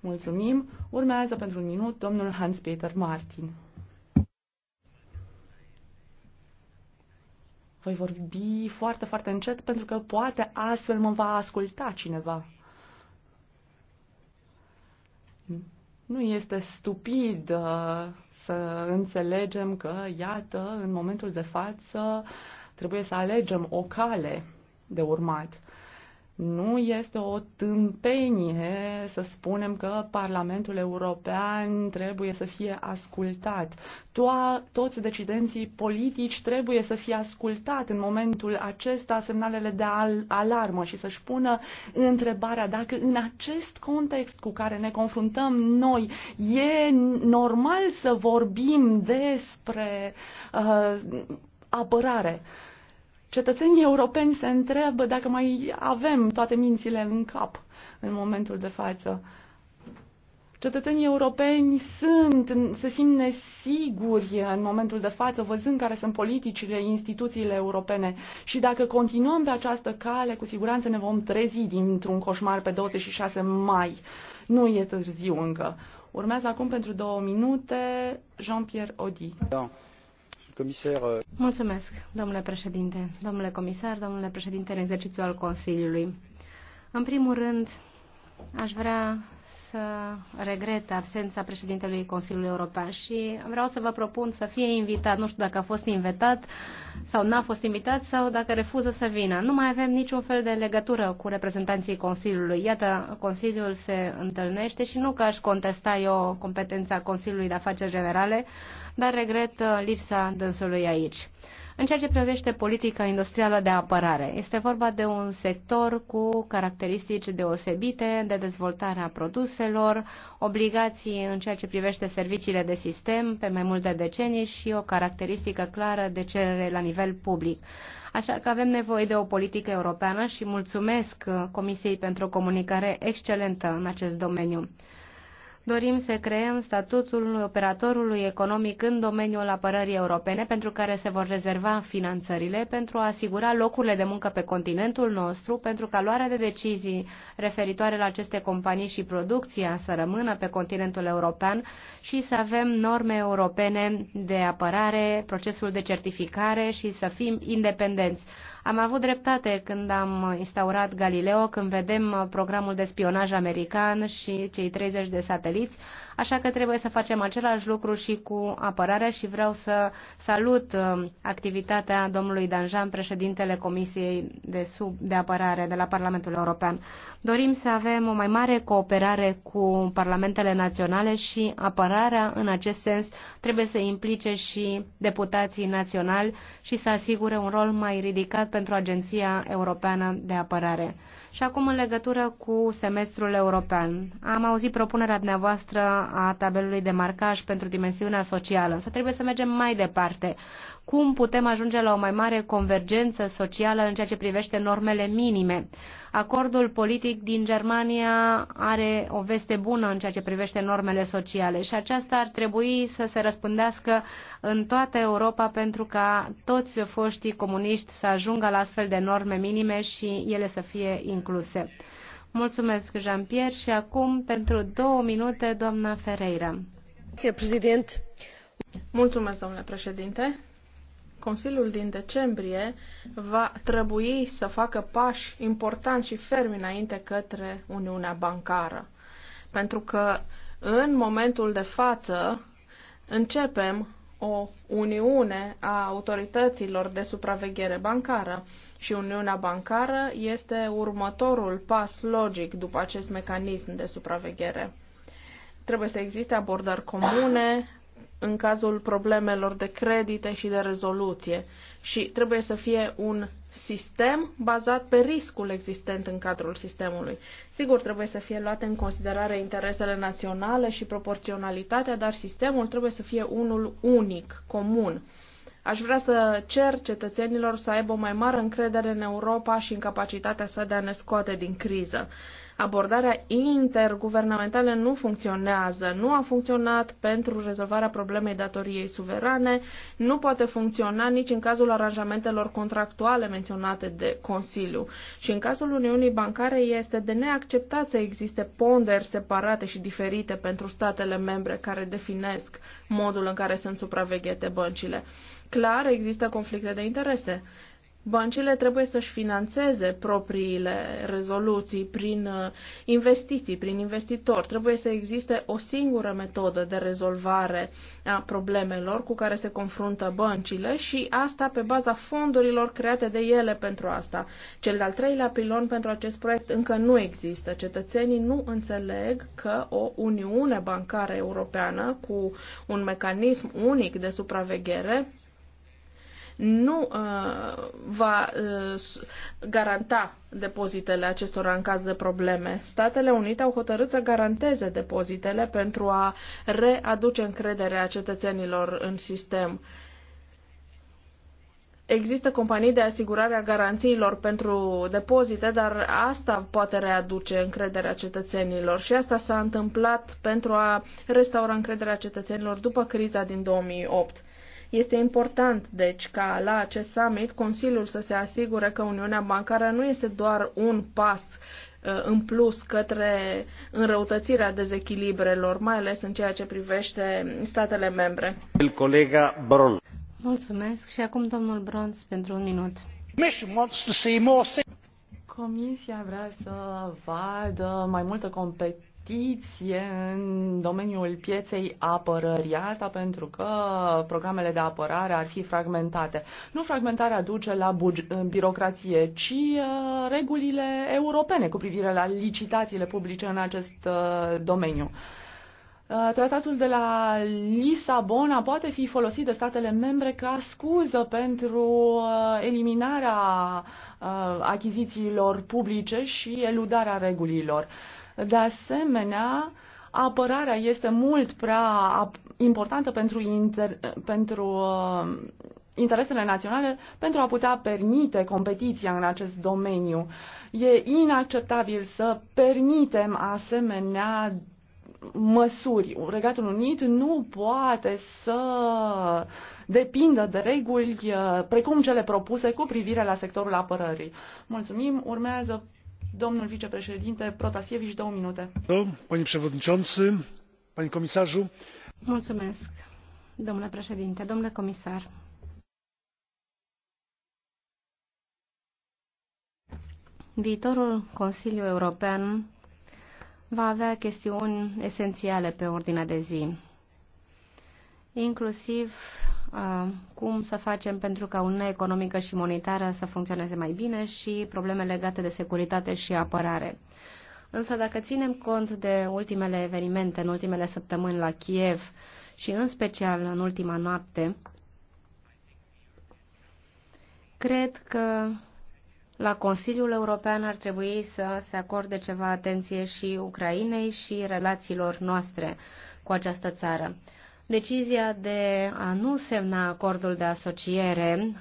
Mulțumim. Urmează pentru un minut domnul Hans-Peter Martin. Voi vorbi foarte, foarte încet pentru că poate astfel mă va asculta cineva. Nu este stupid uh, să înțelegem că, iată, în momentul de față trebuie să alegem o cale de urmat. Nu este o tâmpenie să spunem că Parlamentul European trebuie să fie ascultat. To- toți decidenții politici trebuie să fie ascultat în momentul acesta semnalele de al- alarmă și să-și pună întrebarea dacă în acest context cu care ne confruntăm noi e normal să vorbim despre uh, apărare. Uh, cetățenii europeni se întreabă dacă mai avem toate mințile în cap în momentul de față. Cetățenii europeni sunt, se simt nesiguri în momentul de față, văzând care sunt politicile, instituțiile europene. Și dacă continuăm pe această cale, cu siguranță ne vom trezi dintr-un coșmar pe 26 mai. Nu e târziu încă. Urmează acum pentru două minute Jean-Pierre Odi. Da comisar. Uh, Mulțumesc, domnule președinte, domnule comisar, domnule președinte în exercițiu al Consiliului. În primul rând, aș vrea regret absența președintelui Consiliului European și vreau să vă propun să fie invitat, nu știu dacă a fost invitat sau n-a fost invitat sau dacă refuză să vină. Nu mai avem niciun fel de legătură cu reprezentanții Consiliului. Iată, Consiliul se întâlnește și nu că aș contesta eu competența Consiliului de Afaceri Generale, dar regret uh, lipsa dânsului aici. În ceea ce privește politica industrială de apărare, este vorba de un sector cu caracteristici deosebite de dezvoltarea produselor, obligații în ceea ce privește serviciile de sistem pe mai multe decenii și o caracteristică clară de cerere la nivel public. Așa că avem nevoie de o politică europeană și mulțumesc Comisiei pentru o comunicare excelentă în acest domeniu dorim să creăm statutul operatorului economic în domeniul apărării europene, pentru care se vor rezerva finanțările, pentru a asigura locurile de muncă pe continentul nostru, pentru ca luarea de decizii referitoare la aceste companii și producția să rămână pe continentul european și să avem norme europene de apărare, procesul de certificare și să fim independenți. Am avut dreptate când am instaurat Galileo, când vedem programul de spionaj american și cei 30 de sateliți așa că trebuie să facem același lucru și cu apărarea și vreau să salut um, activitatea domnului Danjan, președintele Comisiei de, sub, de Apărare de la Parlamentul European. Dorim să avem o mai mare cooperare cu parlamentele naționale și apărarea în acest sens trebuie să implice și deputații naționali și să asigure un rol mai ridicat pentru Agenția Europeană de Apărare. Și acum în legătură cu semestrul european. Am auzit propunerea dumneavoastră a tabelului de marcaj pentru dimensiunea socială, însă trebuie să mergem mai departe. Cum putem ajunge la o mai mare convergență socială în ceea ce privește normele minime? Acordul politic din Germania are o veste bună în ceea ce privește normele sociale și aceasta ar trebui să se răspândească în toată Europa pentru ca toți foștii comuniști să ajungă la astfel de norme minime și ele să fie incluse. Mulțumesc, Jean-Pierre, și acum, pentru două minute, doamna Ferreira. Mulțumesc, domnule președinte. Consiliul din decembrie va trebui să facă pași importanti și fermi înainte către Uniunea Bancară. Pentru că în momentul de față începem o uniune a autorităților de supraveghere bancară și Uniunea Bancară este următorul pas logic după acest mecanism de supraveghere. Trebuie să existe abordări comune, în cazul problemelor de credite și de rezoluție și trebuie să fie un sistem bazat pe riscul existent în cadrul sistemului. Sigur, trebuie să fie luate în considerare interesele naționale și proporționalitatea, dar sistemul trebuie să fie unul unic, comun. Aș vrea să cer cetățenilor să aibă o mai mare încredere în Europa și în capacitatea sa de a ne scoate din criză abordarea interguvernamentală nu funcționează, nu a funcționat pentru rezolvarea problemei datoriei suverane, nu poate funcționa nici în cazul aranjamentelor contractuale menționate de Consiliu. Și în cazul Uniunii Bancare este de neacceptat să existe ponderi separate și diferite pentru statele membre care definesc modul în care sunt supraveghete băncile. Clar, există conflicte de interese. Băncile trebuie să-și financeze propriile rezoluții prin uh, investiții, prin investitori. Trebuie să existe o singură metodă de rezolvare a problemelor cu care se confruntă băncile și asta pe baza fondurilor create de ele pentru asta. Cel de-al treilea pilon pentru acest proiect încă nu există. Cetățenii nu înțeleg că o Uniune Bancară Europeană cu un mecanism unic de supraveghere nu uh, va uh, garanta depozitele acestora în caz de probleme. Statele Unite au hotărât să garanteze depozitele pentru a readuce încrederea cetățenilor în sistem. Există companii de asigurare a garanțiilor pentru depozite, dar asta poate readuce încrederea cetățenilor și asta s-a întâmplat pentru a restaura încrederea cetățenilor după criza din 2008. Este important, deci, ca la acest summit Consiliul să se asigure că Uniunea Bancară nu este doar un pas uh, în plus către înrăutățirea dezechilibrelor, mai ales în ceea ce privește statele membre. Colega Bron. Mulțumesc și acum domnul Bronz pentru un minut. Comisia vrea să vadă mai multă competență investiție în domeniul pieței apărării. Asta pentru că programele de apărare ar fi fragmentate. Nu fragmentarea duce la birocrație, ci uh, regulile europene cu privire la licitațiile publice în acest uh, domeniu. Uh, tratatul de la Lisabona poate fi folosit de statele membre ca scuză pentru eliminarea achizițiilor publice și eludarea regulilor. De asemenea, apărarea este mult prea importantă pentru, inter, pentru uh, interesele naționale pentru a putea permite competiția în acest domeniu. E inacceptabil să permitem asemenea măsuri. Regatul Unit nu poate să depindă de reguli uh, precum cele propuse cu privire la sectorul apărării. Mulțumim. Urmează Domnul vicepreședinte Protasievici, două minute. Panie președinte, panie comisarul. Mulțumesc, domnule președinte, domnule comisar. Viitorul Consiliu European va avea chestiuni esențiale pe ordinea de zi, inclusiv cum să facem pentru ca Uniunea Economică și Monetară să funcționeze mai bine și probleme legate de securitate și apărare. Însă dacă ținem cont de ultimele evenimente în ultimele săptămâni la Kiev și în special în ultima noapte, cred că la Consiliul European ar trebui să se acorde ceva atenție și Ucrainei și relațiilor noastre cu această țară. Decizia de a nu semna acordul de asociere,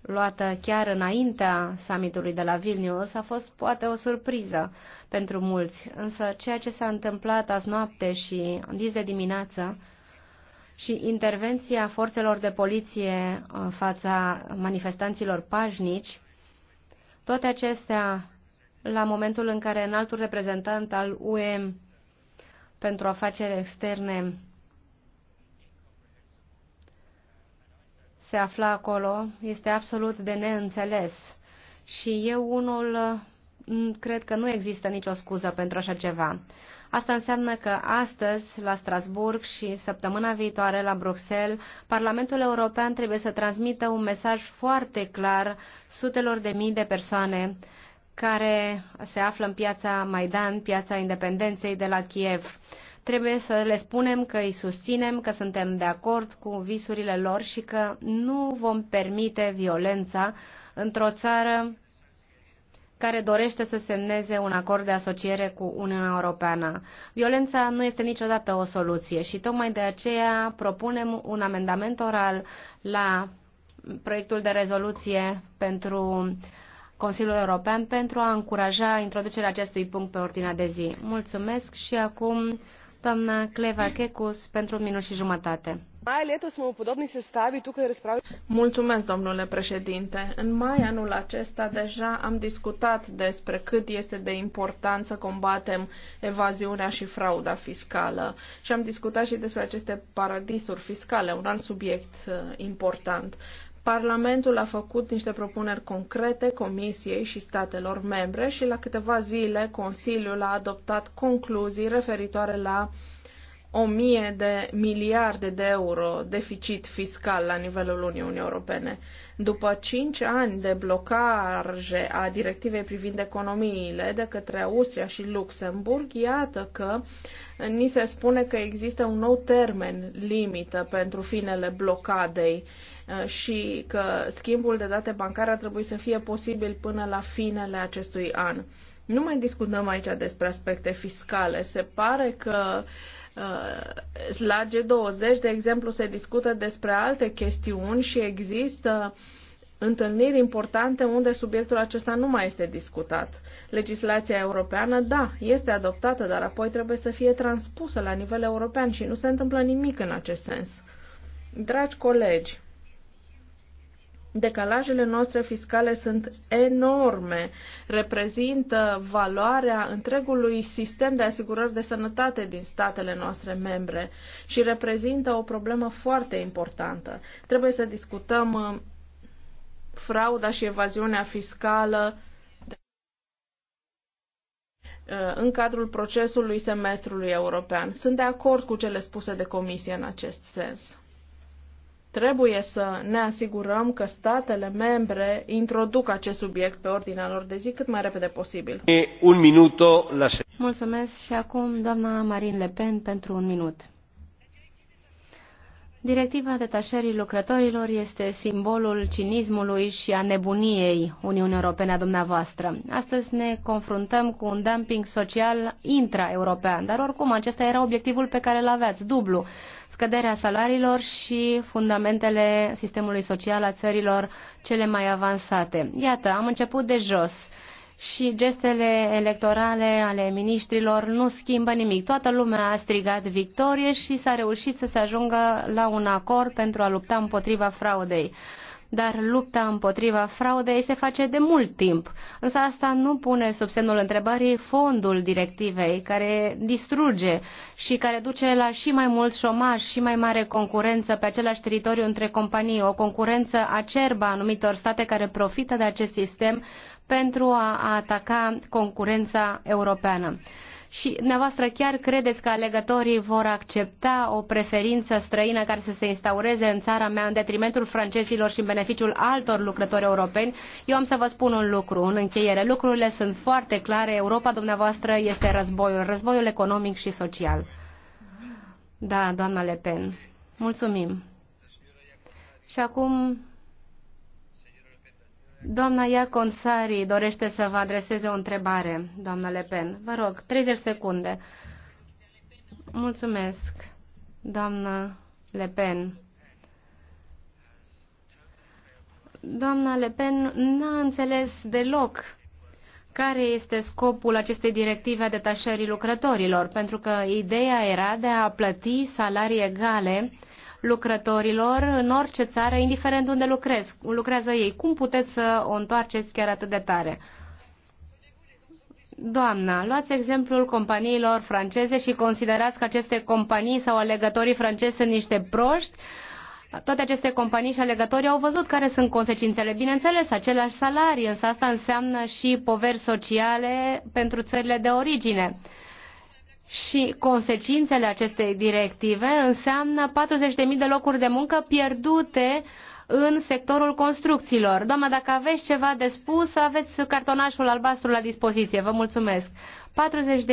luată chiar înaintea summitului de la Vilnius, a fost poate o surpriză pentru mulți, însă ceea ce s-a întâmplat azi noapte și dis de dimineață și intervenția forțelor de poliție în fața manifestanților pașnici, toate acestea la momentul în care înaltul reprezentant al UE pentru afaceri externe se afla acolo este absolut de neînțeles. Și eu unul mm, cred că nu există nicio scuză pentru așa ceva. Asta înseamnă că astăzi, la Strasburg și săptămâna viitoare la Bruxelles, Parlamentul European trebuie să transmită un mesaj foarte clar sutelor de mii de persoane care se află în piața Maidan, piața independenței de la Kiev Trebuie să le spunem că îi susținem, că suntem de acord cu visurile lor și că nu vom permite violența într-o țară care dorește să semneze un acord de asociere cu Uniunea Europeană. Violența nu este niciodată o soluție și tocmai de aceea propunem un amendament oral la proiectul de rezoluție pentru Consiliul European pentru a încuraja introducerea acestui punct pe ordinea de zi. Mulțumesc și acum Doamna Cleva Checus, pentru un minut și jumătate. Mulțumesc, domnule președinte. În mai anul acesta deja am discutat despre cât este de important să combatem evaziunea și frauda fiscală și am discutat și despre aceste paradisuri fiscale, un alt subiect eh, important. Parlamentul a făcut niște propuneri concrete Comisiei și statelor membre și la câteva zile Consiliul a adoptat concluzii referitoare la o mie de miliarde de euro deficit fiscal la nivelul Uniunii Europene. După cinci ani de blocaje a directivei privind economiile de către Austria și Luxemburg, iată că ni se spune că există un nou termen limită pentru finele blocadei Uh, și că schimbul de date bancare ar trebui să fie posibil până la finele acestui an. Nu mai discutăm aici despre aspecte fiscale. Se pare că uh, la G20, de exemplu, se discută despre alte chestiuni și există întâlniri importante unde subiectul acesta nu mai este discutat. Legislația europeană, da, este adoptată, dar apoi trebuie să fie transpusă la nivel european și nu se întâmplă nimic în acest sens. Dragi colegi, Decalajele noastre fiscale sunt enorme, reprezintă valoarea întregului sistem de asigurări de sănătate din statele noastre membre și reprezintă o problemă foarte importantă. Trebuie să discutăm uh, frauda și evaziunea fiscală uh, în cadrul procesului semestrului european. Sunt de acord cu cele spuse de Comisie în acest sens. Trebuie să ne asigurăm că statele membre introduc acest subiect pe ordinea lor de zi cât mai repede posibil. Un minut la Mulțumesc și acum doamna Marine Le Pen pentru un minut. Directiva detașării lucrătorilor este simbolul cinismului și a nebuniei Uniunii Europene a dumneavoastră. Astăzi ne confruntăm cu un dumping social intra-european, dar oricum acesta era obiectivul pe care îl aveați, dublu scăderea salariilor și fundamentele sistemului social a țărilor cele mai avansate. Iată, am început de jos și gestele electorale ale miniștrilor nu schimbă nimic. Toată lumea a strigat victorie și s-a reușit să se ajungă la un acord pentru a lupta împotriva fraudei dar lupta împotriva fraudei se face de mult timp. Însă asta nu pune sub semnul întrebării fondul directivei, care distruge și care duce la și mai mult șomaj și mai mare concurență pe același teritoriu între companii, o concurență acerbă a anumitor state care profită de acest sistem pentru a ataca concurența europeană. Și dumneavoastră chiar credeți că alegătorii vor accepta o preferință străină care să se instaureze în țara mea în detrimentul francezilor și în beneficiul altor lucrători europeni? Eu am să vă spun un lucru în încheiere. Lucrurile sunt foarte clare. Europa dumneavoastră este războiul, războiul economic și social. Da, doamna Le Pen. Mulțumim. Și acum Doamna Iacon Sari dorește să vă adreseze o întrebare, doamna Le Pen. Vă rog, 30 secunde. Mulțumesc, doamna Le Pen. Doamna Le Pen n-a înțeles deloc care este scopul acestei directive a detașării lucrătorilor, pentru că ideea era de a plăti salarii egale uh, lucrătorilor în orice țară, indiferent unde lucrez, lucrează ei. Cum puteți să o întoarceți chiar atât de tare? Doamna, luați exemplul companiilor franceze și considerați că aceste companii sau alegătorii francezi sunt niște proști? Toate aceste companii și alegătorii au văzut care sunt consecințele. Bineînțeles, aceleași salarii, însă asta înseamnă și poveri sociale pentru țările de origine și consecințele acestei directive înseamnă 40.000 de locuri de muncă pierdute în sectorul construcțiilor. Doamna, dacă aveți ceva de spus, aveți cartonașul albastru la dispoziție. Vă mulțumesc.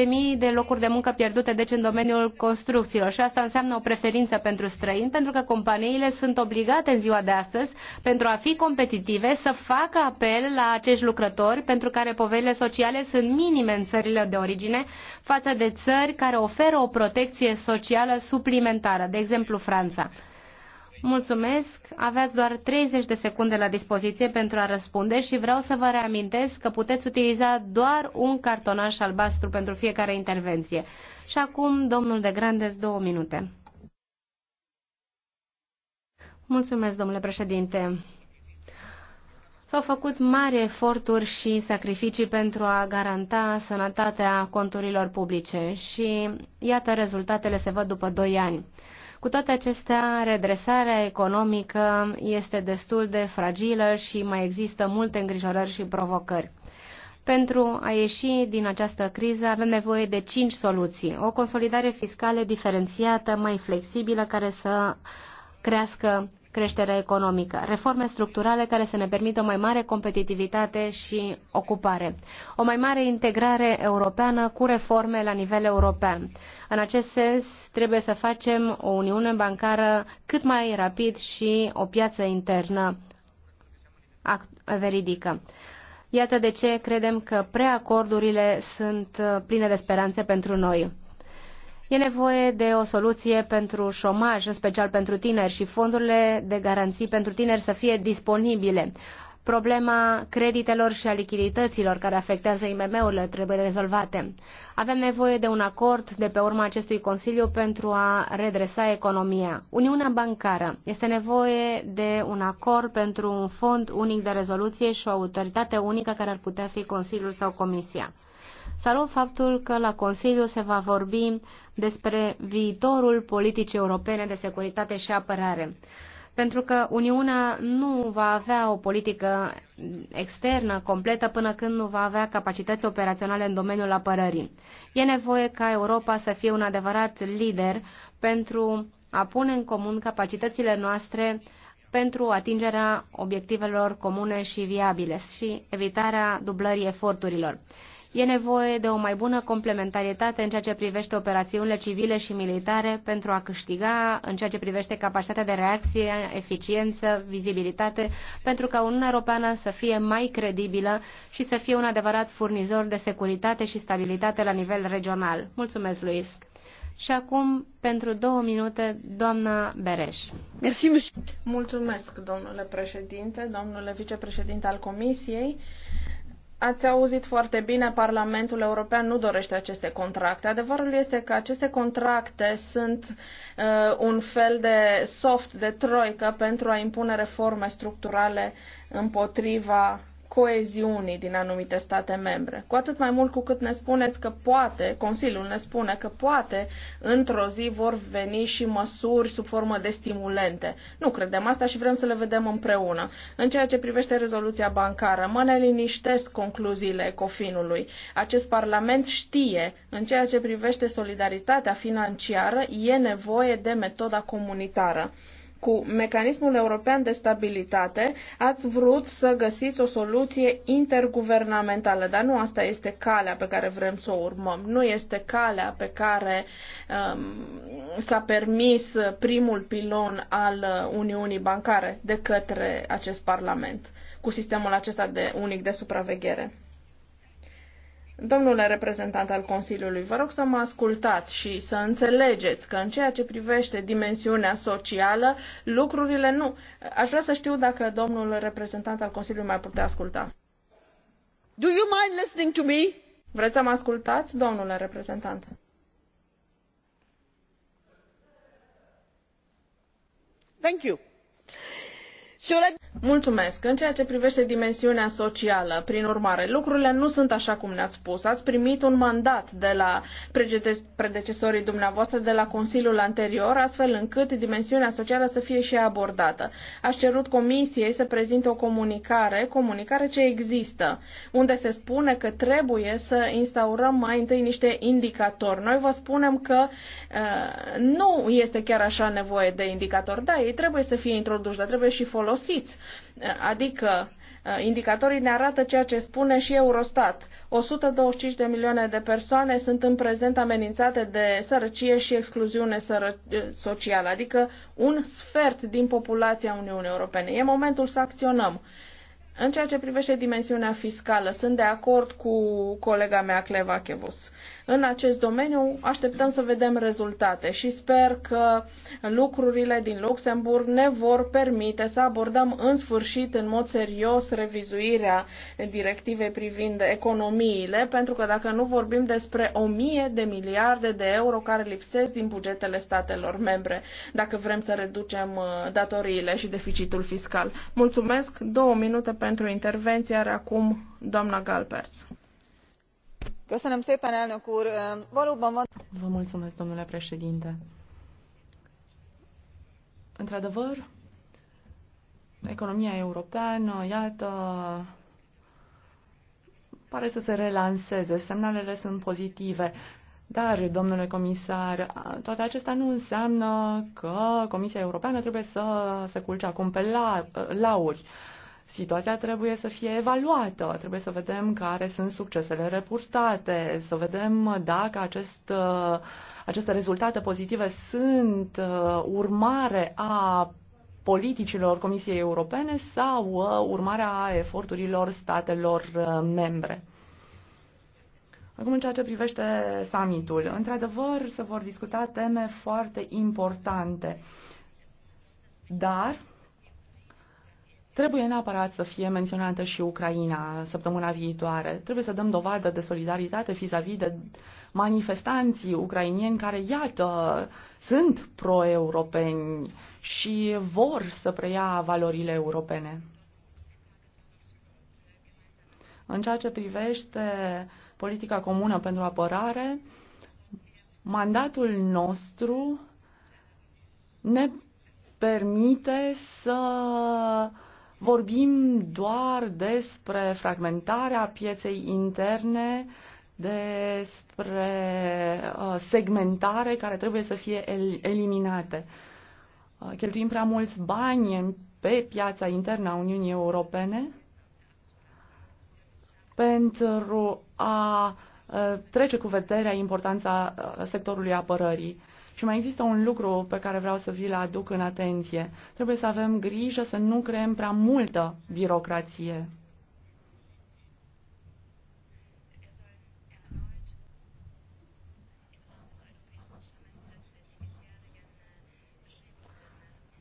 40.000 de locuri de muncă pierdute, deci în domeniul construcțiilor. Și asta înseamnă o preferință pentru străini, pentru că companiile sunt obligate în ziua de astăzi, pentru a fi competitive, să facă apel la acești lucrători, pentru care poverile sociale sunt minime în țările de origine, față de țări care oferă o protecție socială suplimentară, de exemplu Franța. Mulțumesc, aveați doar 30 de secunde la dispoziție pentru a răspunde și vreau să vă reamintesc că puteți utiliza doar un cartonaș albastru pentru fiecare intervenție. Și acum, domnul de Grandes, două minute. Mulțumesc, domnule președinte. S-au făcut mari eforturi și sacrificii pentru a garanta sănătatea conturilor publice și iată rezultatele se văd după 2 ani. Cu toate acestea, redresarea economică este destul de fragilă și mai există multe îngrijorări și provocări. Pentru a ieși din această criză avem nevoie de cinci soluții. O consolidare fiscală diferențiată, mai flexibilă, care să crească creștere economică, reforme structurale care să ne permită o mai mare competitivitate și ocupare, o mai mare integrare europeană cu reforme la nivel european. În acest sens, trebuie să facem o uniune bancară cât mai rapid și o piață internă veridică. Iată de ce credem că preacordurile sunt uh, pline de speranțe pentru noi. E nevoie de o soluție pentru șomaj, în special pentru tineri, și fondurile de garanții pentru tineri să fie disponibile. Problema creditelor și a lichidităților care afectează IMM-urile trebuie rezolvate. Avem nevoie de un acord de pe urma acestui Consiliu pentru a redresa economia. Uniunea bancară. Este nevoie de un acord pentru un fond unic de rezoluție și o autoritate unică care ar putea fi Consiliul sau Comisia. Salut faptul că la Consiliu se va vorbi despre viitorul politicii europene de securitate și apărare. Pentru că Uniunea nu va avea o politică externă completă până când nu va avea capacități operaționale în domeniul apărării. E nevoie ca Europa să fie un adevărat lider pentru a pune în comun capacitățile noastre pentru atingerea obiectivelor comune și viabile și evitarea dublării eforturilor. E nevoie de o mai bună complementarietate în ceea ce privește operațiunile civile și militare pentru a câștiga în ceea ce privește capacitatea de reacție, eficiență, vizibilitate, pentru ca Uniunea Europeană să fie mai credibilă și să fie un adevărat furnizor de securitate și stabilitate la nivel regional. Mulțumesc, Luis! Și acum, pentru două minute, doamna Bereș. Mulțumesc, domnule președinte, domnule vicepreședinte al Comisiei. Ați auzit foarte bine, Parlamentul European nu dorește aceste contracte. Adevărul este că aceste contracte sunt uh, un fel de soft, de troică pentru a impune reforme structurale împotriva coeziunii din anumite state membre. Cu atât mai mult cu cât ne spuneți că poate, Consiliul ne spune că poate, într-o zi vor veni și măsuri sub formă de stimulente. Nu credem asta și vrem să le vedem împreună. În ceea ce privește rezoluția bancară, mă ne liniștesc concluziile cofinului. Acest Parlament știe, în ceea ce privește solidaritatea financiară, e nevoie de metoda comunitară cu mecanismul european de stabilitate, ați vrut să găsiți o soluție interguvernamentală, dar nu asta este calea pe care vrem să o urmăm. Nu este calea pe care um, s-a permis primul pilon al Uniunii Bancare de către acest Parlament cu sistemul acesta de unic de supraveghere. Domnule reprezentant al Consiliului, vă rog să mă ascultați și să înțelegeți că în ceea ce privește dimensiunea socială, lucrurile nu. Aș vrea să știu dacă domnul reprezentant al Consiliului mai putea asculta. Do you mind listening to me? Vreți să mă ascultați, domnule reprezentant? Thank you. Mulțumesc. În ceea ce privește dimensiunea socială, prin urmare, lucrurile nu sunt așa cum ne-ați spus. Ați primit un mandat de la predecesorii dumneavoastră, de la Consiliul anterior, astfel încât dimensiunea socială să fie și abordată. Ați cerut Comisiei să prezinte o comunicare, comunicare ce există, unde se spune că trebuie să instaurăm mai întâi niște indicatori. Noi vă spunem că uh, nu este chiar așa nevoie de indicatori. Da, ei trebuie să fie introduși, dar trebuie și folosiți folosiți. Adică uh, indicatorii ne arată ceea ce spune și Eurostat. 125 de milioane de persoane sunt în prezent amenințate de sărăcie și excluziune uh, socială, adică un sfert din populația Uniunii Europene. E momentul să acționăm. În ceea ce privește dimensiunea fiscală, sunt de acord cu colega mea Cleva Chevus. În acest domeniu așteptăm să vedem rezultate și sper că lucrurile din Luxemburg ne vor permite să abordăm în sfârșit în mod serios revizuirea directivei privind economiile, pentru că dacă nu vorbim despre o mie de miliarde de euro care lipsesc din bugetele statelor membre, dacă vrem să reducem uh, datoriile și deficitul fiscal. Mulțumesc, două minute pentru intervenție, are acum doamna Galperț domnule președinte. Într-adevăr, economia europeană, iată, pare să se relanseze, semnalele sunt pozitive. Dar, domnule comisar, toate acestea nu înseamnă că Comisia Europeană trebuie să se culce acum pe la, lauri situația trebuie să fie evaluată, trebuie să vedem care sunt succesele reportate, să vedem dacă acest, uh, aceste rezultate pozitive sunt uh, urmare a politicilor Comisiei Europene sau uh, urmare a eforturilor statelor membre. Acum, în ceea ce privește summitul, într-adevăr se vor discuta teme foarte importante, dar Trebuie neapărat să fie menționată și Ucraina săptămâna viitoare. Trebuie să dăm dovadă de solidaritate vis-a-vis -vis de manifestanții ucrainieni care, iată, sunt pro-europeni și vor să preia valorile europene. În ceea ce privește politica comună pentru apărare, mandatul nostru ne permite să vorbim doar despre fragmentarea pieței interne, despre uh, segmentare care trebuie să fie eliminate. Uh, cheltuim prea mulți bani pe piața internă a Uniunii Europene pentru a uh, trece cu vederea importanța sectorului apărării. Și mai există un lucru pe care vreau să vi-l aduc în atenție. Trebuie să avem grijă să nu creăm prea multă birocrație.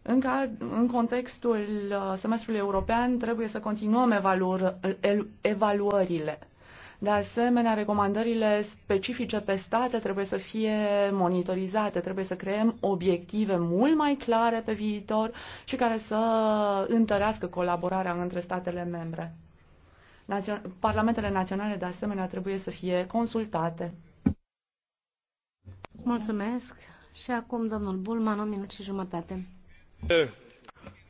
În, în contextul uh, semestrului european trebuie să continuăm evaluările. De asemenea, recomandările specifice pe state trebuie să fie monitorizate, trebuie să creăm obiective mult mai clare pe viitor și care să întărească colaborarea între statele membre. Națio Parlamentele naționale, de asemenea, trebuie să fie consultate. Mulțumesc. Și acum, domnul Bulman, o minut și jumătate.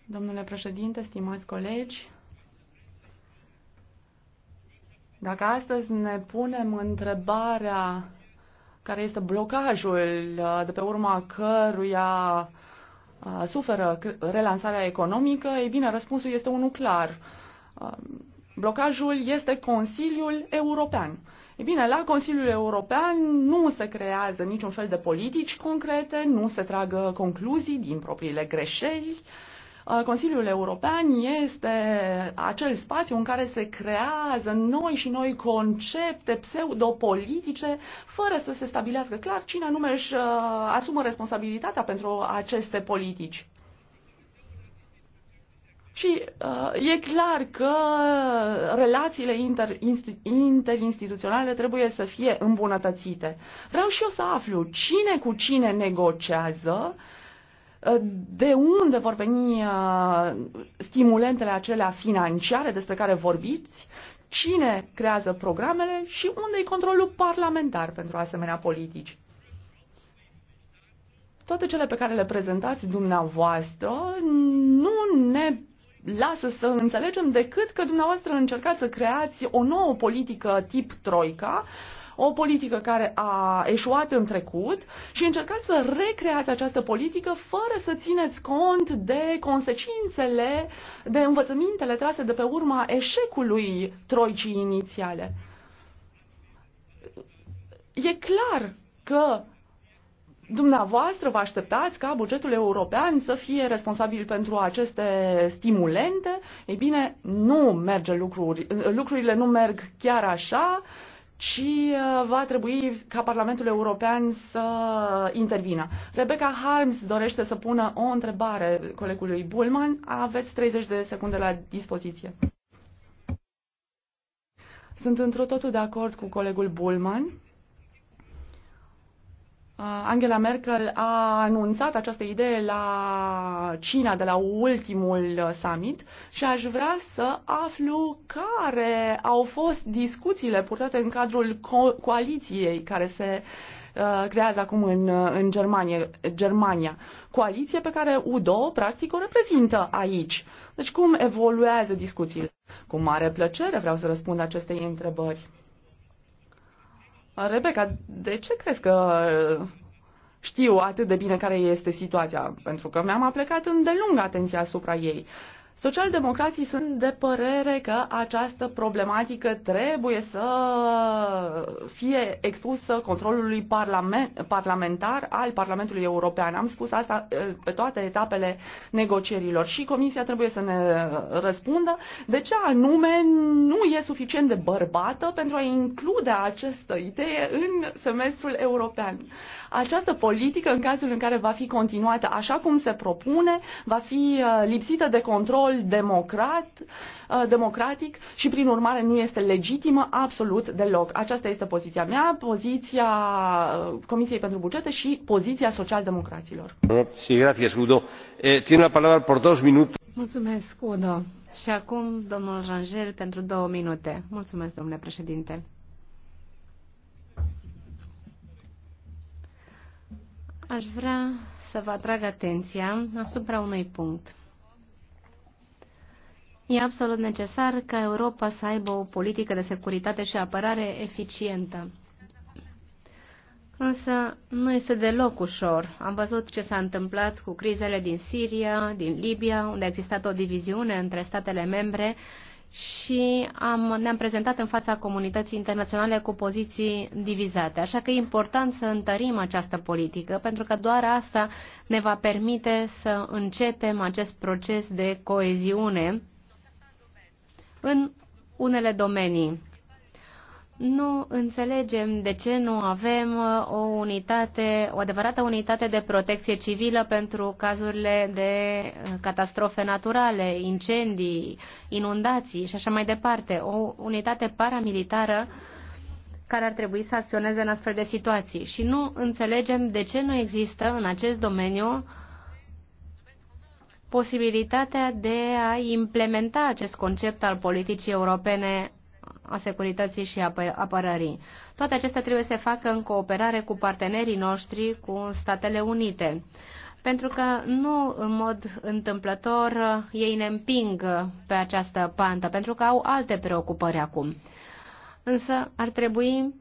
Domnule președinte, stimați colegi, dacă astăzi ne punem întrebarea care este blocajul uh, de pe urma căruia uh, suferă relansarea economică, ei bine, răspunsul este unul clar. Uh, blocajul este Consiliul European. Ei bine, la Consiliul European nu se creează niciun fel de politici concrete, nu se tragă concluzii din propriile greșeli, uh, Uh, Consiliul European este acel spațiu în care se creează noi și noi concepte pseudopolitice, fără să se stabilească clar cine anume își uh, asumă responsabilitatea pentru aceste politici. Și uh, e clar că relațiile inter, interinstituționale trebuie să fie îmbunătățite. Vreau și eu să aflu cine cu cine negociază uh, de unde vor veni uh, stimulentele acelea financiare despre care vorbiți, cine creează programele și unde e controlul parlamentar pentru asemenea politici. Toate cele pe care le prezentați dumneavoastră nu ne lasă să înțelegem decât că dumneavoastră încercați să creați o nouă politică tip troica, uh, o politică care a eșuat în trecut și încercați să recreați această politică fără să țineți cont de consecințele, de învățămintele trase de pe urma eșecului troicii inițiale. E clar că dumneavoastră vă așteptați ca bugetul european să fie responsabil pentru aceste stimulente? Ei bine, nu merge lucruri, lucrurile nu merg chiar așa. Uh, și uh, va trebui ca Parlamentul European să intervină. Rebecca Harms dorește să pună o întrebare colegului Bulman. Aveți 30 de secunde la dispoziție. Sunt într totul de acord cu colegul Bulman. Uh, Angela Merkel a anunțat această idee la China de la ultimul uh, summit și aș vrea să aflu care au fost discuțiile purtate în cadrul co- coaliției care se uh, creează acum în, în Germania, Germania. Coaliție pe care UDO practic o reprezintă aici. Deci cum evoluează discuțiile? Cu mare plăcere vreau să răspund acestei întrebări. Rebecca, de ce crezi că știu atât de bine care este situația? Pentru că mi-am aplicat îndelung atenția asupra ei. Uh, Socialdemocrații sunt de părere că această problematică trebuie să fie expusă controlului parlament, parlamentar al Parlamentului European. Am spus asta eh, pe toate etapele negocierilor și Comisia trebuie să ne răspundă de ce anume nu e suficient de bărbată pentru a include această idee în semestrul european această politică, în cazul în care va fi continuată așa cum se propune, va fi uh, lipsită de control democrat, uh, democratic și, prin urmare, nu este legitimă absolut deloc. Aceasta este poziția mea, poziția uh, Comisiei pentru Bugete și poziția socialdemocraților. Eh, Mulțumesc, Udo. Și acum, domnul Rangel, pentru două minute. Mulțumesc, domnule președinte. aș vrea să vă atrag atenția asupra unui punct. E absolut necesar ca Europa să aibă o politică de securitate și apărare eficientă. Însă nu este deloc ușor. Am văzut ce s-a întâmplat cu crizele din Siria, din Libia, unde a existat o diviziune între statele membre și am, ne-am prezentat în fața comunității internaționale cu poziții divizate. Așa că e important să întărim această politică, pentru că doar asta ne va permite să începem acest proces de coeziune în unele domenii nu înțelegem de ce nu avem uh, o unitate, o adevărată unitate de protecție civilă pentru cazurile de uh, catastrofe naturale, incendii, inundații și așa mai departe. O unitate paramilitară care ar trebui să acționeze în astfel de situații. Și nu înțelegem de ce nu există în acest domeniu posibilitatea de a implementa acest concept al politicii europene a securității și apărării. Toate acestea trebuie să se facă în cooperare cu partenerii noștri, cu Statele Unite pentru că nu în mod întâmplător ei ne împing pe această pantă, pentru că au alte preocupări acum. Însă ar trebui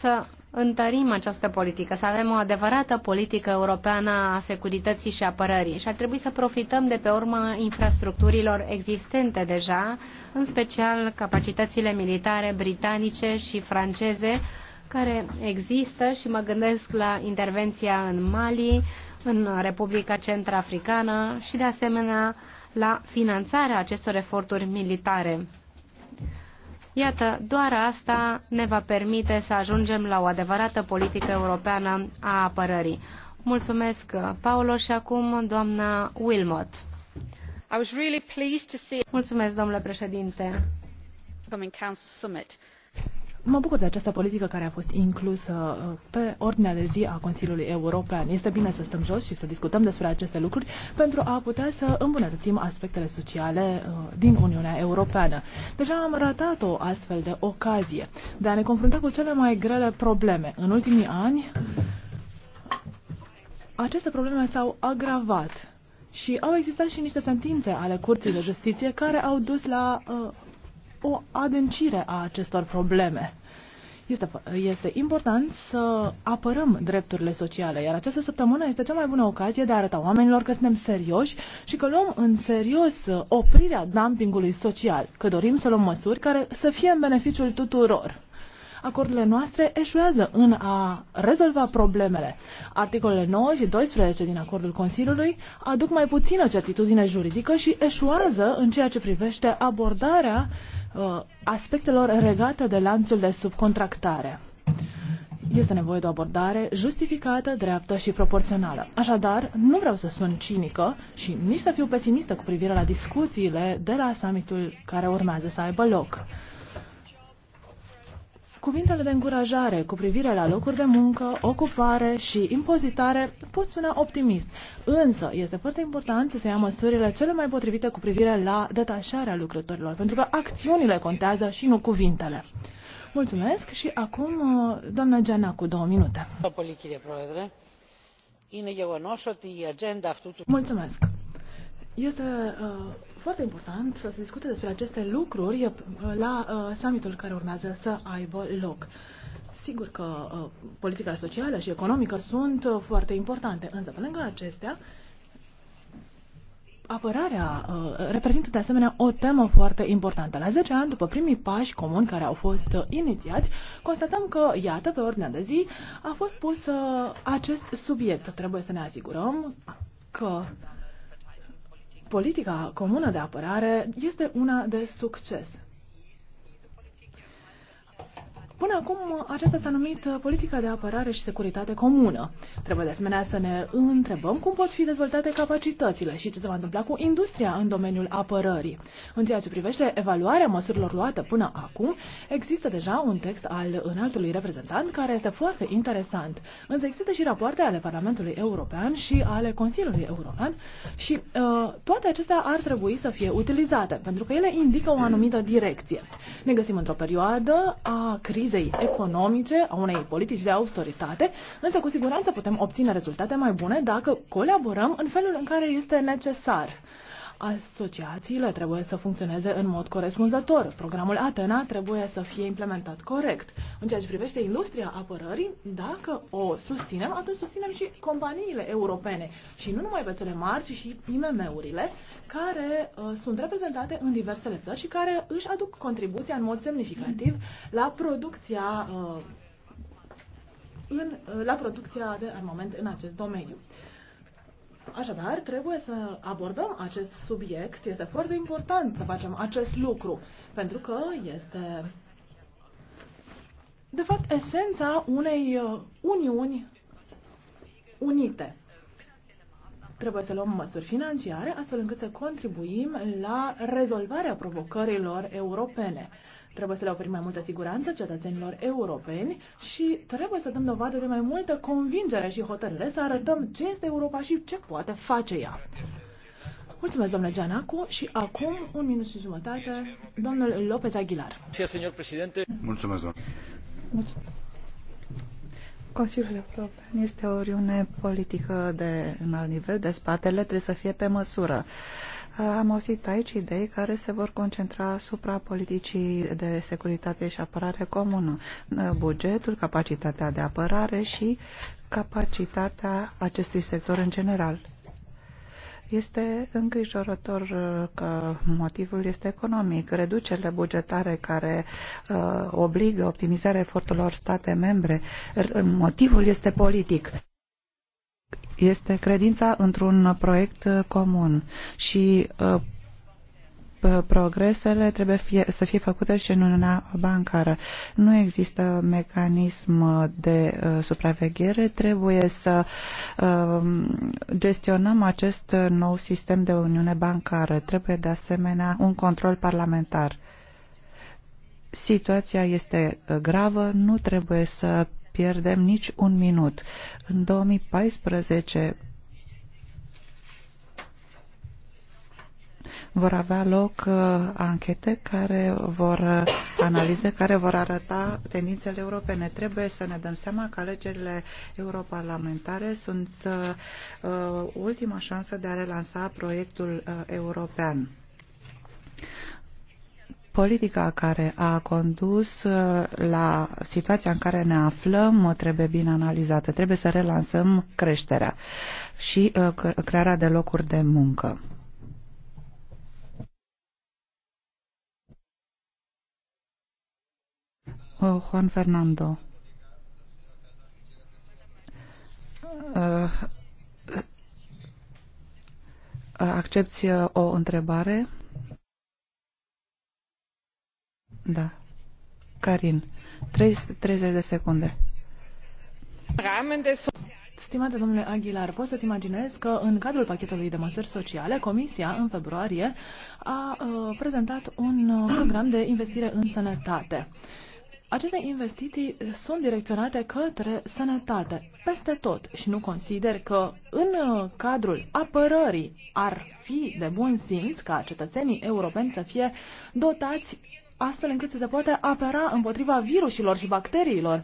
să întărim această politică, să avem o adevărată politică europeană a securității și apărării și ar trebui să profităm de pe urma infrastructurilor existente deja, în special capacitățile militare britanice și franceze care există și mă gândesc la intervenția în Mali, în Republica Centrafricană și de asemenea la finanțarea acestor eforturi militare. Iată, doar asta ne va permite să ajungem la o adevărată politică europeană a apărării. Mulțumesc, Paolo, și acum doamna Wilmot. Mulțumesc, domnule președinte. Mă bucur de această politică care a fost inclusă uh, pe ordinea de zi a Consiliului European. Este bine să stăm jos și să discutăm despre aceste lucruri pentru a putea să îmbunătățim aspectele sociale uh, din Uniunea Europeană. Deja am ratat o astfel de ocazie de a ne confrunta cu cele mai grele probleme. În ultimii ani, aceste probleme s-au agravat și au existat și niște sentințe ale Curții de Justiție care au dus la uh, o adâncire a acestor probleme. Este, este important să apărăm drepturile sociale, iar această săptămână este cea mai bună ocazie de a arăta oamenilor că suntem serioși și că luăm în serios uh, oprirea dumpingului social, că dorim să luăm măsuri care să fie în beneficiul tuturor. Acordurile noastre eșuează în a rezolva problemele. Articolele 9 și 12 din acordul Consiliului aduc mai puțină certitudine juridică și eșuează în ceea ce privește abordarea Uh, aspectelor regate de lanțul de subcontractare. Este nevoie de o abordare justificată, dreaptă și proporțională. Așadar, nu vreau să sun cinică și nici să fiu pesimistă cu privire la discuțiile de la summitul care urmează să aibă loc. Cuvintele de încurajare cu privire la locuri de muncă, ocupare și impozitare pot suna optimist, însă este foarte important să se ia măsurile cele mai potrivite cu privire la detașarea lucrătorilor, pentru că acțiunile contează și nu cuvintele. Mulțumesc și acum uh, doamna Geana cu două minute. Mulțumesc. Este uh, foarte important să se discute despre aceste lucruri uh, la uh, summitul care urmează să aibă loc. Sigur că uh, politica socială și economică sunt uh, foarte importante, însă pe lângă acestea, apărarea uh, reprezintă de asemenea o temă foarte importantă. La 10 ani, după primii pași comuni care au fost uh, inițiați, constatăm că, iată, pe ordinea de zi a fost pus uh, acest subiect. Trebuie să ne asigurăm că politica comună de apărare este una de succes. Până acum, aceasta s-a numit uh, politică de apărare și securitate comună. Trebuie de asemenea să ne întrebăm cum pot fi dezvoltate capacitățile și ce se va întâmpla cu industria în domeniul apărării. În ceea ce privește evaluarea măsurilor luate până acum, există deja un text al înaltului reprezentant care este foarte interesant. Însă există și rapoarte ale Parlamentului European și ale Consiliului European și uh, toate acestea ar trebui să fie utilizate pentru că ele indică o anumită direcție. Ne găsim într-o perioadă a crizei crizei economice, a unei politici de autoritate, însă cu siguranță putem obține rezultate mai bune dacă colaborăm în felul în care este necesar asociațiile trebuie să funcționeze în mod corespunzător. Programul Atena trebuie să fie implementat corect. În ceea ce privește industria apărării, dacă o susținem, atunci susținem și companiile europene și nu numai pe cele mari, ci și IMM-urile care uh, sunt reprezentate în diversele țări și care își aduc contribuția în mod semnificativ la producția uh, în, la producția de armament în acest domeniu. Așadar, trebuie să abordăm acest subiect. Este foarte important să facem acest lucru, pentru că este, de fapt, esența unei uh, uniuni unite. Trebuie să luăm măsuri financiare astfel încât să contribuim la rezolvarea provocărilor europene. Trebuie să le oferim mai multă siguranță cetățenilor europeni și trebuie să dăm dovadă de mai multă convingere și hotărâre să arătăm ce este Europa și ce poate face ea. Mulțumesc, domnule Gianacu, și acum un minut și jumătate, domnul Lopez Aguilar. Mulțumesc, domnule. Mulțumesc. Consiliul European este o oriune politică de înalt nivel, de spatele trebuie să fie pe măsură. Uh, Uh, am auzit aici idei care se vor concentra asupra politicii de securitate și apărare comună, uh, bugetul, capacitatea de apărare și capacitatea acestui sector în general. Este îngrijorător uh, că motivul este economic. Reducerile bugetare care uh, obligă optimizarea eforturilor state membre, motivul este politic este credința într-un proiect uh, comun și uh, progresele trebuie fie, să fie făcute și în Uniunea Bancară. Nu există mecanism uh, de uh, supraveghere, trebuie să uh, gestionăm acest nou sistem de Uniune Bancară. Trebuie de asemenea un control parlamentar. Situația este gravă, nu trebuie să pierdem nici un minut. În 2014 vor avea loc uh, anchete care vor uh, analize, care vor arăta tendințele europene. Trebuie să ne dăm seama că alegerile europarlamentare sunt uh, ultima șansă de a relansa proiectul european. Politica care a condus uh, la situația în care ne aflăm uh, trebuie bine analizată. Trebuie să relansăm creșterea și uh, crearea de locuri de muncă. Juan Fernando. Accepți o întrebare? Da. Karin, 30 de secunde. Stimate domnule Aguilar, pot să-ți imaginez că în cadrul pachetului de măsuri sociale, Comisia, în februarie, a uh, prezentat un uh, program de investire în sănătate. Aceste investiții sunt direcționate către sănătate peste tot și nu consider că în uh, cadrul apărării ar fi de bun simț ca cetățenii europeni să fie dotați astfel încât să se poată apăra împotriva virusilor și bacteriilor.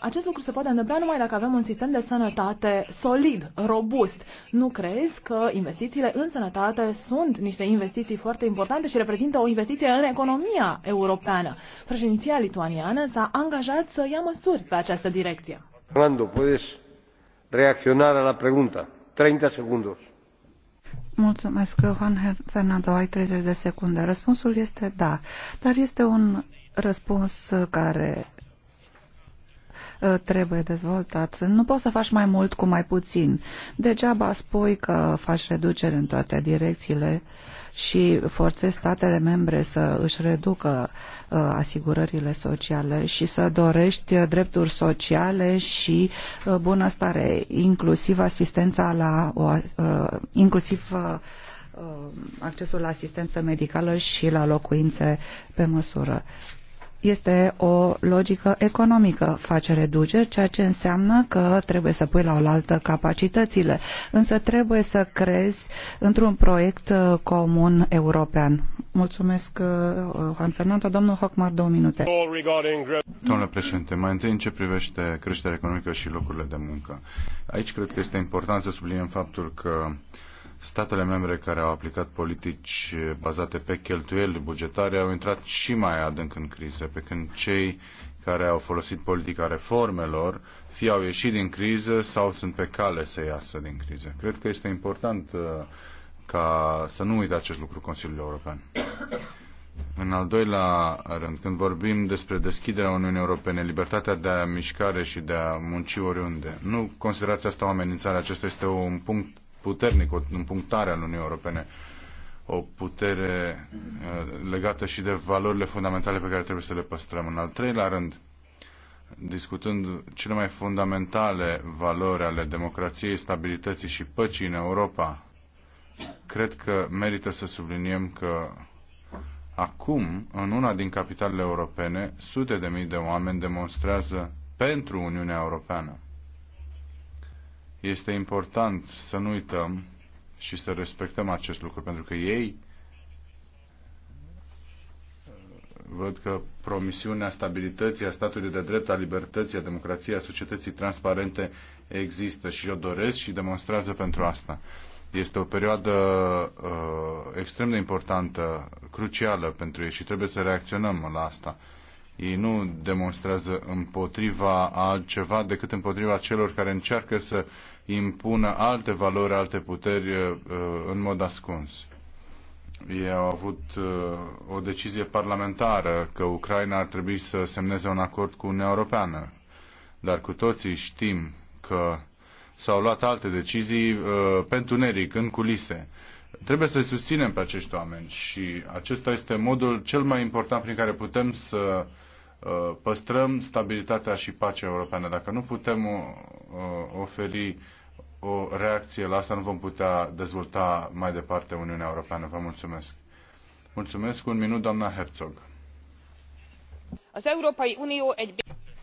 Acest lucru se poate întâmpla numai dacă avem un sistem de sănătate solid, robust. Nu crezi că investițiile în sănătate sunt niște investiții foarte importante și reprezintă o investiție în economia europeană? Președinția lituaniană s-a angajat să ia măsuri pe această direcție. Fernando, poți reacționa la pregunta. 30 secunde. Mulțumesc, Juan Fernando, ai 30 de secunde. Răspunsul este da, dar este un răspuns care uh, trebuie dezvoltat. Nu poți să faci mai mult cu mai puțin. Degeaba spui că faci reduceri în toate direcțiile. Uh, și forțez statele membre să își reducă uh, asigurările sociale și să dorești uh, drepturi sociale și uh, bunăstare, inclusiv asistența la o, inclusiv accesul la asistență medicală și la locuințe pe măsură este o logică economică. Face reduceri, ceea ce înseamnă că trebuie să pui la oaltă capacitățile, însă trebuie să crezi într-un proiect uh, comun european. Mulțumesc, uh, uh, Juan Fernando. Domnul Hochmar, două minute. Domnule președinte, mai întâi în ce privește creșterea economică și locurile de muncă. Aici cred că este important să subliniem faptul că statele membre care au aplicat politici bazate pe cheltuieli bugetare au intrat și mai adânc în criză, pe când cei care au folosit politica reformelor fie au ieșit din criză sau sunt pe cale să iasă din criză. Cred că este important uh, ca să nu uite acest lucru Consiliul European. În al doilea rând, când vorbim despre deschiderea Uniunii Europene, libertatea de a mișcare și de a munci oriunde, nu considerați asta o amenințare, acesta este un punct puternic, o împunctare al Uniunii Europene, o putere uh, legată și de valorile fundamentale pe care trebuie să le păstrăm. În al treilea rând, discutând cele mai fundamentale valori ale democrației, stabilității și păcii în Europa, cred că merită să subliniem că acum, în una din capitalele europene, sute de mii de oameni demonstrează pentru Uniunea Europeană. Este important să nu uităm și să respectăm acest lucru, pentru că ei uh, văd că promisiunea stabilității, a statului de drept, a libertății, a democrației, a societății transparente există și o doresc și demonstrează pentru asta. Este o perioadă uh, extrem de importantă, crucială pentru ei și trebuie să reacționăm la asta. Ei nu demonstrează împotriva altceva decât împotriva celor care încearcă să uh, impună alte valori, alte puteri uh, în mod ascuns. Ei au avut uh, o decizie parlamentară că Ucraina ar trebui să semneze un acord cu Uniunea Europeană. Dar cu toții știm că s-au luat alte decizii uh, pentru neric, în culise. Trebuie să susținem pe acești oameni și acesta este modul cel mai important prin care putem să Uh, păstrăm stabilitatea și pacea europeană. Dacă nu putem uh, uh, oferi o reacție la asta, nu vom putea dezvolta mai departe Uniunea Europeană. Vă mulțumesc. Mulțumesc. Un minut, doamna Herzog. Az Európai Unió egy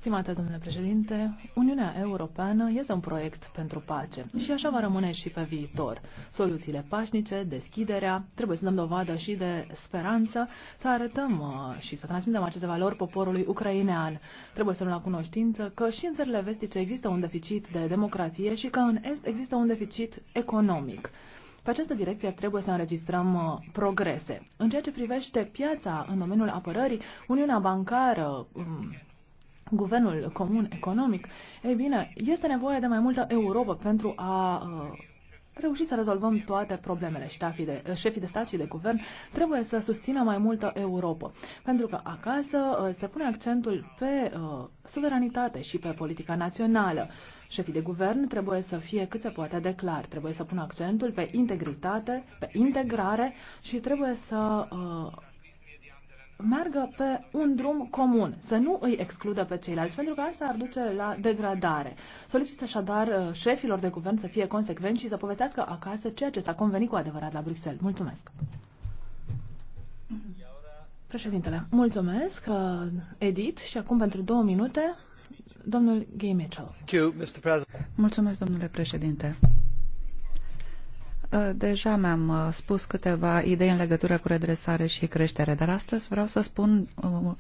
Stimate domnule președinte, Uniunea Europeană este un proiect pentru pace și așa va rămâne și pe viitor. Soluțiile pașnice, deschiderea, trebuie să dăm dovadă și de speranță, să arătăm uh, și să transmitem aceste valori poporului ucrainean. Trebuie să luăm la cunoștință că și în țările vestice există un deficit de democrație și că în Est există un deficit economic. Pe această direcție trebuie să înregistrăm uh, progrese. În ceea ce privește piața în domeniul apărării, Uniunea Bancară um, guvernul comun economic, ei bine, este nevoie de mai multă Europa pentru a uh, reuși să rezolvăm toate problemele. de, șefii de stat și de guvern trebuie să susțină mai multă Europa, pentru că acasă uh, se pune accentul pe uh, suveranitate și pe politica națională. Șefii de guvern trebuie să fie cât se poate de clar, trebuie să pună accentul pe integritate, pe integrare și trebuie să uh, meargă pe un drum comun, să nu îi excludă pe ceilalți, pentru că asta ar duce la degradare. Solicită așadar uh, șefilor de guvern să fie consecvenți și să povestească acasă ceea ce s-a convenit cu adevărat la Bruxelles. Mulțumesc! Președintele, mulțumesc, uh, Edit, și acum pentru două minute, domnul Gay Mitchell. Mulțumesc, domnule președinte. Uh, deja mi-am uh, spus câteva idei în legătură cu redresare și creștere, dar astăzi vreau să spun, uh,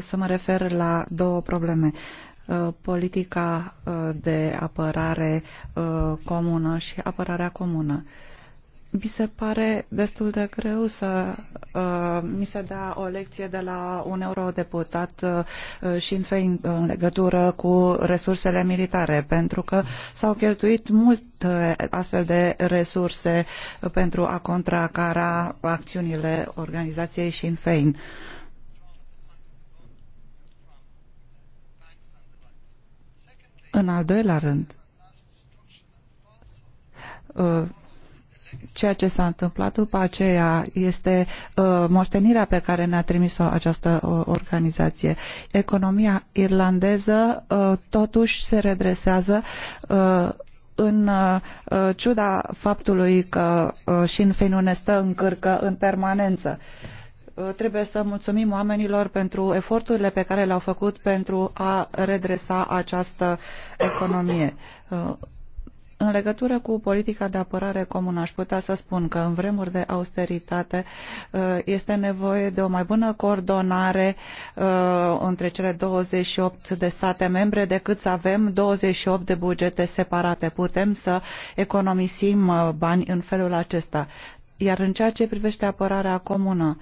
să mă refer la două probleme. Politica de apărare comună și apărarea comună. Mi se pare destul de greu să uh, mi se dea o lecție de la un eurodeputat uh, și în, fe- în legătură cu resursele militare, pentru că s-au cheltuit mult astfel de resurse pentru a contracara acțiunile organizației și în Fein. În al doilea rând, uh, Ceea ce s-a întâmplat după aceea este uh, moștenirea pe care ne-a trimis-o această uh, organizație. Economia irlandeză uh, totuși se redresează uh, în uh, ciuda faptului că uh, Sinn Féin ne stă în cârcă în permanență. Uh, trebuie să mulțumim oamenilor pentru eforturile pe care le-au făcut pentru a redresa această economie. Uh, în legătură cu politica de apărare comună, aș putea să spun că în vremuri de austeritate uh, este nevoie de o mai bună coordonare uh, între cele 28 de state membre decât să avem 28 de bugete separate. Putem să economisim uh, bani în felul acesta. Iar în ceea ce privește apărarea comună,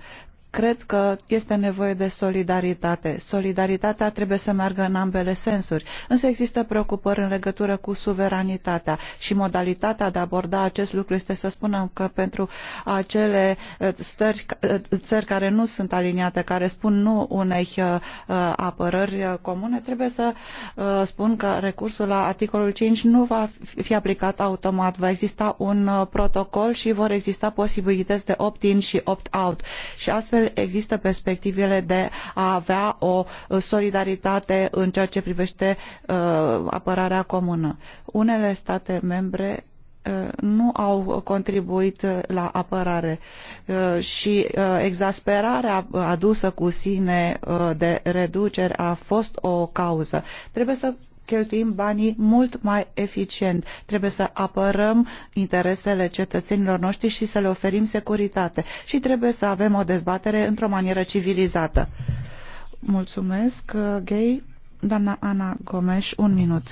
Cred că este nevoie de solidaritate. Solidaritatea trebuie să meargă în ambele sensuri, însă există preocupări în legătură cu suveranitatea și modalitatea de a aborda acest lucru este să spunem că pentru acele eh, stări, eh, țări care nu sunt aliniate, care spun nu unei eh, apărări comune, trebuie să spun că recursul la articolul 5 nu va fi aplicat automat. Va exista un protocol și vor exista posibilități de opt-in și opt-out și astfel astfel există perspectivele de a avea o uh, solidaritate în ceea ce privește uh, apărarea comună. Unele state membre uh, nu au contribuit la apărare și exasperarea adusă cu sine de reduceri a fost o cauză. Trebuie să cheltuim banii mult mai eficient. Trebuie să apărăm interesele cetățenilor noștri și să le oferim securitate. Și trebuie să avem o dezbatere într-o manieră civilizată. Mulțumesc, uh, Gay. Doamna Ana Gomes, un minut.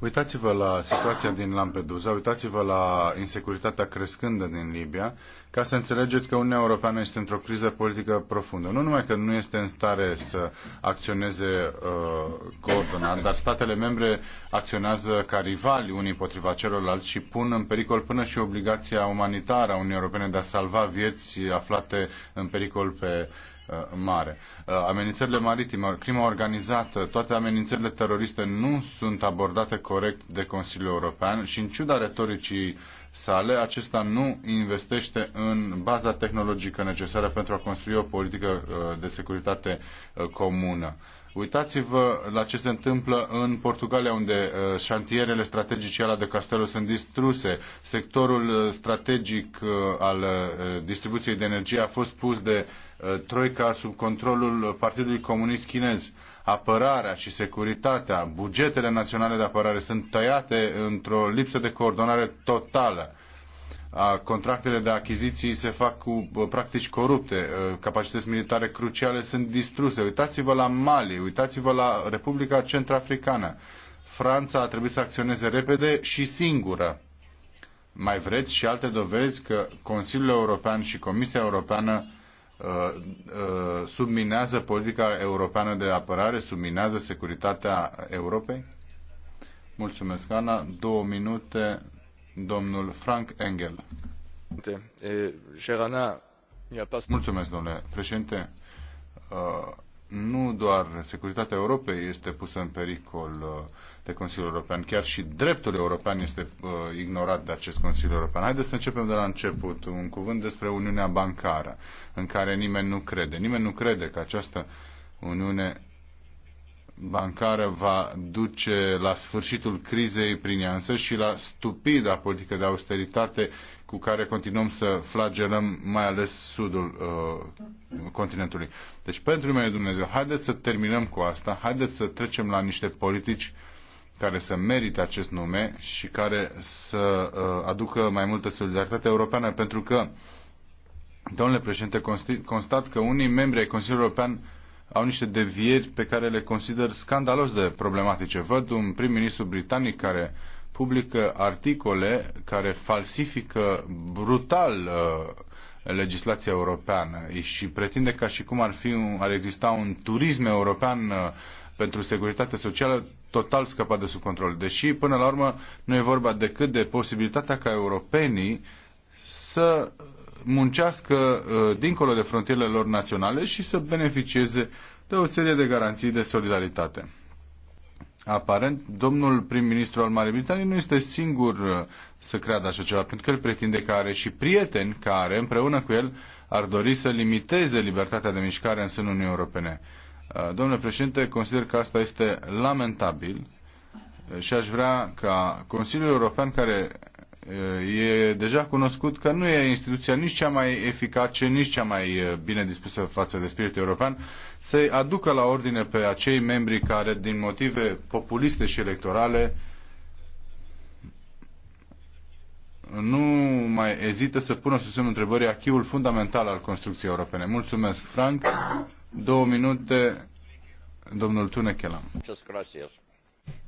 Uitați-vă la situația din Lampedusa, uitați-vă la insecuritatea crescândă din Libia, ca să înțelegeți că Uniunea Europeană este într-o criză politică profundă. Nu numai că nu este în stare să acționeze uh, coordonat, dar statele membre acționează ca rivali unii potriva celorlalți și pun în pericol până și obligația umanitară a Uniunii Europene de a salva vieți aflate în pericol pe uh, Uh, mare. Uh, amenințările maritime, crima organizată, toate amenințările teroriste nu sunt abordate corect de Consiliul European și în ciuda retoricii sale, acesta nu investește în baza tehnologică necesară pentru a construi o politică uh, de securitate comună. Uitați-vă la ce se întâmplă în Portugalia, unde șantierele strategice ale de Castelo sunt distruse. Sectorul strategic al distribuției de energie a fost pus de Uh, troica sub controlul Partidului Comunist Chinez. Apărarea și securitatea, bugetele naționale de apărare sunt tăiate într-o lipsă de coordonare totală. Contractele de achiziții se fac cu uh, practici corupte, uh, capacități militare cruciale sunt distruse. Uitați-vă la Mali, uitați-vă la Republica Centrafricană. Franța a trebuit să acționeze repede și singură. Mai vreți și alte dovezi că Consiliul European și Comisia Europeană Uh, subminează politica europeană de apărare, subminează securitatea Europei? Mulțumesc, Ana. Două minute, domnul Frank Engel. Mulțumesc, domnule președinte. Uh, nu doar securitatea Europei este pusă în pericol uh, de Consiliul European. Chiar și dreptul european este uh, ignorat de acest Consiliu European. Haideți să începem de la început. Un cuvânt despre Uniunea Bancară, în care nimeni nu crede. Nimeni nu crede că această Uniune bancară va duce la sfârșitul crizei prin ea însă și la stupida politică de austeritate cu care continuăm să flagelăm mai ales sudul uh, continentului. Deci pentru mine Dumnezeu, haideți să terminăm cu asta, haideți să trecem la niște politici uh, care să merite acest nume și care să uh, aducă mai multă solidaritate europeană, pentru că, domnule președinte, constat că unii membri ai Consiliului European au niște devieri pe care le consider scandalos de problematice. Văd un prim-ministru britanic care publică articole care falsifică brutal uh, legislația europeană și pretinde ca și cum ar, fi un, ar exista un turism european uh, pentru securitate socială total scăpat de sub control. Deși, până la urmă, nu e vorba decât de posibilitatea ca europenii să muncească uh, dincolo de frontierele lor naționale și să beneficieze de o serie de garanții de solidaritate. Aparent, domnul prim-ministru al Marii Britanii nu este singur uh, să creadă așa ceva, pentru că el pretinde că are și prieteni care, împreună cu el, ar dori să limiteze libertatea de mișcare în sânul Uniunii Europene. Uh, domnule președinte, consider că asta este lamentabil uh, și aș vrea ca Consiliul European, care uh, e deja cunoscut că nu e instituția nici cea mai eficace, nici cea mai bine dispusă față de spiritul european, să-i aducă la ordine pe acei membri care, din motive populiste și electorale, nu mai ezită să pună sub semnul întrebării achiul fundamental al construcției europene. Mulțumesc, Frank. Două minute, domnul Tunechelam.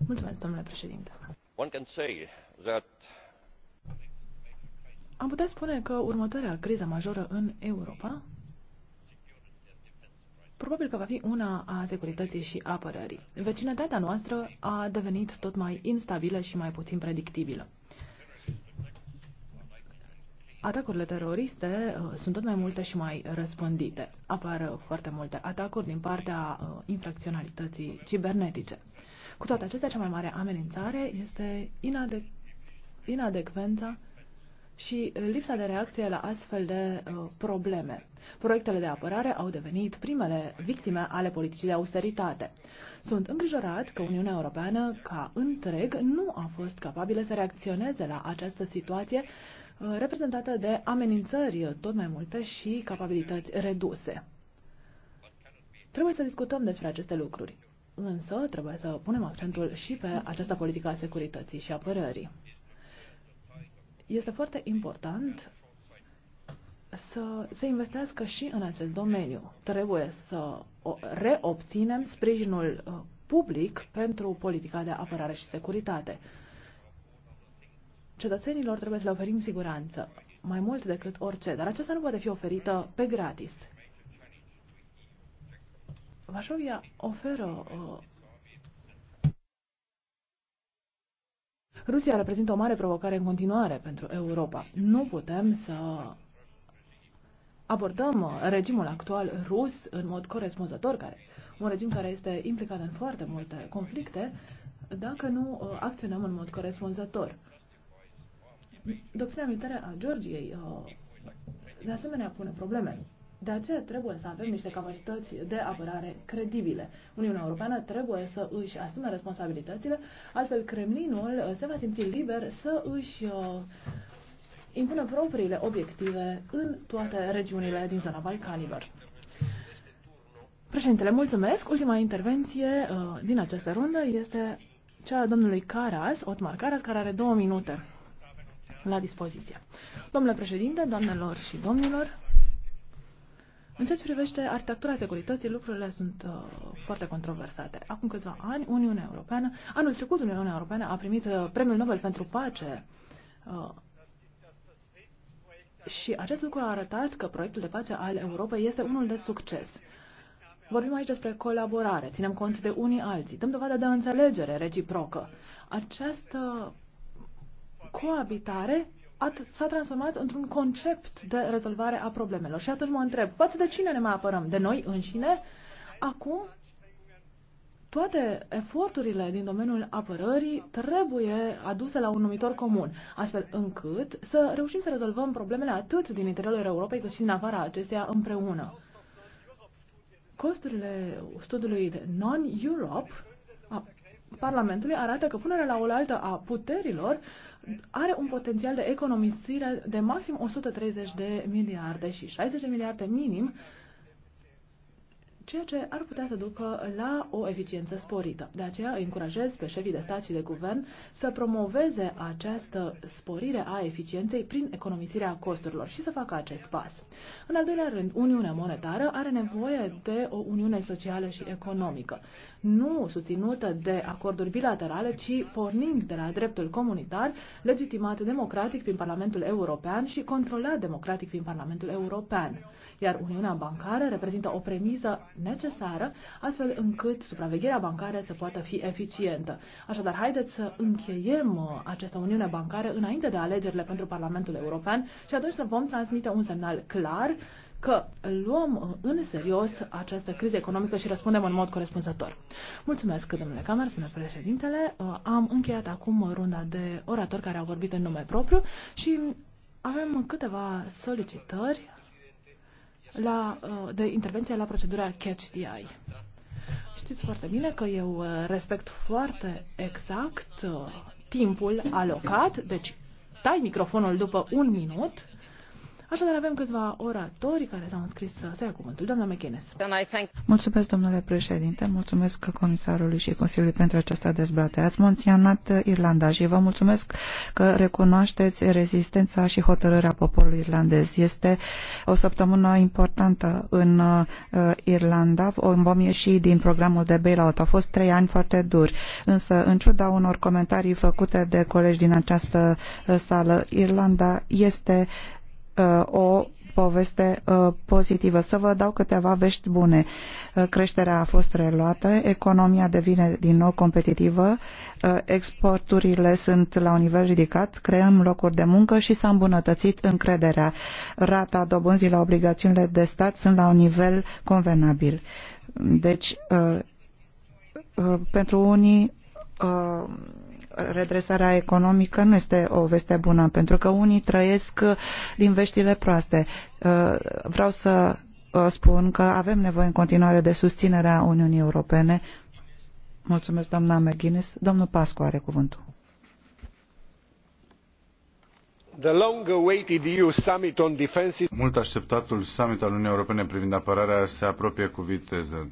Mulțumesc, domnule președinte. Am putea spune că următoarea criză majoră în Europa probabil că va fi una a securității și apărării. Vecinătatea noastră a devenit tot mai instabilă și mai puțin predictibilă atacurile teroriste uh, sunt tot mai multe și mai răspândite. Apar uh, foarte multe atacuri din partea uh, infracționalității cibernetice. Cu toate acestea, cea mai mare amenințare este inadec inadecvența și lipsa de reacție la astfel de uh, probleme. Proiectele de apărare au devenit primele victime ale politicii de austeritate. Sunt îngrijorat că Uniunea Europeană, ca întreg, nu a fost capabilă să reacționeze la această situație Uh, reprezentată de amenințări tot mai multe și capabilități reduse. Trebuie să discutăm despre aceste lucruri, însă trebuie să punem accentul și pe această politică a securității și apărării. Este foarte important să se investească și în acest domeniu. Trebuie să reobținem sprijinul uh, public pentru politica de apărare și securitate cetățenilor trebuie să le oferim siguranță, mai mult decât orice, dar aceasta nu poate fi oferită pe gratis. Vașovia oferă uh, Rusia reprezintă o mare provocare în continuare pentru Europa. Nu putem să abordăm regimul actual rus în mod corespunzător, care, un regim care este implicat în foarte multe conflicte, dacă nu uh, acționăm în mod corespunzător. Doctrina militară a Georgiei uh, de asemenea pune probleme. De aceea trebuie să avem niște capacități de apărare credibile. Uniunea Europeană trebuie să își asume responsabilitățile, altfel Kremlinul uh, se va simți liber să își uh, impună propriile obiective în toate regiunile din zona Balcanilor. Președintele, mulțumesc. Ultima intervenție din această rundă este cea a domnului Caras, Otmar Caras, care are două minute la dispoziție. Domnule președinte, doamnelor și domnilor, în ceea ce privește arhitectura securității, lucrurile sunt uh, foarte controversate. Acum câțiva ani, Uniunea Europeană, anul trecut Uniunea Europeană a primit uh, Premiul Nobel pentru Pace uh, și acest lucru a arătat că proiectul de pace al Europei este unul de succes. Vorbim aici despre colaborare, ținem cont de unii alții, dăm dovadă de înțelegere reciprocă. Această coabitare s-a transformat într-un concept de rezolvare a problemelor. Și atunci mă întreb, față de cine ne mai apărăm? De noi înșine? Acum, toate eforturile din domeniul apărării trebuie aduse la un numitor comun, astfel încât să reușim să rezolvăm problemele atât din interiorul Europei cât și din afara acesteia împreună. Costurile studiului de Non-Europe a Parlamentului arată că punerea la oaltă a puterilor are un potențial de economisire de maxim 130 de miliarde și 60 de miliarde minim ceea ce ar putea să ducă la o eficiență sporită. De aceea îi încurajez pe șefii de stat și de guvern să promoveze această sporire a eficienței prin economisirea costurilor și să facă acest pas. În al doilea rând, Uniunea Monetară are nevoie de o Uniune socială și economică, nu susținută de acorduri bilaterale, ci pornind de la dreptul comunitar, legitimat democratic prin Parlamentul European și controlat democratic prin Parlamentul European iar Uniunea Bancară reprezintă o premisă necesară astfel încât supravegherea bancară să poată fi eficientă. Așadar, haideți să încheiem uh, această Uniune Bancară înainte de alegerile pentru Parlamentul European și atunci să vom transmite un semnal clar că luăm uh, în serios această criză economică și răspundem în mod corespunzător. Mulțumesc, domnule Camer, spune președintele. Uh, am încheiat acum runda de oratori care au vorbit în nume propriu și avem câteva solicitări la, uh, de intervenție la procedura Catch the Eye. Știți foarte bine că eu uh, respect foarte exact uh, timpul alocat, deci tai microfonul după un minut Așadar avem câțiva oratori care s-au înscris să ia cuvântul. Doamna McInnes. Mulțumesc, domnule președinte, mulțumesc comisarului și Consiliului pentru această dezbatere. Ați menționat Irlanda și vă mulțumesc că recunoașteți rezistența și hotărârea poporului irlandez. Este o săptămână importantă în uh, Irlanda. Vom ieși din programul de bailout. Au fost trei ani foarte duri, însă în ciuda unor comentarii făcute de colegi din această uh, sală, Irlanda este o poveste uh, pozitivă. Să vă dau câteva vești bune. Uh, creșterea a fost reluată, economia devine din nou competitivă, uh, exporturile sunt la un nivel ridicat, creăm locuri de muncă și s-a îmbunătățit încrederea. Rata dobânzii la obligațiunile de stat sunt la un nivel convenabil. Deci, pentru unii redresarea economică nu este o veste bună, pentru că unii trăiesc din veștile proaste. Uh, vreau să uh, spun că avem nevoie în continuare de susținerea Uniunii Europene. Mulțumesc, doamna McGuinness. Domnul Pascu are cuvântul. mult așteptatul summit al uniunii europene privind apărarea se apropie cu viteză.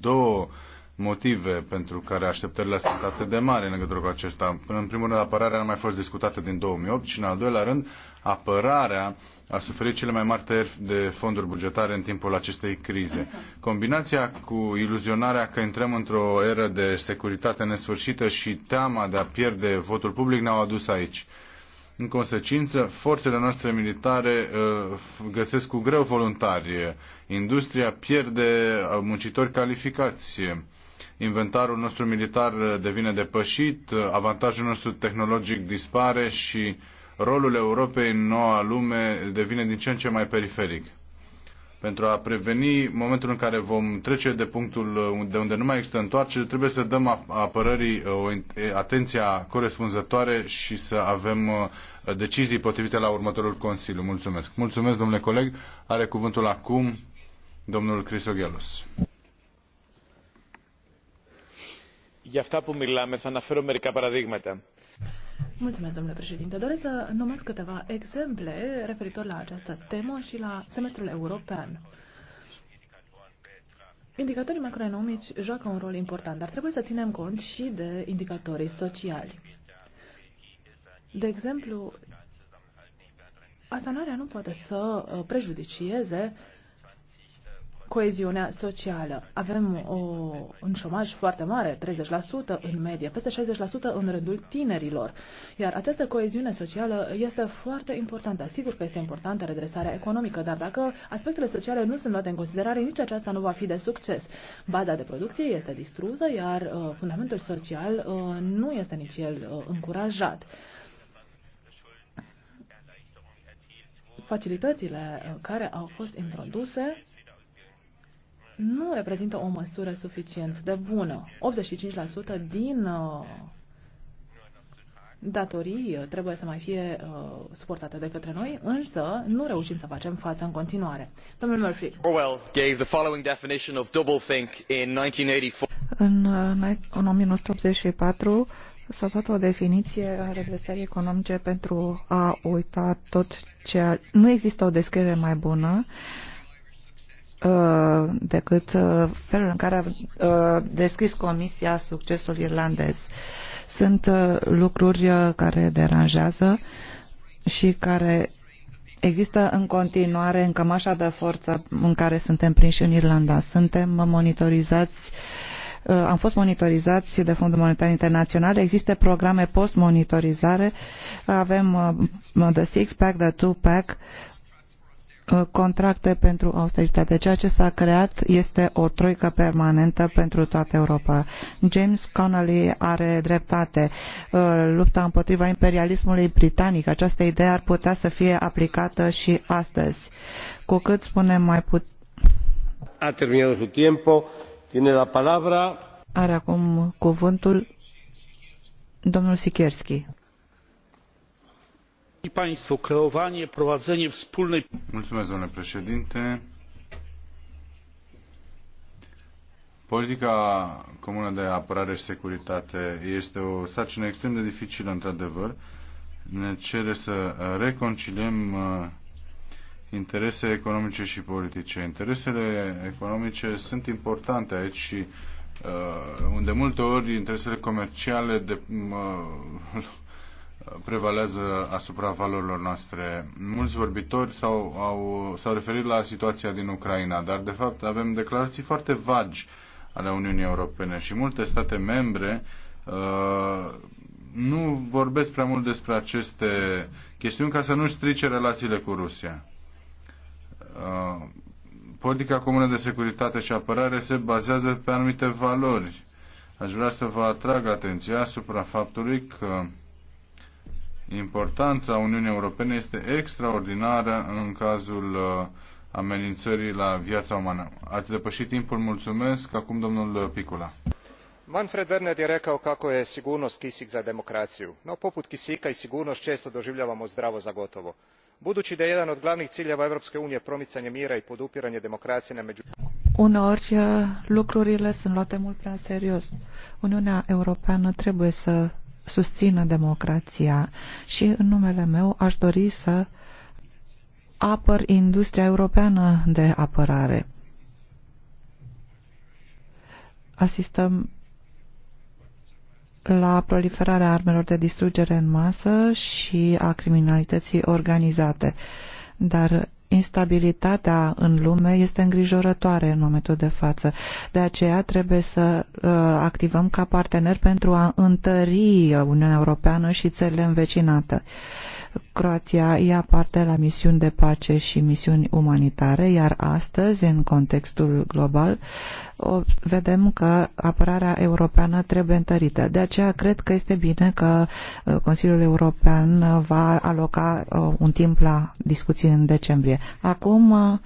două motive pentru care așteptările sunt atât de mari în legătură cu acesta. Până în primul rând, apărarea nu a mai fost discutată din 2008 și în al doilea rând, apărarea a suferit cele mai mari tăieri de fonduri bugetare în timpul acestei crize. Combinația cu iluzionarea că intrăm într-o eră de securitate nesfârșită și teama de a pierde votul public ne-au adus aici. În consecință, forțele noastre militare uh, găsesc cu greu voluntari. Industria pierde uh, muncitori calificați inventarul nostru militar uh, devine depășit, uh, avantajul nostru tehnologic dispare și rolul Europei în noua lume devine din ce în ce mai periferic. Pentru a preveni momentul în care vom trece de punctul uh, de unde nu mai există întoarcere, trebuie să dăm apărării o atenția corespunzătoare și să avem decizii potrivite la următorul Consiliu. Mulțumesc. Mulțumesc, domnule coleg. Are cuvântul acum domnul Crisoghelus. για αυτά που μιλάμε θα αναφέρω μερικά παραδείγματα. Mulțumesc, domnule președinte. Doresc să numesc câteva exemple referitor la această temă și la semestrul european. Indicatorii macroeconomici joacă un rol important, dar trebuie să ținem cont și de indicatorii sociali. De exemplu, asanarea nu poate să uh, prejudicieze coeziunea socială. Avem o, un șomaj foarte mare, 30% în medie, peste 60% în rândul tinerilor. Iar această coeziune socială este foarte importantă. Sigur că este importantă redresarea economică, dar dacă aspectele sociale nu sunt luate în considerare, nici aceasta nu va fi de succes. Baza de producție este distrusă, iar uh, fundamentul social uh, nu este nici el uh, încurajat. Facilitățile uh, care au fost introduse nu reprezintă o măsură suficient de bună. 85% din uh, datorii uh, trebuie să mai fie uh, suportate de către noi, însă nu reușim să facem față în continuare. Domnul Murphy. Orwell gave the following definition of doublethink in 1984. În, în 1984 s-a dat o definiție a redresării economice pentru a uita tot ceea... Nu există o descriere mai bună. Uh, Uh, decât uh, felul în care a uh, descris Comisia succesul irlandez. Sunt lucruri care deranjează și care există în continuare în cămașa de forță în care suntem prinși în Irlanda. Suntem monitorizați am fost monitorizați de Fondul Monetar Internațional, există programe post-monitorizare, avem the six-pack, the two-pack, Uh, contracte pentru austeritate. Ceea ce s-a creat este o troică permanentă pentru toată Europa. James Connolly are dreptate. Uh, lupta împotriva imperialismului britanic, această idee ar putea să fie aplicată și astăzi. Cu cât spunem mai puțin. A terminat su tiempo. Tiene la palabra. Are acum cuvântul domnul Sikierski kreowanie prowadzenie wspólnej. domnule președinte politica comună de apărare și securitate este o sarcină extrem de dificilă într adevăr ne cere să reconciliem uh, interese economice și politice. Interesele economice sunt importante aici și uh, de multe ori interesele comerciale de, uh, prevalează asupra valorilor noastre. Mulți vorbitori s-au, au, s-au referit la situația din Ucraina, dar de fapt avem declarații foarte vagi ale Uniunii Europene și multe state membre uh, nu vorbesc prea mult despre aceste chestiuni ca să nu strice relațiile cu Rusia. Uh, politica comună de securitate și apărare se bazează pe anumite valori. Aș vrea să vă atrag atenția asupra faptului că uh, Importanța Uniunii Europene este extraordinară în cazul uh, amenințării la viața umană. Ați depășit timpul, mulțumesc. Acum domnul uh, Picula. Manfred Werner je rekao kako je sigurnost kisik za demokraciju, no poput kisika i sigurnost često doživljavamo zdravo za gotovo. Budući da je jedan od glavnih ciljeva Europske unije promicanje mira i podupiranje demokracije na među... Uneori uh, lucrurile sunt luate mult prea serios. Uniunea Europeană trebuie să susțină democrația și în numele meu aș dori să apăr industria europeană de apărare. Asistăm la proliferarea armelor de distrugere în masă și a criminalității organizate. Dar instabilitatea în lume este îngrijorătoare în momentul de față. De aceea trebuie să uh, activăm ca partener pentru a întări Uniunea Europeană și țările învecinate. Croația ia parte la misiuni de pace și misiuni umanitare, iar astăzi, în contextul global, vedem că apărarea europeană trebuie întărită. De aceea cred că este bine că uh, Consiliul European va aloca uh, un timp la discuții în decembrie. Acum uh,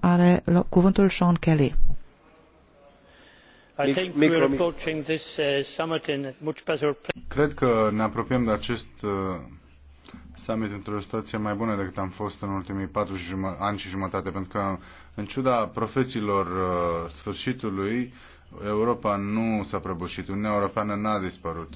are cuvântul Sean Kelly. Uh, Cred că ne apropiem de acest uh, summit într-o situație mai bună decât am fost în ultimii patru ani și jumătate, pentru că, în ciuda profețiilor uh, sfârșitului, Europa nu s-a prăbușit, Uniunea Europeană n-a dispărut.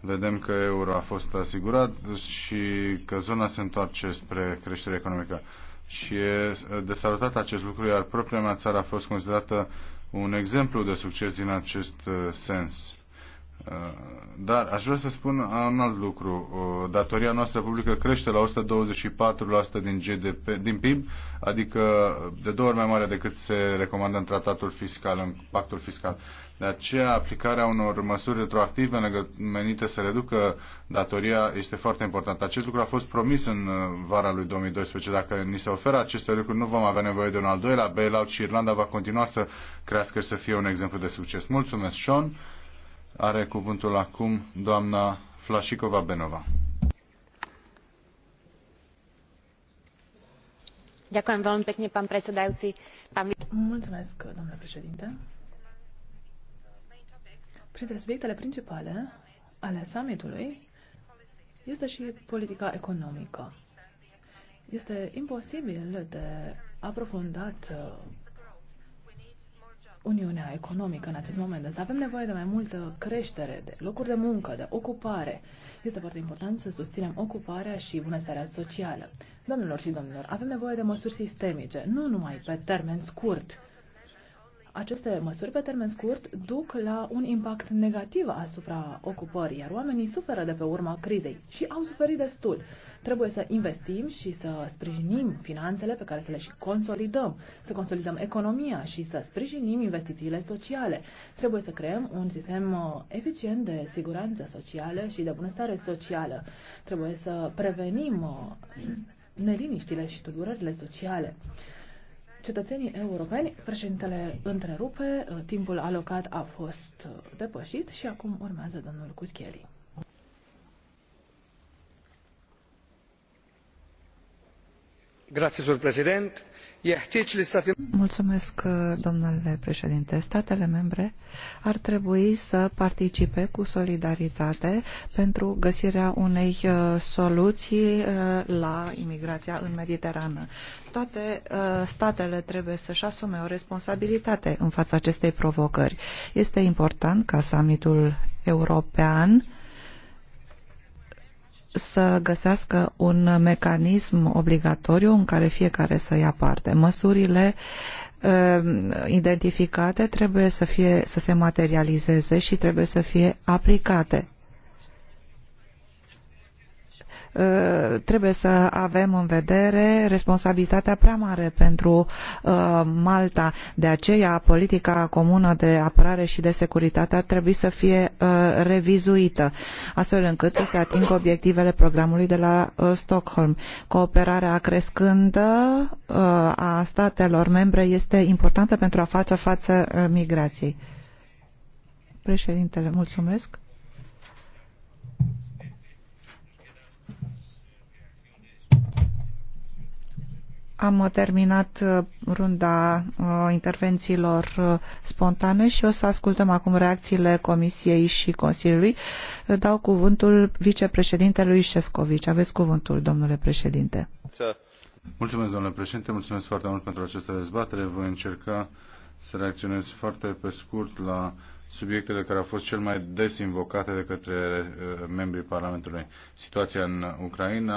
Vedem că euro a fost asigurat și că zona se întoarce spre creștere economică. Și e de salutat acest lucru, iar propria mea țară a fost considerată un exemplu de succes din acest uh, sens. Uh, dar aș vrea să spun un alt lucru. Uh, datoria noastră publică crește la 124% din, GDP, din PIB, adică de două ori mai mare decât se recomandă în tratatul fiscal, în pactul fiscal. De aceea, aplicarea unor măsuri retroactive menite să reducă datoria este foarte importantă. Acest lucru a fost promis în uh, vara lui 2012. Dacă ni se oferă aceste lucruri, nu vom avea nevoie de un al doilea bailout și Irlanda va continua să crească și să fie un exemplu de succes. Mulțumesc, Sean. Are cuvântul acum doamna Flașicova Benova. Ďakujem veľmi pekne, pán predsedajúci. Pán... Mulțumesc, domnule președinte. Printre subiectele principale ale summitului este și politica economică. Este imposibil de aprofundat uh, Uniunea economică în acest moment. Însă deci avem nevoie de mai multă creștere, de locuri de muncă, de ocupare. Este foarte important să susținem ocuparea și bunăstarea socială. Domnilor și domnilor, avem nevoie de măsuri sistemice, nu numai pe termen scurt. Aceste măsuri pe termen scurt duc la un impact negativ asupra ocupării, iar oamenii suferă de pe urma crizei și au suferit destul. Trebuie să investim și să sprijinim finanțele pe care să le și consolidăm, să consolidăm economia și să sprijinim investițiile sociale. Trebuie să creăm un sistem uh, eficient de siguranță socială și de bunăstare socială. Trebuie să prevenim uh, neliniștile și tulburările sociale cetățenii europeni, președintele întrerupe, uh, timpul alocat a fost uh, depășit și acum urmează domnul Cuscheli. Grazie, sur Presidente. Mulțumesc, uh, domnule președinte. Statele membre ar trebui să participe cu solidaritate pentru găsirea unei uh, soluții uh, la imigrația în Mediterană. Toate statele trebuie să-și asume o responsabilitate în fața acestei provocări. Este important ca summitul european să găsească un mecanism obligatoriu în care fiecare să ia parte. Măsurile ehm, identificate trebuie să, fie, să se materializeze și trebuie să fie aplicate. Uh, trebuie să avem în vedere responsabilitatea prea mare pentru uh, Malta. De aceea, politica comună de apărare și de securitate ar trebui să fie uh, revizuită, astfel încât să se atingă obiectivele programului de la Stockholm. Cooperarea crescândă a statelor membre este importantă pentru a face față migrației. Președintele, mulțumesc. Am terminat uh, runda uh, intervențiilor uh, spontane și o să ascultăm acum reacțiile Comisiei și Consiliului. Dau cuvântul vicepreședintelui Șefcovici. Aveți cuvântul, domnule președinte. Mulțumesc, domnule președinte. Mulțumesc foarte mult pentru această dezbatere. Voi încerca să reacționez foarte pe scurt la subiectele care au fost cel mai des invocate de către membrii Parlamentului. Situația în Ucraina,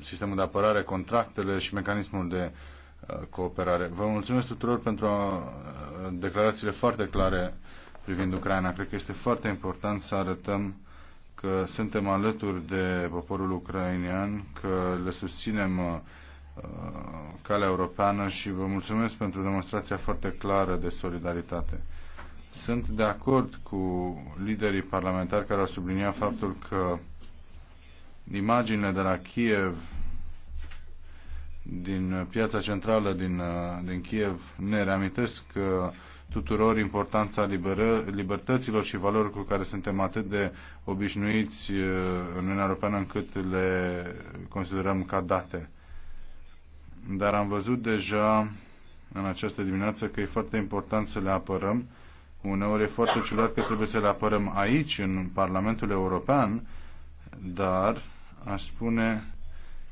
sistemul de apărare, contractele și mecanismul de uh, cooperare. Vă mulțumesc tuturor pentru uh, declarațiile foarte clare privind Ucraina. Cred că este foarte important să arătăm că suntem alături de poporul ucrainian, că le susținem uh, calea europeană și vă mulțumesc pentru demonstrația foarte clară de solidaritate. Sunt de acord cu liderii parlamentari care au subliniat faptul că imaginile de la Kiev, din piața centrală din, uh, din Kiev, ne reamintesc uh, tuturor importanța liberă, libertăților și valorilor cu care suntem atât de obișnuiți uh, în Uniunea Europeană încât le considerăm ca date. Dar am văzut deja în această dimineață că e foarte important să le apărăm. Uneori e foarte ciudat că trebuie să le apărăm aici, în Parlamentul European, dar aș spune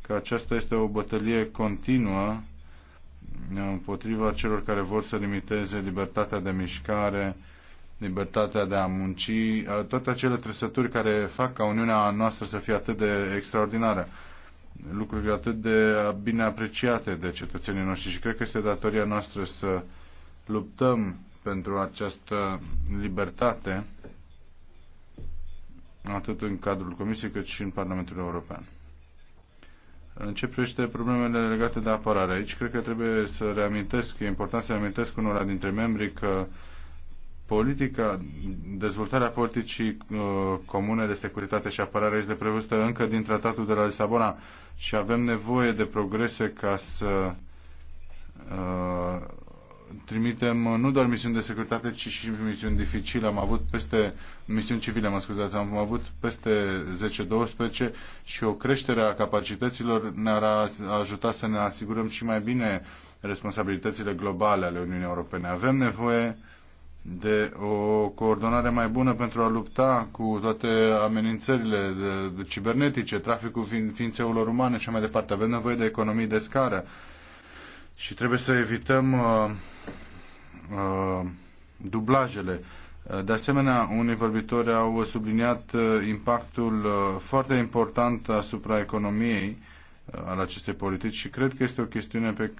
că aceasta este o bătălie continuă uh, împotriva celor care vor să limiteze libertatea de mișcare, libertatea de a munci, uh, toate acele trăsături care fac ca Uniunea noastră să fie atât de extraordinară. Lucruri atât de uh, bine apreciate de cetățenii noștri și cred că este datoria noastră să luptăm pentru această libertate atât în cadrul Comisiei cât și în Parlamentul European. În ce privește problemele legate de apărare, aici cred că trebuie să reamintesc, e important să reamintesc unora dintre membri că politica, dezvoltarea politicii uh, comune de securitate și apărare este prevăzută încă din tratatul de la Lisabona și avem nevoie de progrese ca să uh, trimitem uh, nu doar misiuni de securitate, ci și misiuni dificile. Am avut peste misiuni civile, mă scuzați, am avut peste 10-12 și o creștere a capacităților ne-ar ajuta să ne asigurăm și mai bine responsabilitățile globale ale Uniunii Europene. Avem nevoie de o coordonare mai bună pentru a lupta cu toate amenințările cibernetice, traficul ființelor umane și mai departe. Avem nevoie de economii de scară și trebuie să evităm uh, uh, dublajele. Uh, de asemenea, unii vorbitori au subliniat uh, impactul uh, foarte important asupra economiei al acestei politici și cred că este o chestiune pe,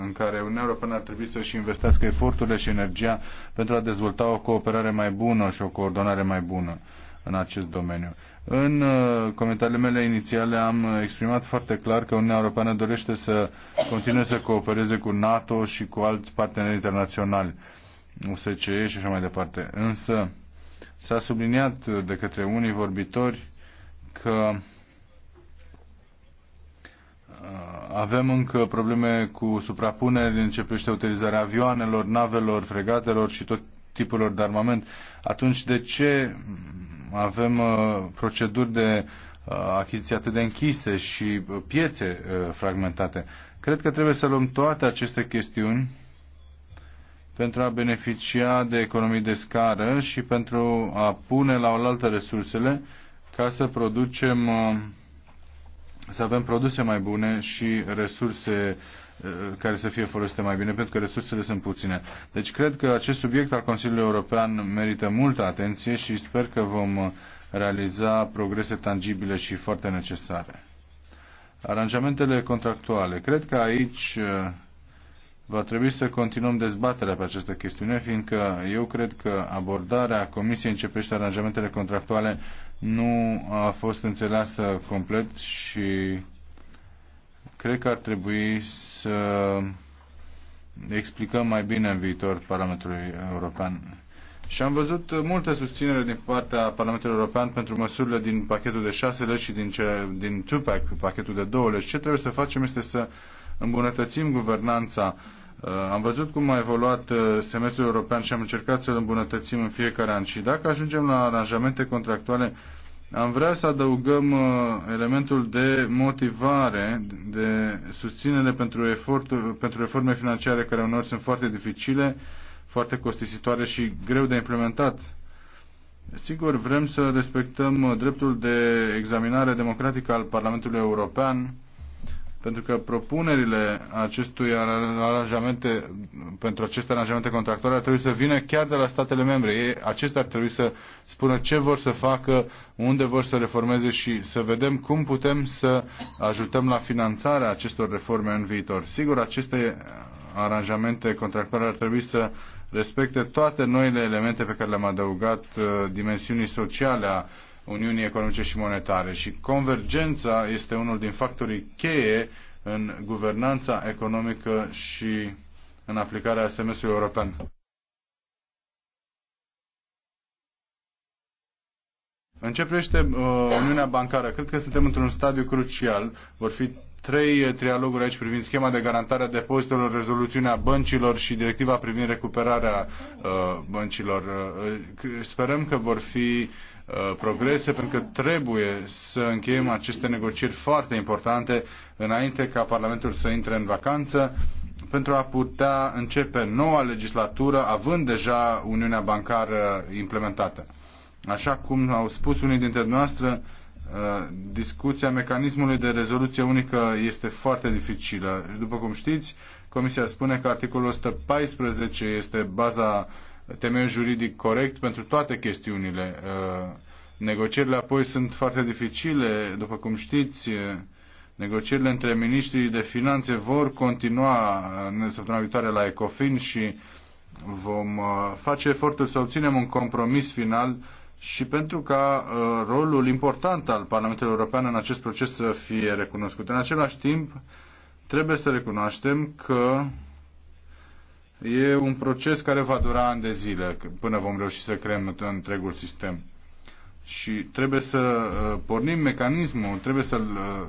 în care Uniunea Europeană ar trebui să-și investească eforturile și energia pentru a dezvolta o cooperare mai bună și o coordonare mai bună în acest domeniu. În uh, comentariile mele inițiale am exprimat foarte clar că Uniunea Europeană dorește să continue să coopereze cu NATO și cu alți parteneri internaționali, USCE și așa mai departe. Însă s-a subliniat de către unii vorbitori că uh, avem încă probleme cu suprapuneri în ce privește utilizarea avioanelor, navelor, fregatelor și tot tipurilor de armament. Atunci de ce avem uh, proceduri de uh, achiziții atât de închise și uh, piețe fragmentate. Cred că trebuie să luăm toate aceste chestiuni pentru a beneficia de economii de scară și pentru a pune la oaltă resursele ca să producem să avem produse mai bune și resurse uh, Eh, care să fie folosite mai bine, pentru că resursele sunt puține. Deci cred că acest subiect al Consiliului European merită multă atenție și sper că vom eh, realiza progrese tangibile și foarte necesare. Aranjamentele contractuale. Cred că aici eh, va trebui să continuăm dezbaterea pe această chestiune, fiindcă eu cred că abordarea Comisiei privește aranjamentele contractuale nu a fost înțeleasă complet și cred că ar trebui să explicăm mai bine în viitor Parlamentului European. Și am văzut multă susținere din partea Parlamentului European pentru măsurile din pachetul de 6 legi și din, ce, din TUPAC, pachetul de 2 legi. Ce trebuie să facem este să îmbunătățim guvernanța. Uh, am văzut cum a evoluat uh, semestrul european și am încercat să îl îmbunătățim în fiecare an. Și dacă ajungem la aranjamente contractuale am vrea să adăugăm uh, elementul de motivare, de susținere pentru, efortul, pentru reforme financiare care unor sunt foarte dificile, foarte costisitoare și greu de implementat. Sigur, vrem să respectăm uh, dreptul de examinare democratică al Parlamentului European, pentru că propunerile acestui aranjamente, pentru aceste aranjamente contractuale ar trebui să vină chiar de la statele membre. Ei, acestea ar trebui să spună ce vor să facă, unde vor să reformeze și să vedem cum putem să ajutăm la finanțarea acestor reforme în viitor. Sigur, aceste aranjamente contractuale ar trebui să respecte toate noile elemente pe care le-am adăugat uh, dimensiunii sociale a Uniunii Economice și Monetare și convergența este unul din factorii cheie în guvernanța economică și în aplicarea semestrului european. În ce privește uh, Uniunea Bancară, cred că suntem într-un stadiu crucial. Vor fi trei uh, trialoguri aici privind schema de garantare a depozitelor, rezoluțiunea băncilor și directiva privind recuperarea uh, băncilor. Uh, sperăm că vor fi Uh, progrese, pentru că trebuie să încheiem aceste negocieri foarte importante înainte ca Parlamentul să intre în vacanță pentru a putea începe noua legislatură având deja Uniunea Bancară implementată. Așa cum au spus unii dintre noastre, uh, discuția mecanismului de rezoluție unică este foarte dificilă. După cum știți, Comisia spune că articolul 114 este baza temeiul juridic corect pentru toate chestiunile. Uh, negocierile apoi sunt foarte dificile, după cum știți, uh, negocierile între ministrii de finanțe vor continua uh, în săptămâna viitoare la ECOFIN și vom face efortul să obținem un compromis final și pentru ca rolul important al Parlamentului European în acest proces să fie recunoscut. În același timp, trebuie să recunoaștem că E un proces care va dura ani de zile până vom reuși să creăm întregul sistem. Și trebuie să uh, pornim mecanismul, trebuie să-l, uh,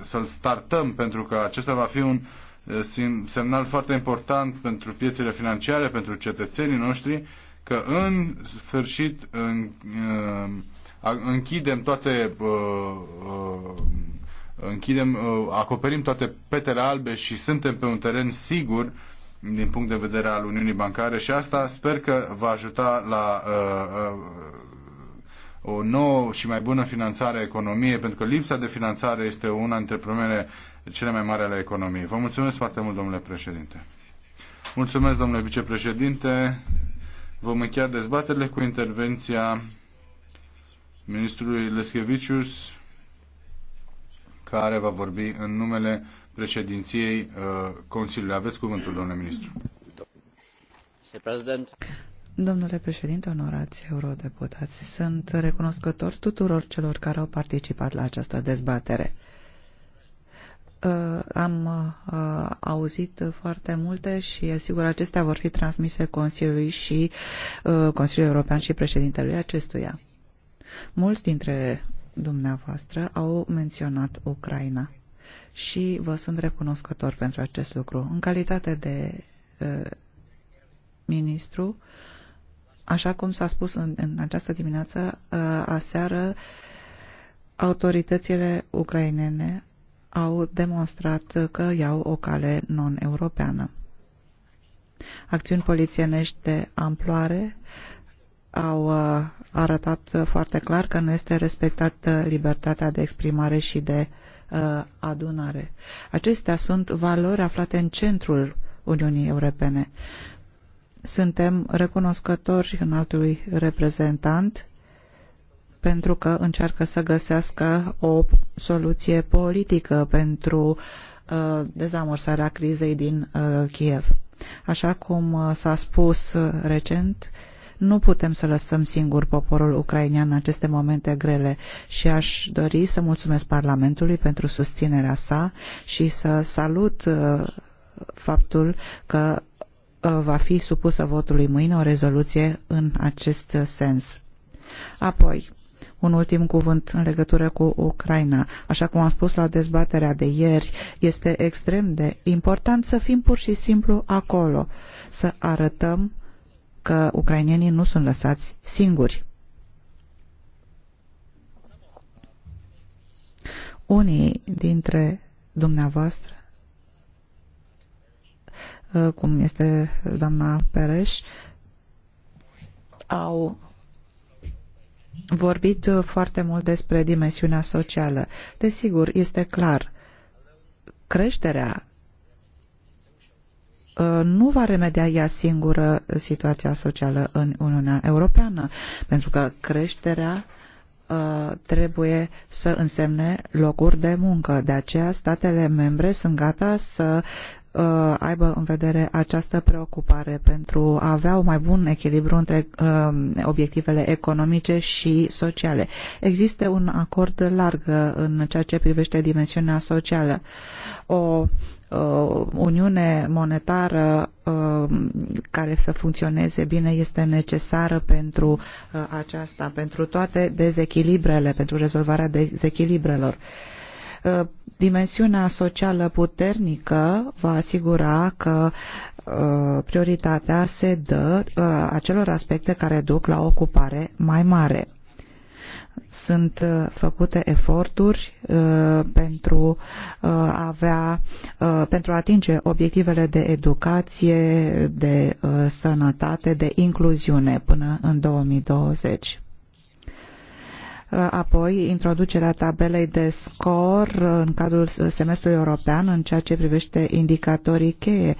să-l startăm, pentru că acesta va fi un uh, semnal foarte important pentru piețele financiare, pentru cetățenii noștri, că în sfârșit în, închidem toate închidem, acoperim toate petele albe și suntem pe un teren sigur din punct de vedere al Uniunii Bancare și asta sper că va ajuta la uh, uh, o nouă și mai bună finanțare a economiei, pentru că lipsa de finanțare este una dintre problemele cele mai mari ale economiei. Vă mulțumesc foarte mult, domnule președinte. Mulțumesc, domnule vicepreședinte. Vom încheia dezbaterile cu intervenția ministrului Leschevicius, care va vorbi în numele președinției uh, Consiliului. Aveți cuvântul, domnule ministru. Domnule președinte, onorați eurodeputați, sunt recunoscător tuturor celor care au participat la această dezbatere. Uh, am uh, auzit foarte multe și, sigur, acestea vor fi transmise Consiliului și Consiliului European și președintelui acestuia. Mulți dintre dumneavoastră au menționat Ucraina și vă sunt recunoscător pentru acest lucru. În calitate de uh, ministru, așa cum s-a spus în, în această dimineață, uh, aseară, autoritățile ucrainene au demonstrat că iau o cale non-europeană. Acțiuni polițienești de amploare au uh, arătat foarte clar că nu este respectată libertatea de exprimare și de uh, Uh, adunare. Acestea sunt valori aflate în centrul Uniunii Europene. Suntem recunoscători în altului reprezentant pentru că încearcă să găsească o soluție politică pentru uh, dezamorsarea crizei din uh, Kiev. Așa cum uh, s-a spus uh, recent, uh, nu putem să lăsăm singur poporul ucrainean în aceste momente grele și aș dori să mulțumesc Parlamentului pentru susținerea sa și să salut uh, faptul că uh, va fi supusă votului mâine o rezoluție în acest sens. Apoi, un ultim cuvânt în legătură cu Ucraina. Așa cum am spus la dezbaterea de ieri, este extrem de important să fim pur și simplu acolo, să arătăm uh, că ucrainienii nu sunt lăsați singuri. Unii dintre dumneavoastră, uh, cum este doamna Pereș, au vorbit uh, foarte mult despre dimensiunea socială. Desigur, este clar, creșterea Uh, nu va remedia ea singură situația socială în Uniunea Europeană, pentru că creșterea uh, trebuie să însemne locuri de muncă. De aceea, statele membre sunt gata să uh, aibă în vedere această preocupare pentru a avea un mai bun echilibru între obiectivele economice și sociale. Există un acord larg în ceea ce privește dimensiunea socială. O Uh, uniune monetară uh, care să funcționeze bine este necesară pentru uh, aceasta, pentru toate dezechilibrele, pentru rezolvarea dezechilibrelor dimensiunea socială puternică va asigura că prioritatea se dă acelor aspecte care duc la ocupare mai mare sunt uh, făcute eforturi uh, pentru uh, a avea, pentru a atinge obiectivele de educație, de sănătate, de incluziune până în 2020 apoi introducerea tabelei de scor în cadrul semestrului european în ceea ce privește indicatorii cheie.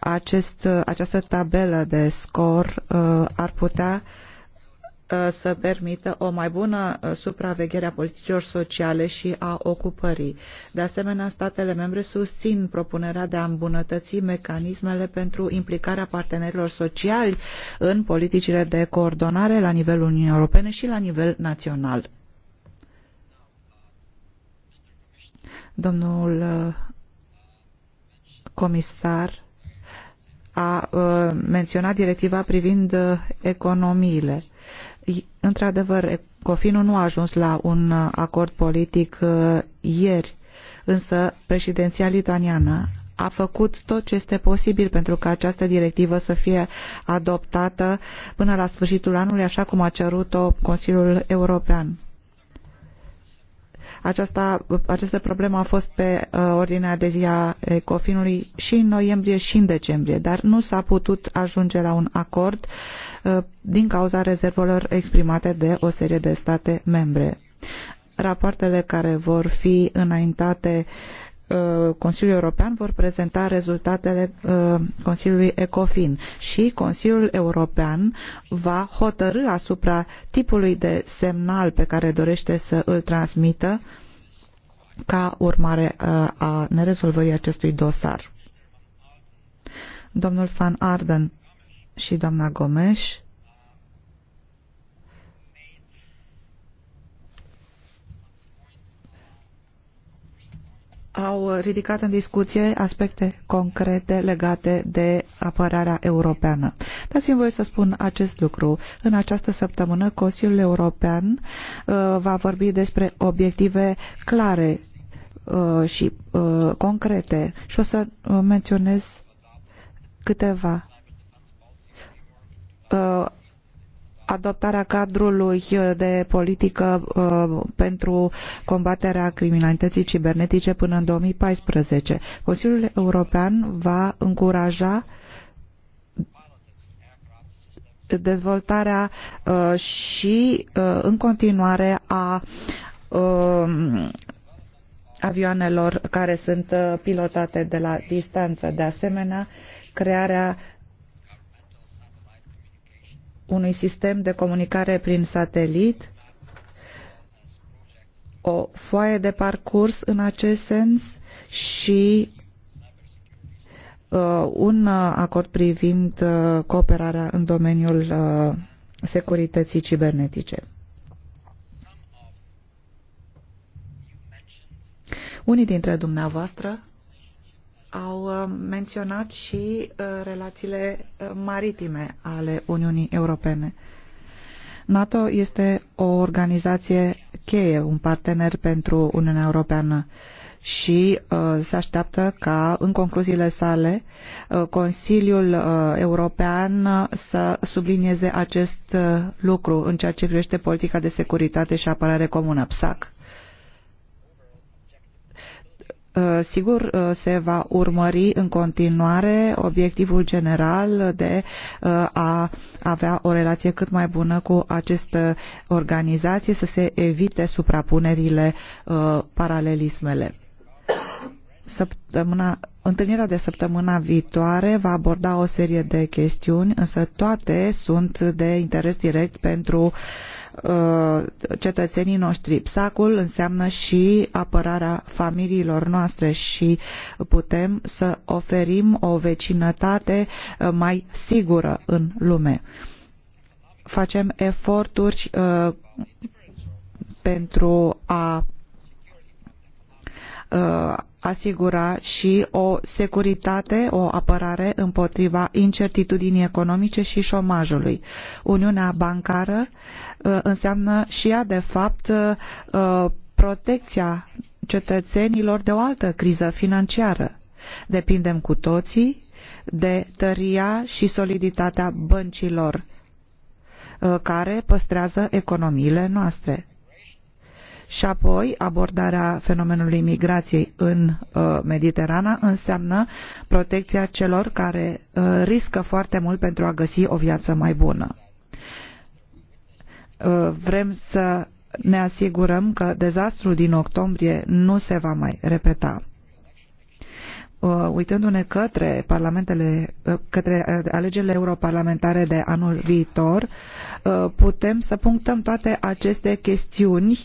Acest, această tabelă de scor ar putea uh, Uh, să permită o mai bună uh, supraveghere a politicilor sociale și a ocupării. De asemenea, statele membre susțin propunerea de a îmbunătăți mecanismele pentru implicarea partenerilor sociali în politicile de coordonare la nivelul Uniunii Europene și la nivel național. Domnul uh, comisar a menționat directiva privind economiile Într-adevăr, Cofinul nu a ajuns la un uh, acord politic uh, ieri, însă președinția litaniană a făcut tot ce este posibil pentru ca această directivă să fie adoptată până la sfârșitul anului, așa cum a cerut-o Consiliul European. Aceasta, această problemă a fost pe uh, ordinea de zi a Ecofinului și în noiembrie și în decembrie, dar nu s-a putut ajunge la un acord uh, din cauza rezervelor exprimate de o serie de state membre. Rapoartele care vor fi înaintate uh, Uh, Consiliul European vor prezenta rezultatele uh, Consiliului ECOFIN și Consiliul European va hotărâ asupra tipului de semnal pe care dorește să îl transmită ca urmare uh, a nerezolvării acestui dosar. Domnul Van Arden și doamna Gomes au ridicat în discuție aspecte concrete legate de apărarea europeană. Dați-mi voie să spun acest lucru. În această săptămână, Consiliul European uh, va vorbi despre obiective clare uh, și uh, concrete și o să menționez câteva adoptarea cadrului uh, de politică uh, pentru combaterea criminalității cibernetice până în 2014. Consiliul European va încuraja dezvoltarea uh, și în continuare a um, avioanelor care sunt pilotate de la distanță. De asemenea, crearea unui sistem de comunicare prin satelit, o foaie de parcurs în acest sens și uh, un acord privind uh, cooperarea în domeniul uh, securității cibernetice. Unii dintre dumneavoastră au uh, menționat și uh, relațiile uh, maritime ale Uniunii Europene. NATO este o organizație cheie, un partener pentru Uniunea Europeană și uh, se așteaptă ca în concluziile sale uh, Consiliul uh, European să sublinieze acest uh, lucru în ceea ce privește politica de securitate și apărare comună, PSAC. Uh, sigur uh, se va urmări în continuare obiectivul general de uh, a avea o relație cât mai bună cu aceste organizații, să se evite suprapunerile, paralelismele. Săptămâna, întâlnirea de săptămâna viitoare va aborda o serie de chestiuni, însă toate sunt de interes direct pentru uh, Uh, cetățenii noștri. PSAC-ul înseamnă și apărarea familiilor noastre și putem să oferim o vecinătate uh, mai sigură în lume. Facem eforturi uh, pentru a asigura și o securitate, o apărare împotriva incertitudinii economice și șomajului. Uniunea bancară uh, înseamnă și ea, de fapt, uh, protecția cetățenilor de o altă criză financiară. Depindem cu toții de tăria și soliditatea băncilor uh, care păstrează economiile noastre. Și apoi, abordarea fenomenului migrației în uh, Mediterana înseamnă protecția celor care uh, riscă foarte mult pentru a găsi o viață mai bună. Uh, vrem să ne asigurăm că dezastrul din octombrie nu se va mai repeta. Uh, uitându-ne către parlamentele, uh, către uh, alegerile europarlamentare de anul viitor, putem să punctăm toate aceste chestiuni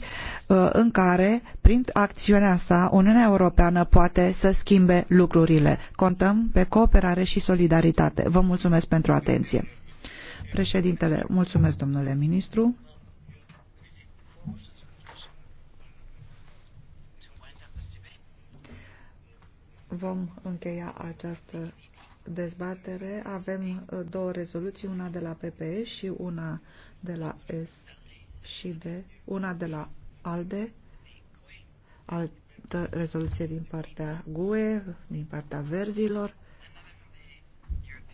în care, prin acțiunea sa, Uniunea Europeană poate să schimbe lucrurile. Contăm pe cooperare și solidaritate. Vă mulțumesc pentru atenție. Președintele, mulțumesc domnule ministru. vom încheia această dezbatere. Avem uh, două rezoluții, una de la PPE și una de la S și de una de la ALDE, altă rezoluție din partea GUE, din partea verzilor.